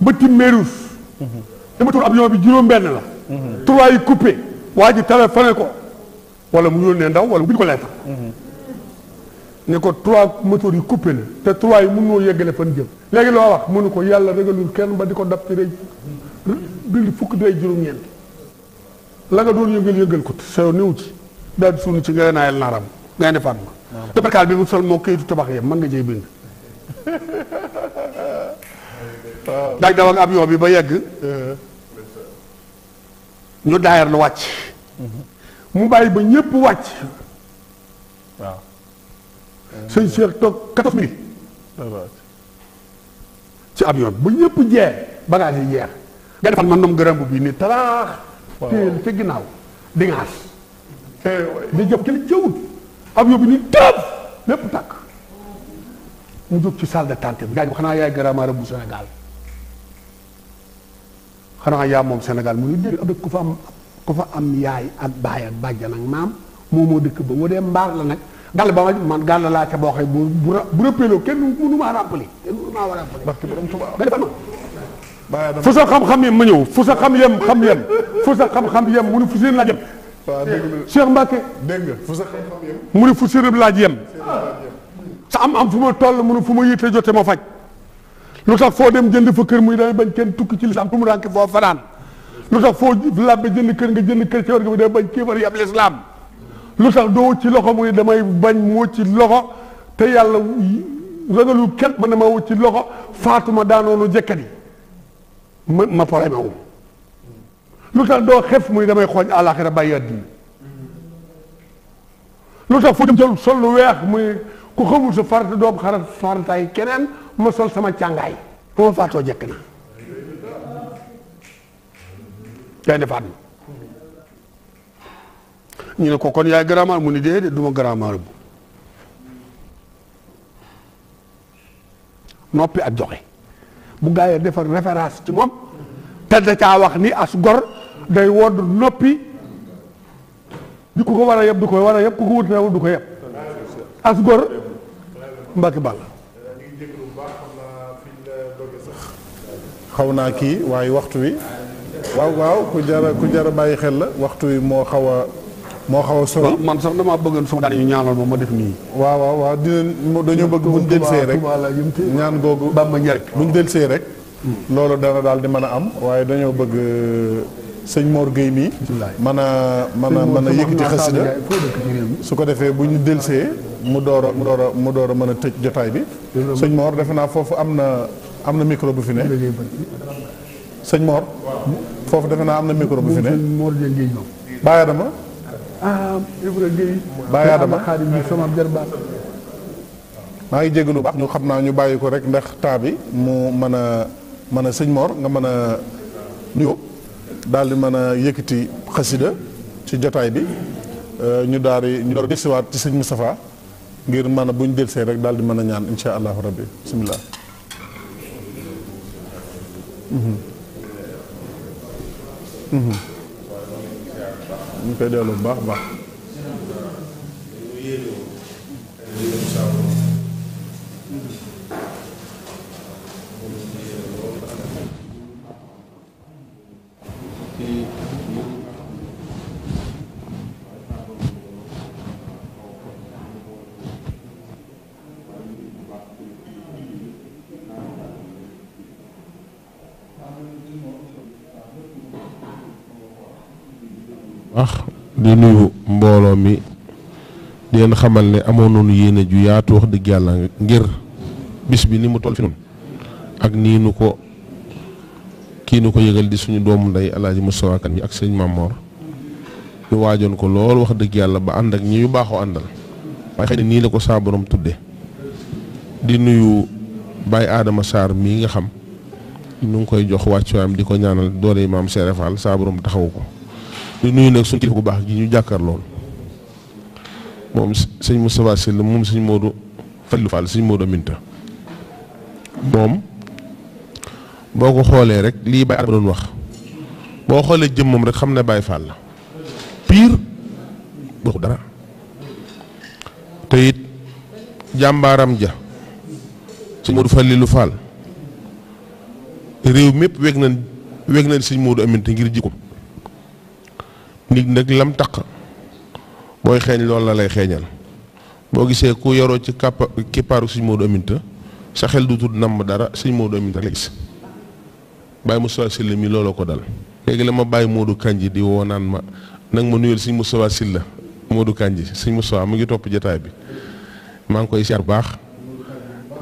bëti mérus dama bi juróom benn la mm-hmm. trois yi coupé waa ji téléphoné ko wala mu yónnee ndaw wala mu bind ko lettre mm-hmm. ne ko trois moteur yi coupé la te trois yi mënoo yeggale fan jëm léegi loo wax mënu ko yàlla regalul kenn ba di ko dab ci rëy bi fukk day juróom-ñeent la nga doon yëngal yëngal ko sayo néew ci daal di suunu ci nga naayal naaram nga ne faat ma déparcal bi mu sol moo kayitu tabax yam mën nga jëy bind (laughs) daaj daw ak avion bi ba yegg ñu daayar lu wàcc mhm. mu bàyyi ba ñëpp wàcc waaw sëñ Cheikh toog 14 minutes. ci avion bi ba ñëpp jeex bagage yi jeex. nga defal man ñoom gërëm bi talaax. waaw teel ca ginnaaw di ngaas. Eh, di jëm ca jëwut avion bi ni tëb lépp tàkk. mu jóg ci salle de tente bi gars yi xanaa yaay garaamaara bu Sénégal xanaa yaa moom Sénégal mu ngi dégg ab dëkk fa am ku fa am yaay ak baay ak bàjjan ak maam moo moo dëkk ba wu dee mbaar la nag. gàll ba man gàll laa ca boo xam bu bu bu rëppeloo kenn mënu maa ràmpali maa ràmpali. barke fu sa xam-xam yem ma ñëw fu sa xam yem xam yem fu sa xam-xam yem mu ne fu seen laaj yem. waaw nga Cheikh Mbacke. dégg nga sa mu ne fu sa am am fu ma toll mu fu ma yitte jote ma faj. lu tax foo dem jënd fa muy day bañ kenn tukki ci lislaam tumuranke foo fanaan lu tax foo labbe jënd kër nga jënd kër ci war nga day bañ kéefar yab lislaam lu tax doo ci loxo muy damay bañ moo ci loxo te yàlla ragalul kenn ba dama wut ci loxo faatuma daanoonu jëkkat yi ma ma problème wu lu tax doo xef mu damay xooñ àllaaxira bàyyi àddina lu tax fu jëm sol lu weex mu ne ku xamul sa farata doom xarat keneen ma sol sama càngaay bu ma faatoo jëkk na gaynde faat ñu ne ko kon yaay grand marabout mu ni déedéet du ma grand marabout noppi ak joxe bu gaa yi defar référence ci moom te da caa wax ni as gor day wodd noppi di ku ko war a yeb du ko war a yeb ku ko wut na du ko yeb as gor mbaki bàll xaw naa kii waaye waxtu wi waaw waaw ku jara ku jara bàyyi xel la waxtu wi moo xaw moo xaw a sori man sax damaa bëggoon su ma daan ñu ñaanal ma ma def nii. waaw waaw waaw dinañ dañoo bëgg buñ delsee rek ñaan googu bàmba njëriñ rek. Hmm. loolu dana daal di mën a am waaye dañoo bëgg euh, sëñ Mor Gueye mii. mën a mën a mën a yëkkati xasida su ko defee bu ñu delsee mu door mu door mu door a mën a tëj jotaay bi. sëñ Mor defe naa foofu am na am na micro bu fi ne. sëñ Mor. foofu defe naa am na micro bu fi ne. bàyyi dama ah Ibra Gueye. Baye maa ngi jégalu baax ñu xam naa ñu bàyyi ko rek ndax temps bi mu mën a mën a sëñ Mor nga mën a nuyoo daal di mën a yëkkati xasida ci jotaay bi euh, ñu daal di ñu dellusiwaat ci sëñ Moustapha ngir mën a bu ñu dellusee rek daal di mën a ñaan insha allahu rabbi bisimilah. Mhm. Mhm. ñu koy delloo bu baax baax baax ah, di nuyu mbooloo mi di xamal ne amoon nañu yéene ju yaatu wax dëgg yàlla ngir bis bi ni mu toll fi ak nii nu ko kii nu ko yëgal di suñu doomu ndey alaaji mu Kane yi ak sëñ Mamor ñu waajoon ko lool wax dëgg yàlla ba ànd ak ñi baaxoo àndal waaye xëy nii la ko saa tudde di nuyu Baye Adama saar mii nga xam ñu ngi koy jox wàccuwaayam di ko ñaanal doole maam Seré Fall saa borom taxawu ko li nuyu nag suñu kilifa bu baax gi ñu jàkkaar lool moom sëñ Moustapha Sylla moom sëñ Modou Fallou Fall sëñ Modou Aminta moom boo ko xoolee rek lii Baye Adama doon wax boo xoolee jëmmam rek xam ne Baye Fall la pire boo dara te it jàmbaaram ja sëñ Modou Fallou Fall réew mépp weg nañ weg nañ sëñ Modou Aminta ngir jikkoom nit nag lam taq booy xeeñ loolu la lay xeeñal boo gisee ku yoroo ci kàppa kippaaru sëñ Moodu Aminta sa xel du tudd namm dara sëñ Moodu Aminta la gis bàyyi Moustapha Sylla mi looloo ko dal léegi la ma bàyyi Moodu Kanji di woo naan ma nag ma nuyul sëñ Moustapha Sylla Moodu Kanji sëñ Moustapha mu ngi topp jataay bi maa ngi koy siyaar bu baax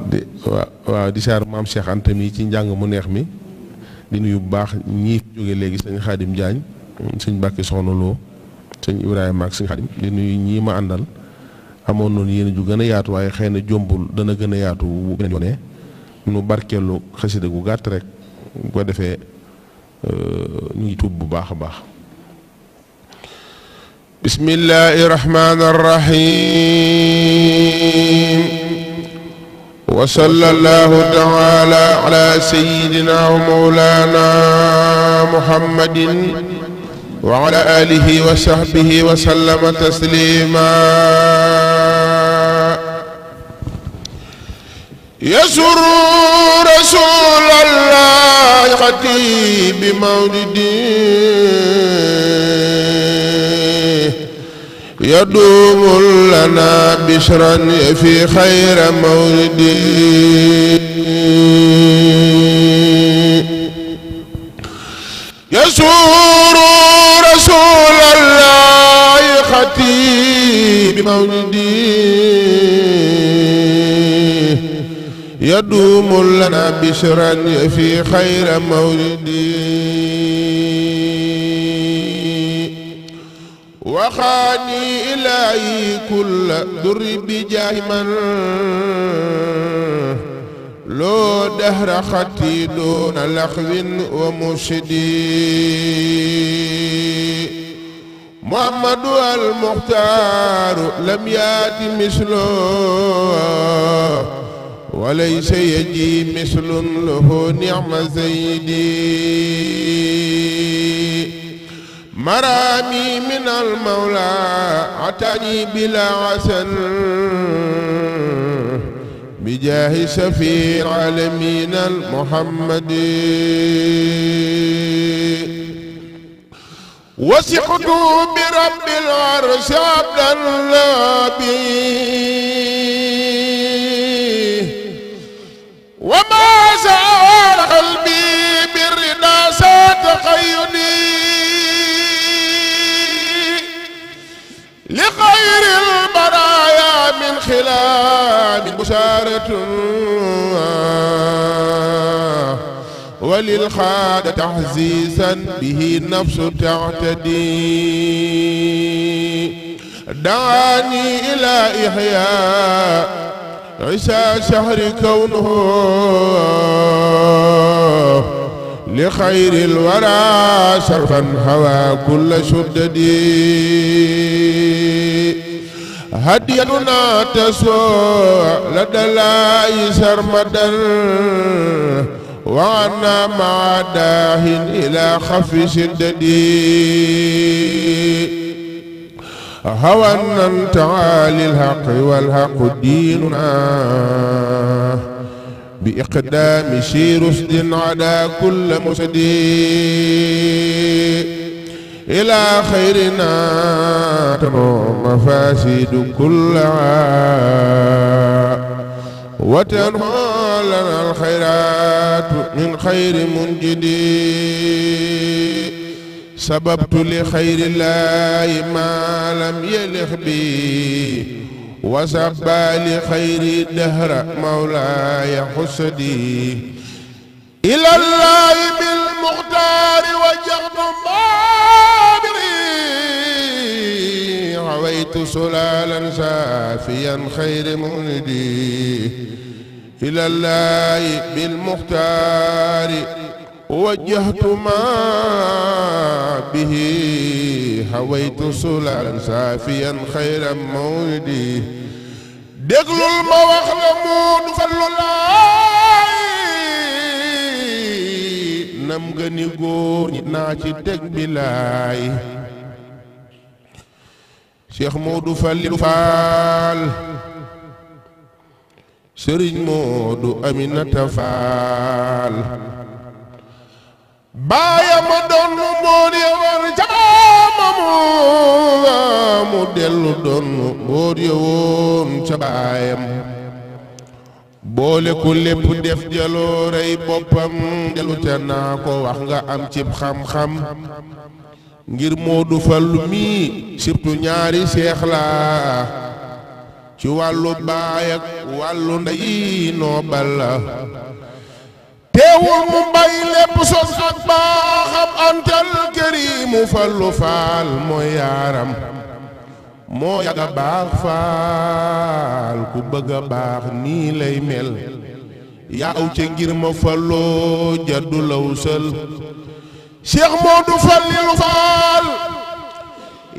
di waaw di siyaar maam Cheikh mi ci njàng mu neex mi di nuyu bu baax ñii jóge léegi sëñ Xaadim Jaañ sëñ Mbàkke Soxna Lo sëñ Ibrahima ak sëñ Xadim di nuyu ñii ma àndal amoon noonu yéen ju gën a yaatu waaye xëy na jombul dana gën a yaatu bu beneen rek ko defee euh, ñu bu baax a baax bismillahi rahmaani rahim wa sallallahu taala ala sayyidina wa mawlana muhammadin wa ala aalihi wa sahbihi wa sallama tasliimaa yasuru rasuulallaahi xatiibi mawlidi yaduumu lanaa bishran fi xayri mawlidi يسور رسول الله خطيب مولدي يدوم لنا بشرا في خير مولدي وخاني إلهي كل در بجاه من loo dahra xatti doona laxwin wa mushidi muhammadu al muxtaaru lam yaati mislo walaysa yaji mislun lahu nicma zaydi maraami min al mawla atani bila asan bijaahi safiir alamiin al muhammadi wasiqtu bi rabbil arsi abdan labi wa maa zaara qalbi bi ridaa saa taxayuni li xayril baraaya min xilaami busaaratun walil xaada taxsiisan bihi nafsu taxtadi daani ilaa ixyaa isaa shahri kawnuhu li xayril wara sarfan hawa kulla suddadi hadiyatuna taswa la dalaayi sarmadan wa ana maa daahin ila xafi siddadi hawa nan taali lxaqi walxaqu diinuna بإقدام شي رشد على كل مسدي إلى خيرنا تنوم مفاسد كلها وتنهى لنا الخيرات من خير منجدي سببت لخير الله ما لم يلخ بي وسبى لخير دهر مولاي حسدي إلى الله بالمختار وجهد مابري عويت سلالا سافيا خير مولدي إلى الله بالمختار وجهت ما به هويت سلالا سافيا خير مولدي دغل الموخ لمود فلولاي نم غني غور ناتي تك بلاي شيخ مودو فالي فال سرين مودو امينة فال baayam ma doon mu boor ya war ca maamamu mu dellu doon mu boor ca baayam boole ku lépp def jaloorey boppam dellu ca naa ko wax nga am cib xam-xam ngir moo du fallu mii surtout ñaari seex laa ci wàllu baay ak wàllu ndeyi noo balla teewul mu bàyyi lépp sos ak baaxam antal kërimu fallu faal mooy yaaram moo yàgg baax faal ku bëgg baax nii lay mel yaa aw ca ngir ma falloo jaddu law sël cheikh Modou Fallilu Faal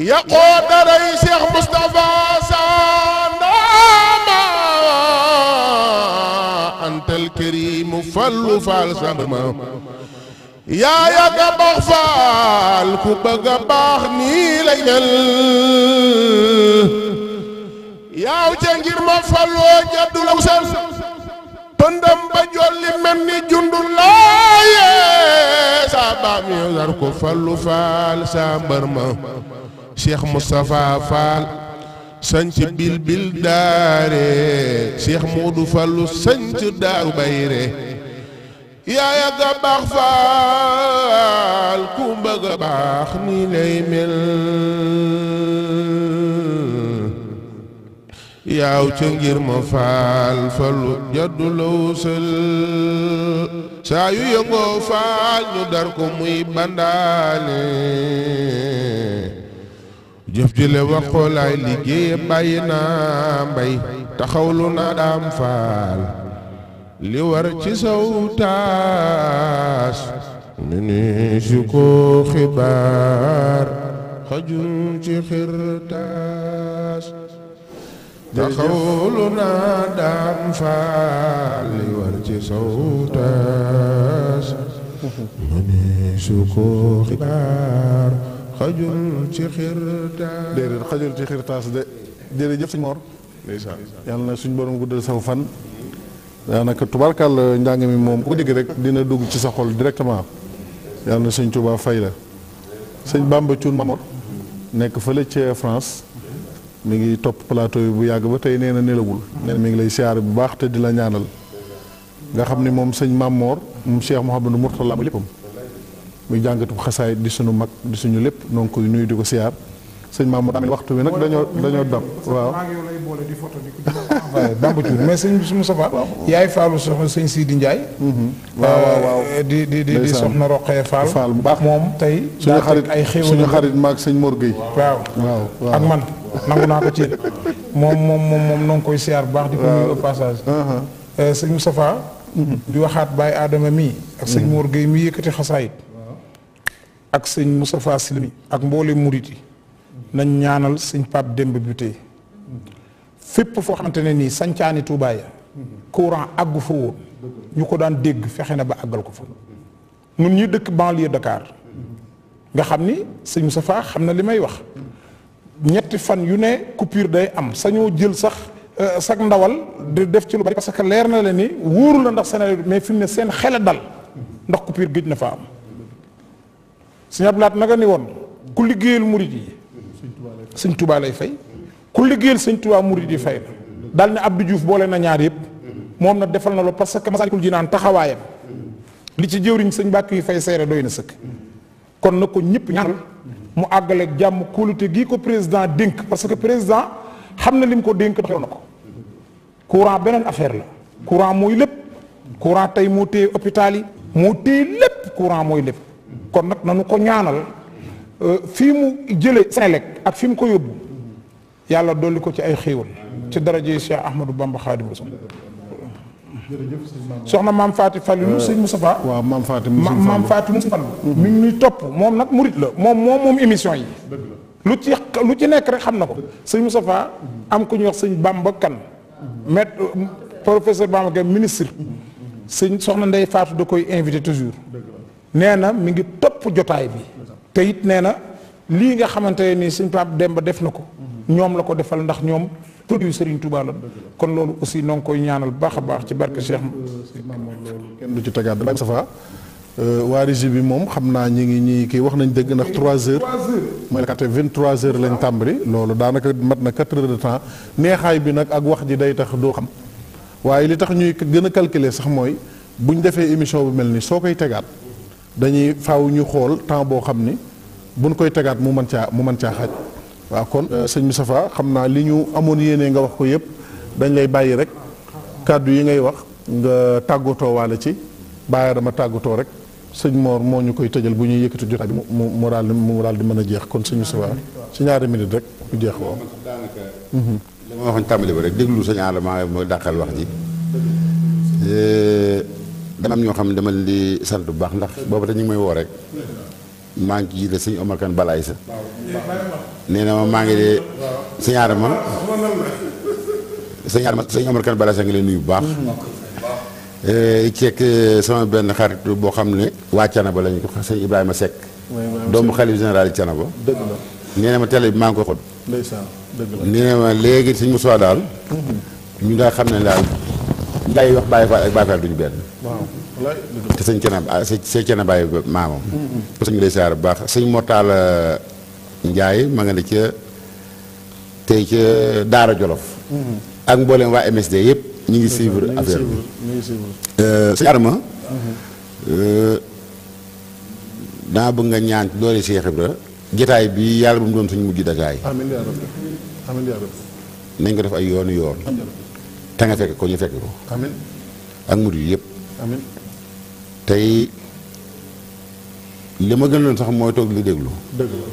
yàqoo daray cheikh Moustapha Sanda mu yaa yàgg baax faal ku bëgg baax nii lay mel yaaw ca ngir ma falloo jaddu law seen pëndam ba jolli mel ni jundu laaye saa baam yow dar ko fallu faal saa ma Cheikh Moustapha Fall sanc bil daare Cheikh Modou Fallou sanc daaru bayre yaaya ga faal ku bëgg ni lay mel yaaw ca ma faal falu jaddu lawsal saa yu yëngoo faal ñu dar ko muy bandaale jëf ji le wax ko laay liggéey bàyyi naa mbay faal li war ci saw taas nu ni xibaar xajul xirtaas taxawlu naa daam faal li war ci saw xajul ci xirtaas déedéet xajul ci xirtaas jërëjëf sëñ Mor yàlla na suñ borom guddal saw fan daanaka tubaarkàll njàng mi moom ku dégg rek dina dugg ci sa xol directement yàlla na sëñ Tuubaa fay la sëñ Bamba Cuun Mamor nekk fële ci France mi ngi topp plateau yi bu yàgg ba tey nee na nelawul nee na mi ngi lay siyaare bu baax te di la ñaanal nga xam ni moom sëñ maam Mamor moom Cheikh Mouhamadou Mourtala léppam muy jàngatu xasaay di suñu mag di suñu lépp noo ngi koy nuyu di ko siyaar sëñ Mamour Amine waxtu bi nag dañoo dañoo dab waaw damb cuur mais sëñ su Moustapha yaay faalu soxna sëñ Sidi mm-hmm. euh, di di di soxna Roqee Fall Fall baax moom tey suñu xarit ay xéwal suñu xarit ak man nangu naa moom bu baax di ko nuyu uh-huh. euh, sëñ Moustapha mm-hmm. di waxaat Baye Adama mii ak sëñ mm-hmm. Mor Gueye yëkkati xasaayit ak sëñ Moustapha Silmi ak mboole murit nañ ñaanal sëñ Pape Demba Buté fépp foo xamante ne nii sancaani Touba ya courant àggu fa woon ñu ko daan dégg fexe na ba àggal ko fa nun ñi dëkk banlieue Dakar nga xam ni sëñ Moustapha xam na li may wax ñetti fan yu ne coupure day am sañoo jël sax euh, sax ndawal di def ci lu bari parce que leer na leen ni wóoru la ndax Sénégal mais fi mu ne seen xel dal ndax coupure gëj na fa am sëñ Abdou Lahat naga ni woon ku liggéeyal murid yi sëñ Touba lay fay ku liggéeyal sëñ Touba murid yi fay na daal ne Abdou Diouf boole na ñaar yëpp moom na defal na loolu parce que Masaalikul Jinaan taxawaayam li ci jëwriñ sëñ Mbàkke yi fay seere doy na sëkk kon na ko ñëpp ñaanal mu àggale jàmm kóolute gii ko président dénk parce que président xam na lim ko dénk doxee na ko courant beneen affaire la courant mooy lépp courant tey moo téye hôpital yi moo téye lépp courant mooy lépp kon nag nanu ko ñaanal euh, fii mu jële Senelec ak fi mu ko yóbbu yàlla dolli ko ci ay xéewal ci daraje Cheikh Ahmadou Bamba Xaadimu Rasuul soxna maam Faati Fallilu euh, sëñ Moustapha waaw maam Faati maam Faati Moustapha mi ngi ñuy topp moom nag murit la moom moom moom émission yi lu ci lu ci nekk rek xam na ko sëñ Moustapha am ku ñuy wax sëñ Bamba Kan maître euh, professeur Bamba Kan ministre sëñ soxna Ndey Faatu da koy invité toujours nee na mi ngi topp jotaay bi te it nee na lii nga xamante ne sëñ Pape Demba def na ko ñoom la ko defal ndax ñoom produit Serigne Touba la kon loolu aussi noo koy ñaanal baax a baax ci barke Cheikh Mamour loolu kenn ci tegaat dama safa euh, waa bi moom xam naa ñi ngi ñii kii wax nañ dëgg ndax trois heures mooy kat vingt trois heures lañ tàmbali loolu daanaka mat na quatre heures de temps neexaay bi nag ak wax ji day tax doo xam waaye li tax ñuy gën a sax mooy bu ñu defee émission bu mel ni soo koy tegaat dañuy faw ñu xool temps boo xam ni buñ koy tegaat mu mën caa mu mën caa xaj waaw kon euh, sëñ Moustapha xam naa li ñu amoon yéene nga wax ko yëpp dañ lay bàyyi rek kàddu yi ngay wax nga tàggatoo waale ci bàyyi dama tàggatoo rek sëñ moor moo ñu koy tëjal bu ñuy yëkkati jotaay bi mu mu daal mu daal di mën a jeex kon sëñ Moustapha si ñaari minute rek mu jeex woo. li ma waxoon tàmbali rek déglu sëñ Adama mooy dàqal wax ji. Euh, dama am ñoo xam ne dama leen sant bu baax ndax booba te ñu may woo rek maa ngi jiite sëñ Omar Kane Balaay sa nee ma maa ngi de sëñ Adama sëñ Adama sëñ Omar Kane Balaay sa ngi leen nuyu bu baax. Eh, ceek eh, sama benn xarit boo xam ne. waa Canaba lañu ko sëñ Ibrahima Seck. doomu xalif général Canaba. dëgg la nee na ma télé bi maa ngi ko xod. ndeysaan dëgg la nee na ma léegi sëñ Moussa daal. Mhm. ñu daal xam ne daal. gaa yi wax Baye Fall ay Baye Fall duñu benn. waaw te sëñ Cene ah sëñ Cene Baye maamam. sëñ bi lay saar bu baax sëñ Mortaala Ndiaye ma nga ne ca tey ca Daara Jolof. ak mboolem waa MSD yëpp ñu ngi suivre affaire bi. Euh, sëñ Arma. Mm-hmm. Euh, daa bëgg nga ñaan doole Cheikh Ibra jotaay bi yàlla bu mu doon suñu mujj dataay. amiin yaa rabbi amiin yaa rabbi nañ ko def ay yoonu yoon. te nga fekk ko ñu fekk ko. amiin ak mur yi yëpp. amiin tey li ma gën gënoon sax mooy toog li déglu. dëgg la.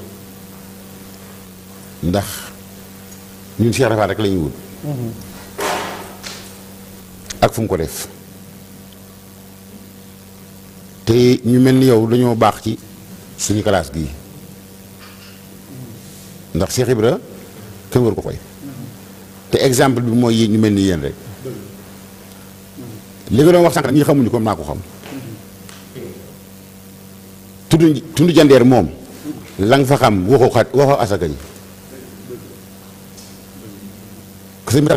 ndax ñun Cheikh Rafaal rek la wut. Mhm. ak fu ko def. te ñu mel ni yow dañoo baax ci suñu classe gii ndax Cheikh Ibra kenn waru ko fay. te exemple bi mooy yéen ñu mel ni yéen rek li nga doon wax sànq ñi xamuñu ko maa ko xam tund tund jandeer moom la nga fa xam waxoo xat waxoo asaka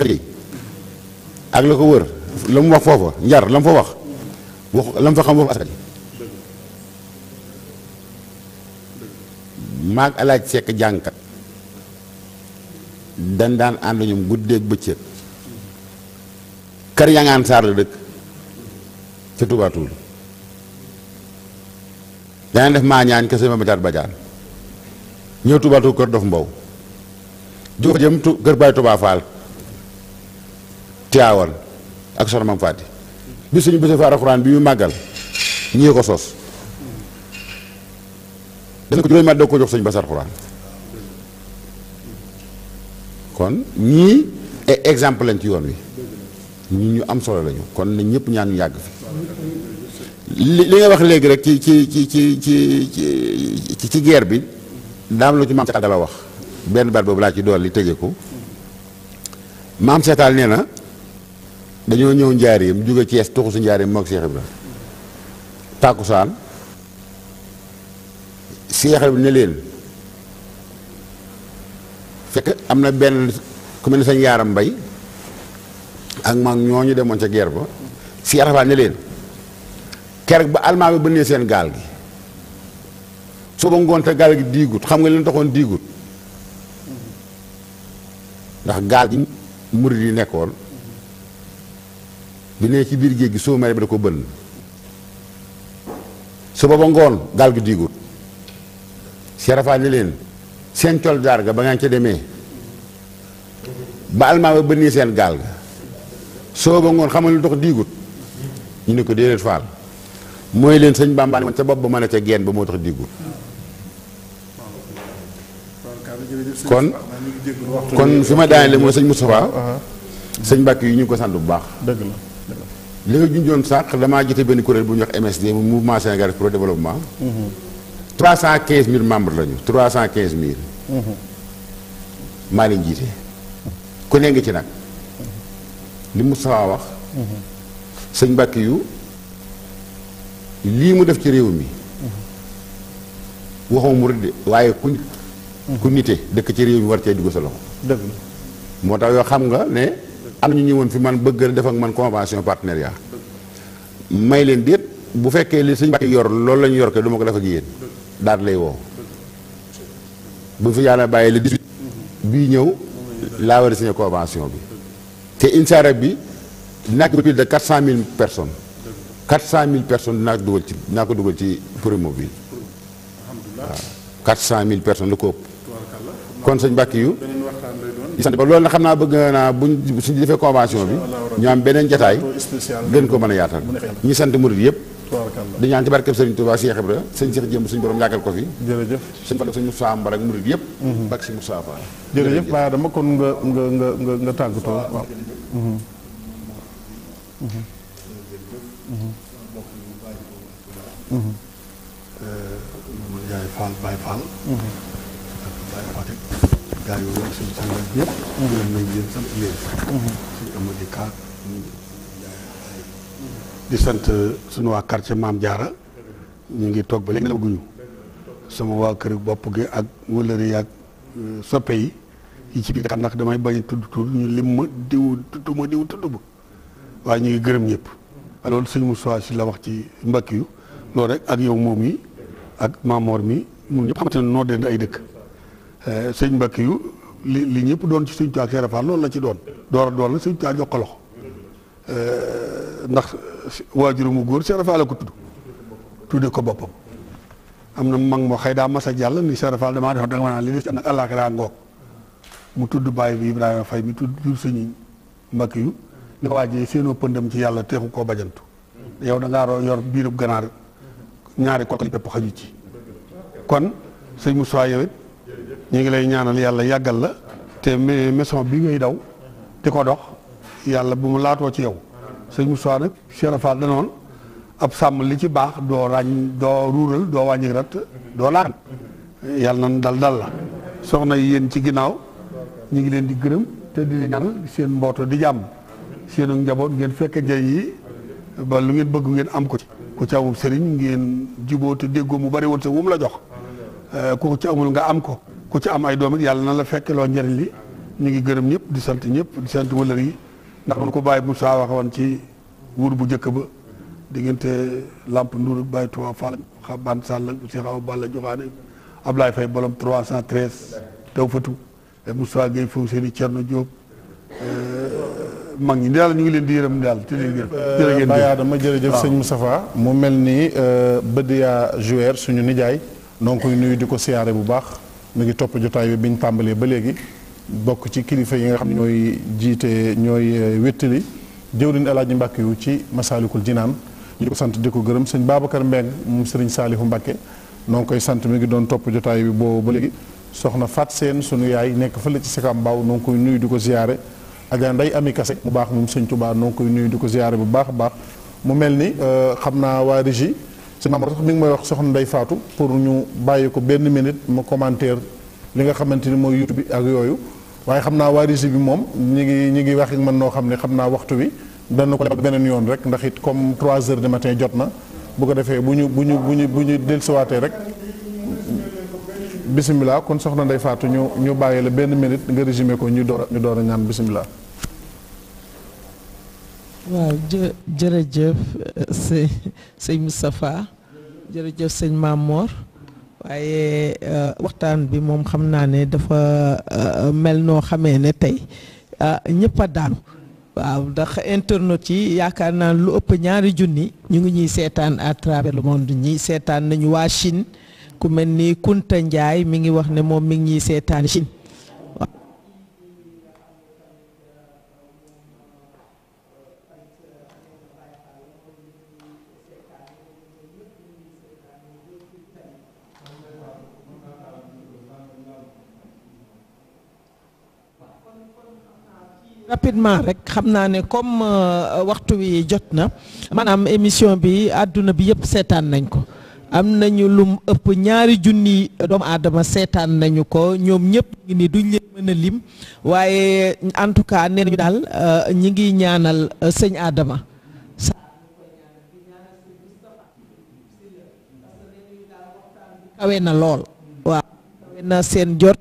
ji ak la ko wër la mu wax foofa njar la mu fa wax wax la mu fa xam waxu asaka ji maag alaaj sekk jàngkat dañ daan ànd ñoom guddeeg bëccëg kër yangaan saar la dëkk ca Touba Toul def maa ñaañ kese ma mitaat bajaan ñëw Touba kër dof mbow jox jëm kër Baay Touba Fall Tiwaawan ak soxna Mam Faati bi suñu bési fa alxuraan bi mu màggal ñii ko sos dana ko juróomi at doo ko jox suñu bés alxuraan kon ñii e exemple lañ ci yoon wi ñu am solo lañu kon nañ ñëpp ñaan ñu yàgg fi li nga wax léegi rek ci ci ci ci ci ci guerre bi daam lu ci maam seetal dala wax benn baat boobu laa ci dolli tëje ko maam seetal nee na dañoo ñëw njaareem jóge ci es tuxu si njaareem moog Seex Ibra tàkkusaan Seex Ibra ne leen fekk am na benn ku mel ne sañ yaaram mbay ak ñoo ñu demoon ca guerre ba si arafaan ne leen keroog ba almaa bi bënnee seen gaal gi suba ngoon te gaal gi diigut xam nga leen taxoon diigut ndax gaal gi murid yi nekkoon bi ne ci biir géej gi suba mare bi da ko bënn suba ba ngoon gaal gi diigut si arafaan ne leen seen col gaar ga ba nga ca demee ba almaa ba bënnee seen gaal ga soo ba ngoon xamal lu dox diigut ñu ne ko déedéet faal mooy leen sëñ Bàmba man ca bopp ba mën a ca geen ba moo tax diigut kon kon fi ma daanele mooy sëñ Moustapha sëñ Mbàkke yi ñu ko sant bu baax dëgg la li nga junjoon sànq damaa jite benn kuréel bu ñuy wax MSD mouvement Sénégal pour le développement mhm. trois cent quinze mille membres lañu trois cent quinze mille mhm. maa leen jiite ku ne ngi ci nag li Moustapha wax mhm. sëñ Mbàkke yu lii mu def ci réew mi waxuma mu rëdd waaye ku mhm. ku nite dëkk ci réew mi war cee dugg sa loxo dëgg moo tax yoo xam nga ne am ñu ñëwoon fi man bëgg def man convention partenariat may leen déet bu fekkee li sëñ Mbàkke yor loolu la ñu yor ke du ma ko def ak yéen daal lay woo bu fi yàlla bàyyi le 18 bii ñëw laa war a signé convention bi te incha bi dinaa ko plus de 400000 personnes 400000 personnes dinaa ko dugal ci dinaa ko dugal ci Promovilles waaw 400000 personnes lu ko ëpp. kon sëñ Mbàkke yu sant ba loolu na xam naa bëgg naa buñ suñu defee convention bi ñu am beneen jataay gën ko mën a yaatal ñi sant murid yëpp di ñaan ci barkeb Serigne Touba Cheikh Ibra sëñ Cheikh Jëmb suñu borom yàggal ko fi jërëjëf suñ fa suñ Moussa Mbar ak murid yëpp mhm. bak si Moussa mu Njaay mhm. mhm. yëpp di sant sunu waa quartier Maam Jaara ñu ngi toog ba léegi nag guñu sama waa kër bopp gi ak wëllëri yi ak euh, soppe yi yi ci biir xam ndax damay bañ tudd tudd ma diw tudd ma diw tudd waaye ñu ngi gërëm ñëpp loolu sëñ Moussa si la wax ci mbakk yu loolu rek ak yow moom mi ak Mamor mi ñun ñëpp xamante ne noo dend ay dëkk euh, sëñ mbakk yu li li ñëpp doon ci suñ tuwaay ak loolu la ci doon door a doon la suñ tuwaay jox ko ndax waajur mu góor Cheikh Rafal ko tudd tudde ko boppam am na mu mag moo xëy daa masa jàll ni Cheikh Rafal damaa defoon danga ma naan li des ngoog mu tudd bàyyi bi Ibrahima Faye mi tudd jur sëñ mbakk yu ne ko waajee seenoo pëndam ci yàlla teexu koo bajantu yow da ngaa yor biirub ganaar ñaari ko bépp xaju ci kon sëñ Moussa yow it ñu ngi lay ñaanal yàlla yàggal la te maison bi ngay daw di ko dox. yàlla bu mu laatoo ci yow sëñ Moussa nag Cheikh Fall danoon ab sàmm li ci baax doo ràññ doo ruural doo wàññi rat doo laan yàlla nan dal dal la soxna yi yéen ci ginnaaw ñu ngi leen di gërëm te di leen seen mbooto di jàmm seen njaboot ngeen fekk njëriñ yi ba lu ngeen bëgg ngeen am ko ci ku ci sëriñ ngeen juboo te mu bari woon la jox eh, ku ci amul nga am ko ku ci am ay doom yàlla na la fekk loo njëriñ li ñu ngi gërëm ñëpp di sant ñëpp di sant wëlër yi ndax lu ko bàyyi Moussa wax woon ci wur bu njëkk ba diggante Lamp Ndour Baye Touba Fall Xaban Sall Cheikh Awa Balla Joxaane Ablaye Faye Bolom 313 taw fatu Moussa Gueye Faw Seyni na Diop e mag ñi daal ñu ngi leen di yërëm daal te leen gën eh, jërëjëf Baye jërëjëf sëñ Moustapha mu mel nii ni e, Badiya Jouer suñu nijaay donc nuyu di ko siyaare bu baax mu ngi topp jotaay bi ñu tàmbalee ba léegi bokk ci kilifa yi nga xam ne ñooy jiite ñooy eh, wéttali jëwriñ Alaaji Mbàkke yu ci Masaalikul Jinaan di ko sant di ko gërëm sëñ Babacar Mbeng mu sëriñ Saalihu Mbàkke noo ngi koy sant mi ngi doon topp jotaay bi boobu ba léegi soxna Fat Seen sunu yaay nekk fële ci Sikam Mbaaw noo ngi koy nuyu di ko ziyaare ajaa nday ami kase mu baax moom sëñ Tuubaa noo ngi koy nuyu di ko ziyaare bu baax a baax mu mel ni eh, xam naa waa régie sëñ Maamor sax mi ngi may wax soxna Nday Faatu pour ñu bàyyi ko benn minute mu commentaire li nga xamante ni mooy YouTube bi ak yooyu waaye xam naa waa régie bi moom ñi ngi ñi ngi wax ak man noo xam ne xam naa waxtu wi dana ko def beneen yoon rek ndaxit comme 3 heures de matin jot na bu ko defee bu ñu bu ñu bu ñu bu ñu dellusiwaatee rek bisimilah kon soxna Ndeye Fatou ñu ñu bàyyi la benn minute nga résumé ko ñu door ñu door a ñaan bisimilah. waaw jë jërëjëf euh, sëñ sëñ Moustapha jërëjëf sëñ Mamor. waaye euh, waxtaan bi moom xam naa ne dafa euh, mel noo xamee ne tey ah, ñëpp a daanu waaw ndax internet yi yaakaar naa lu ëpp ñaari junni ñu ngi ñuy seetaan à travers le monde ñi seetaan nañu waa Chine ku mel ni Kunta Ndiaye mi ngi wax ne moom mi ngi ñuy seetaan Chine rapidement rek xam naa ne comme euh, waxtu wi jot na maanaam émission bi àdduna bi yëpp seetaan nañ ko am nañu lum ëpp ñaari junni doomu aadama seetaan nañu ko ñoom ñëpp ngi ni duñ leen mën lim waaye en tout cas nee nañu daal euh, ñi ngi ñaanal euh, sëñ aadama awe na lool waaw kawe na seen jot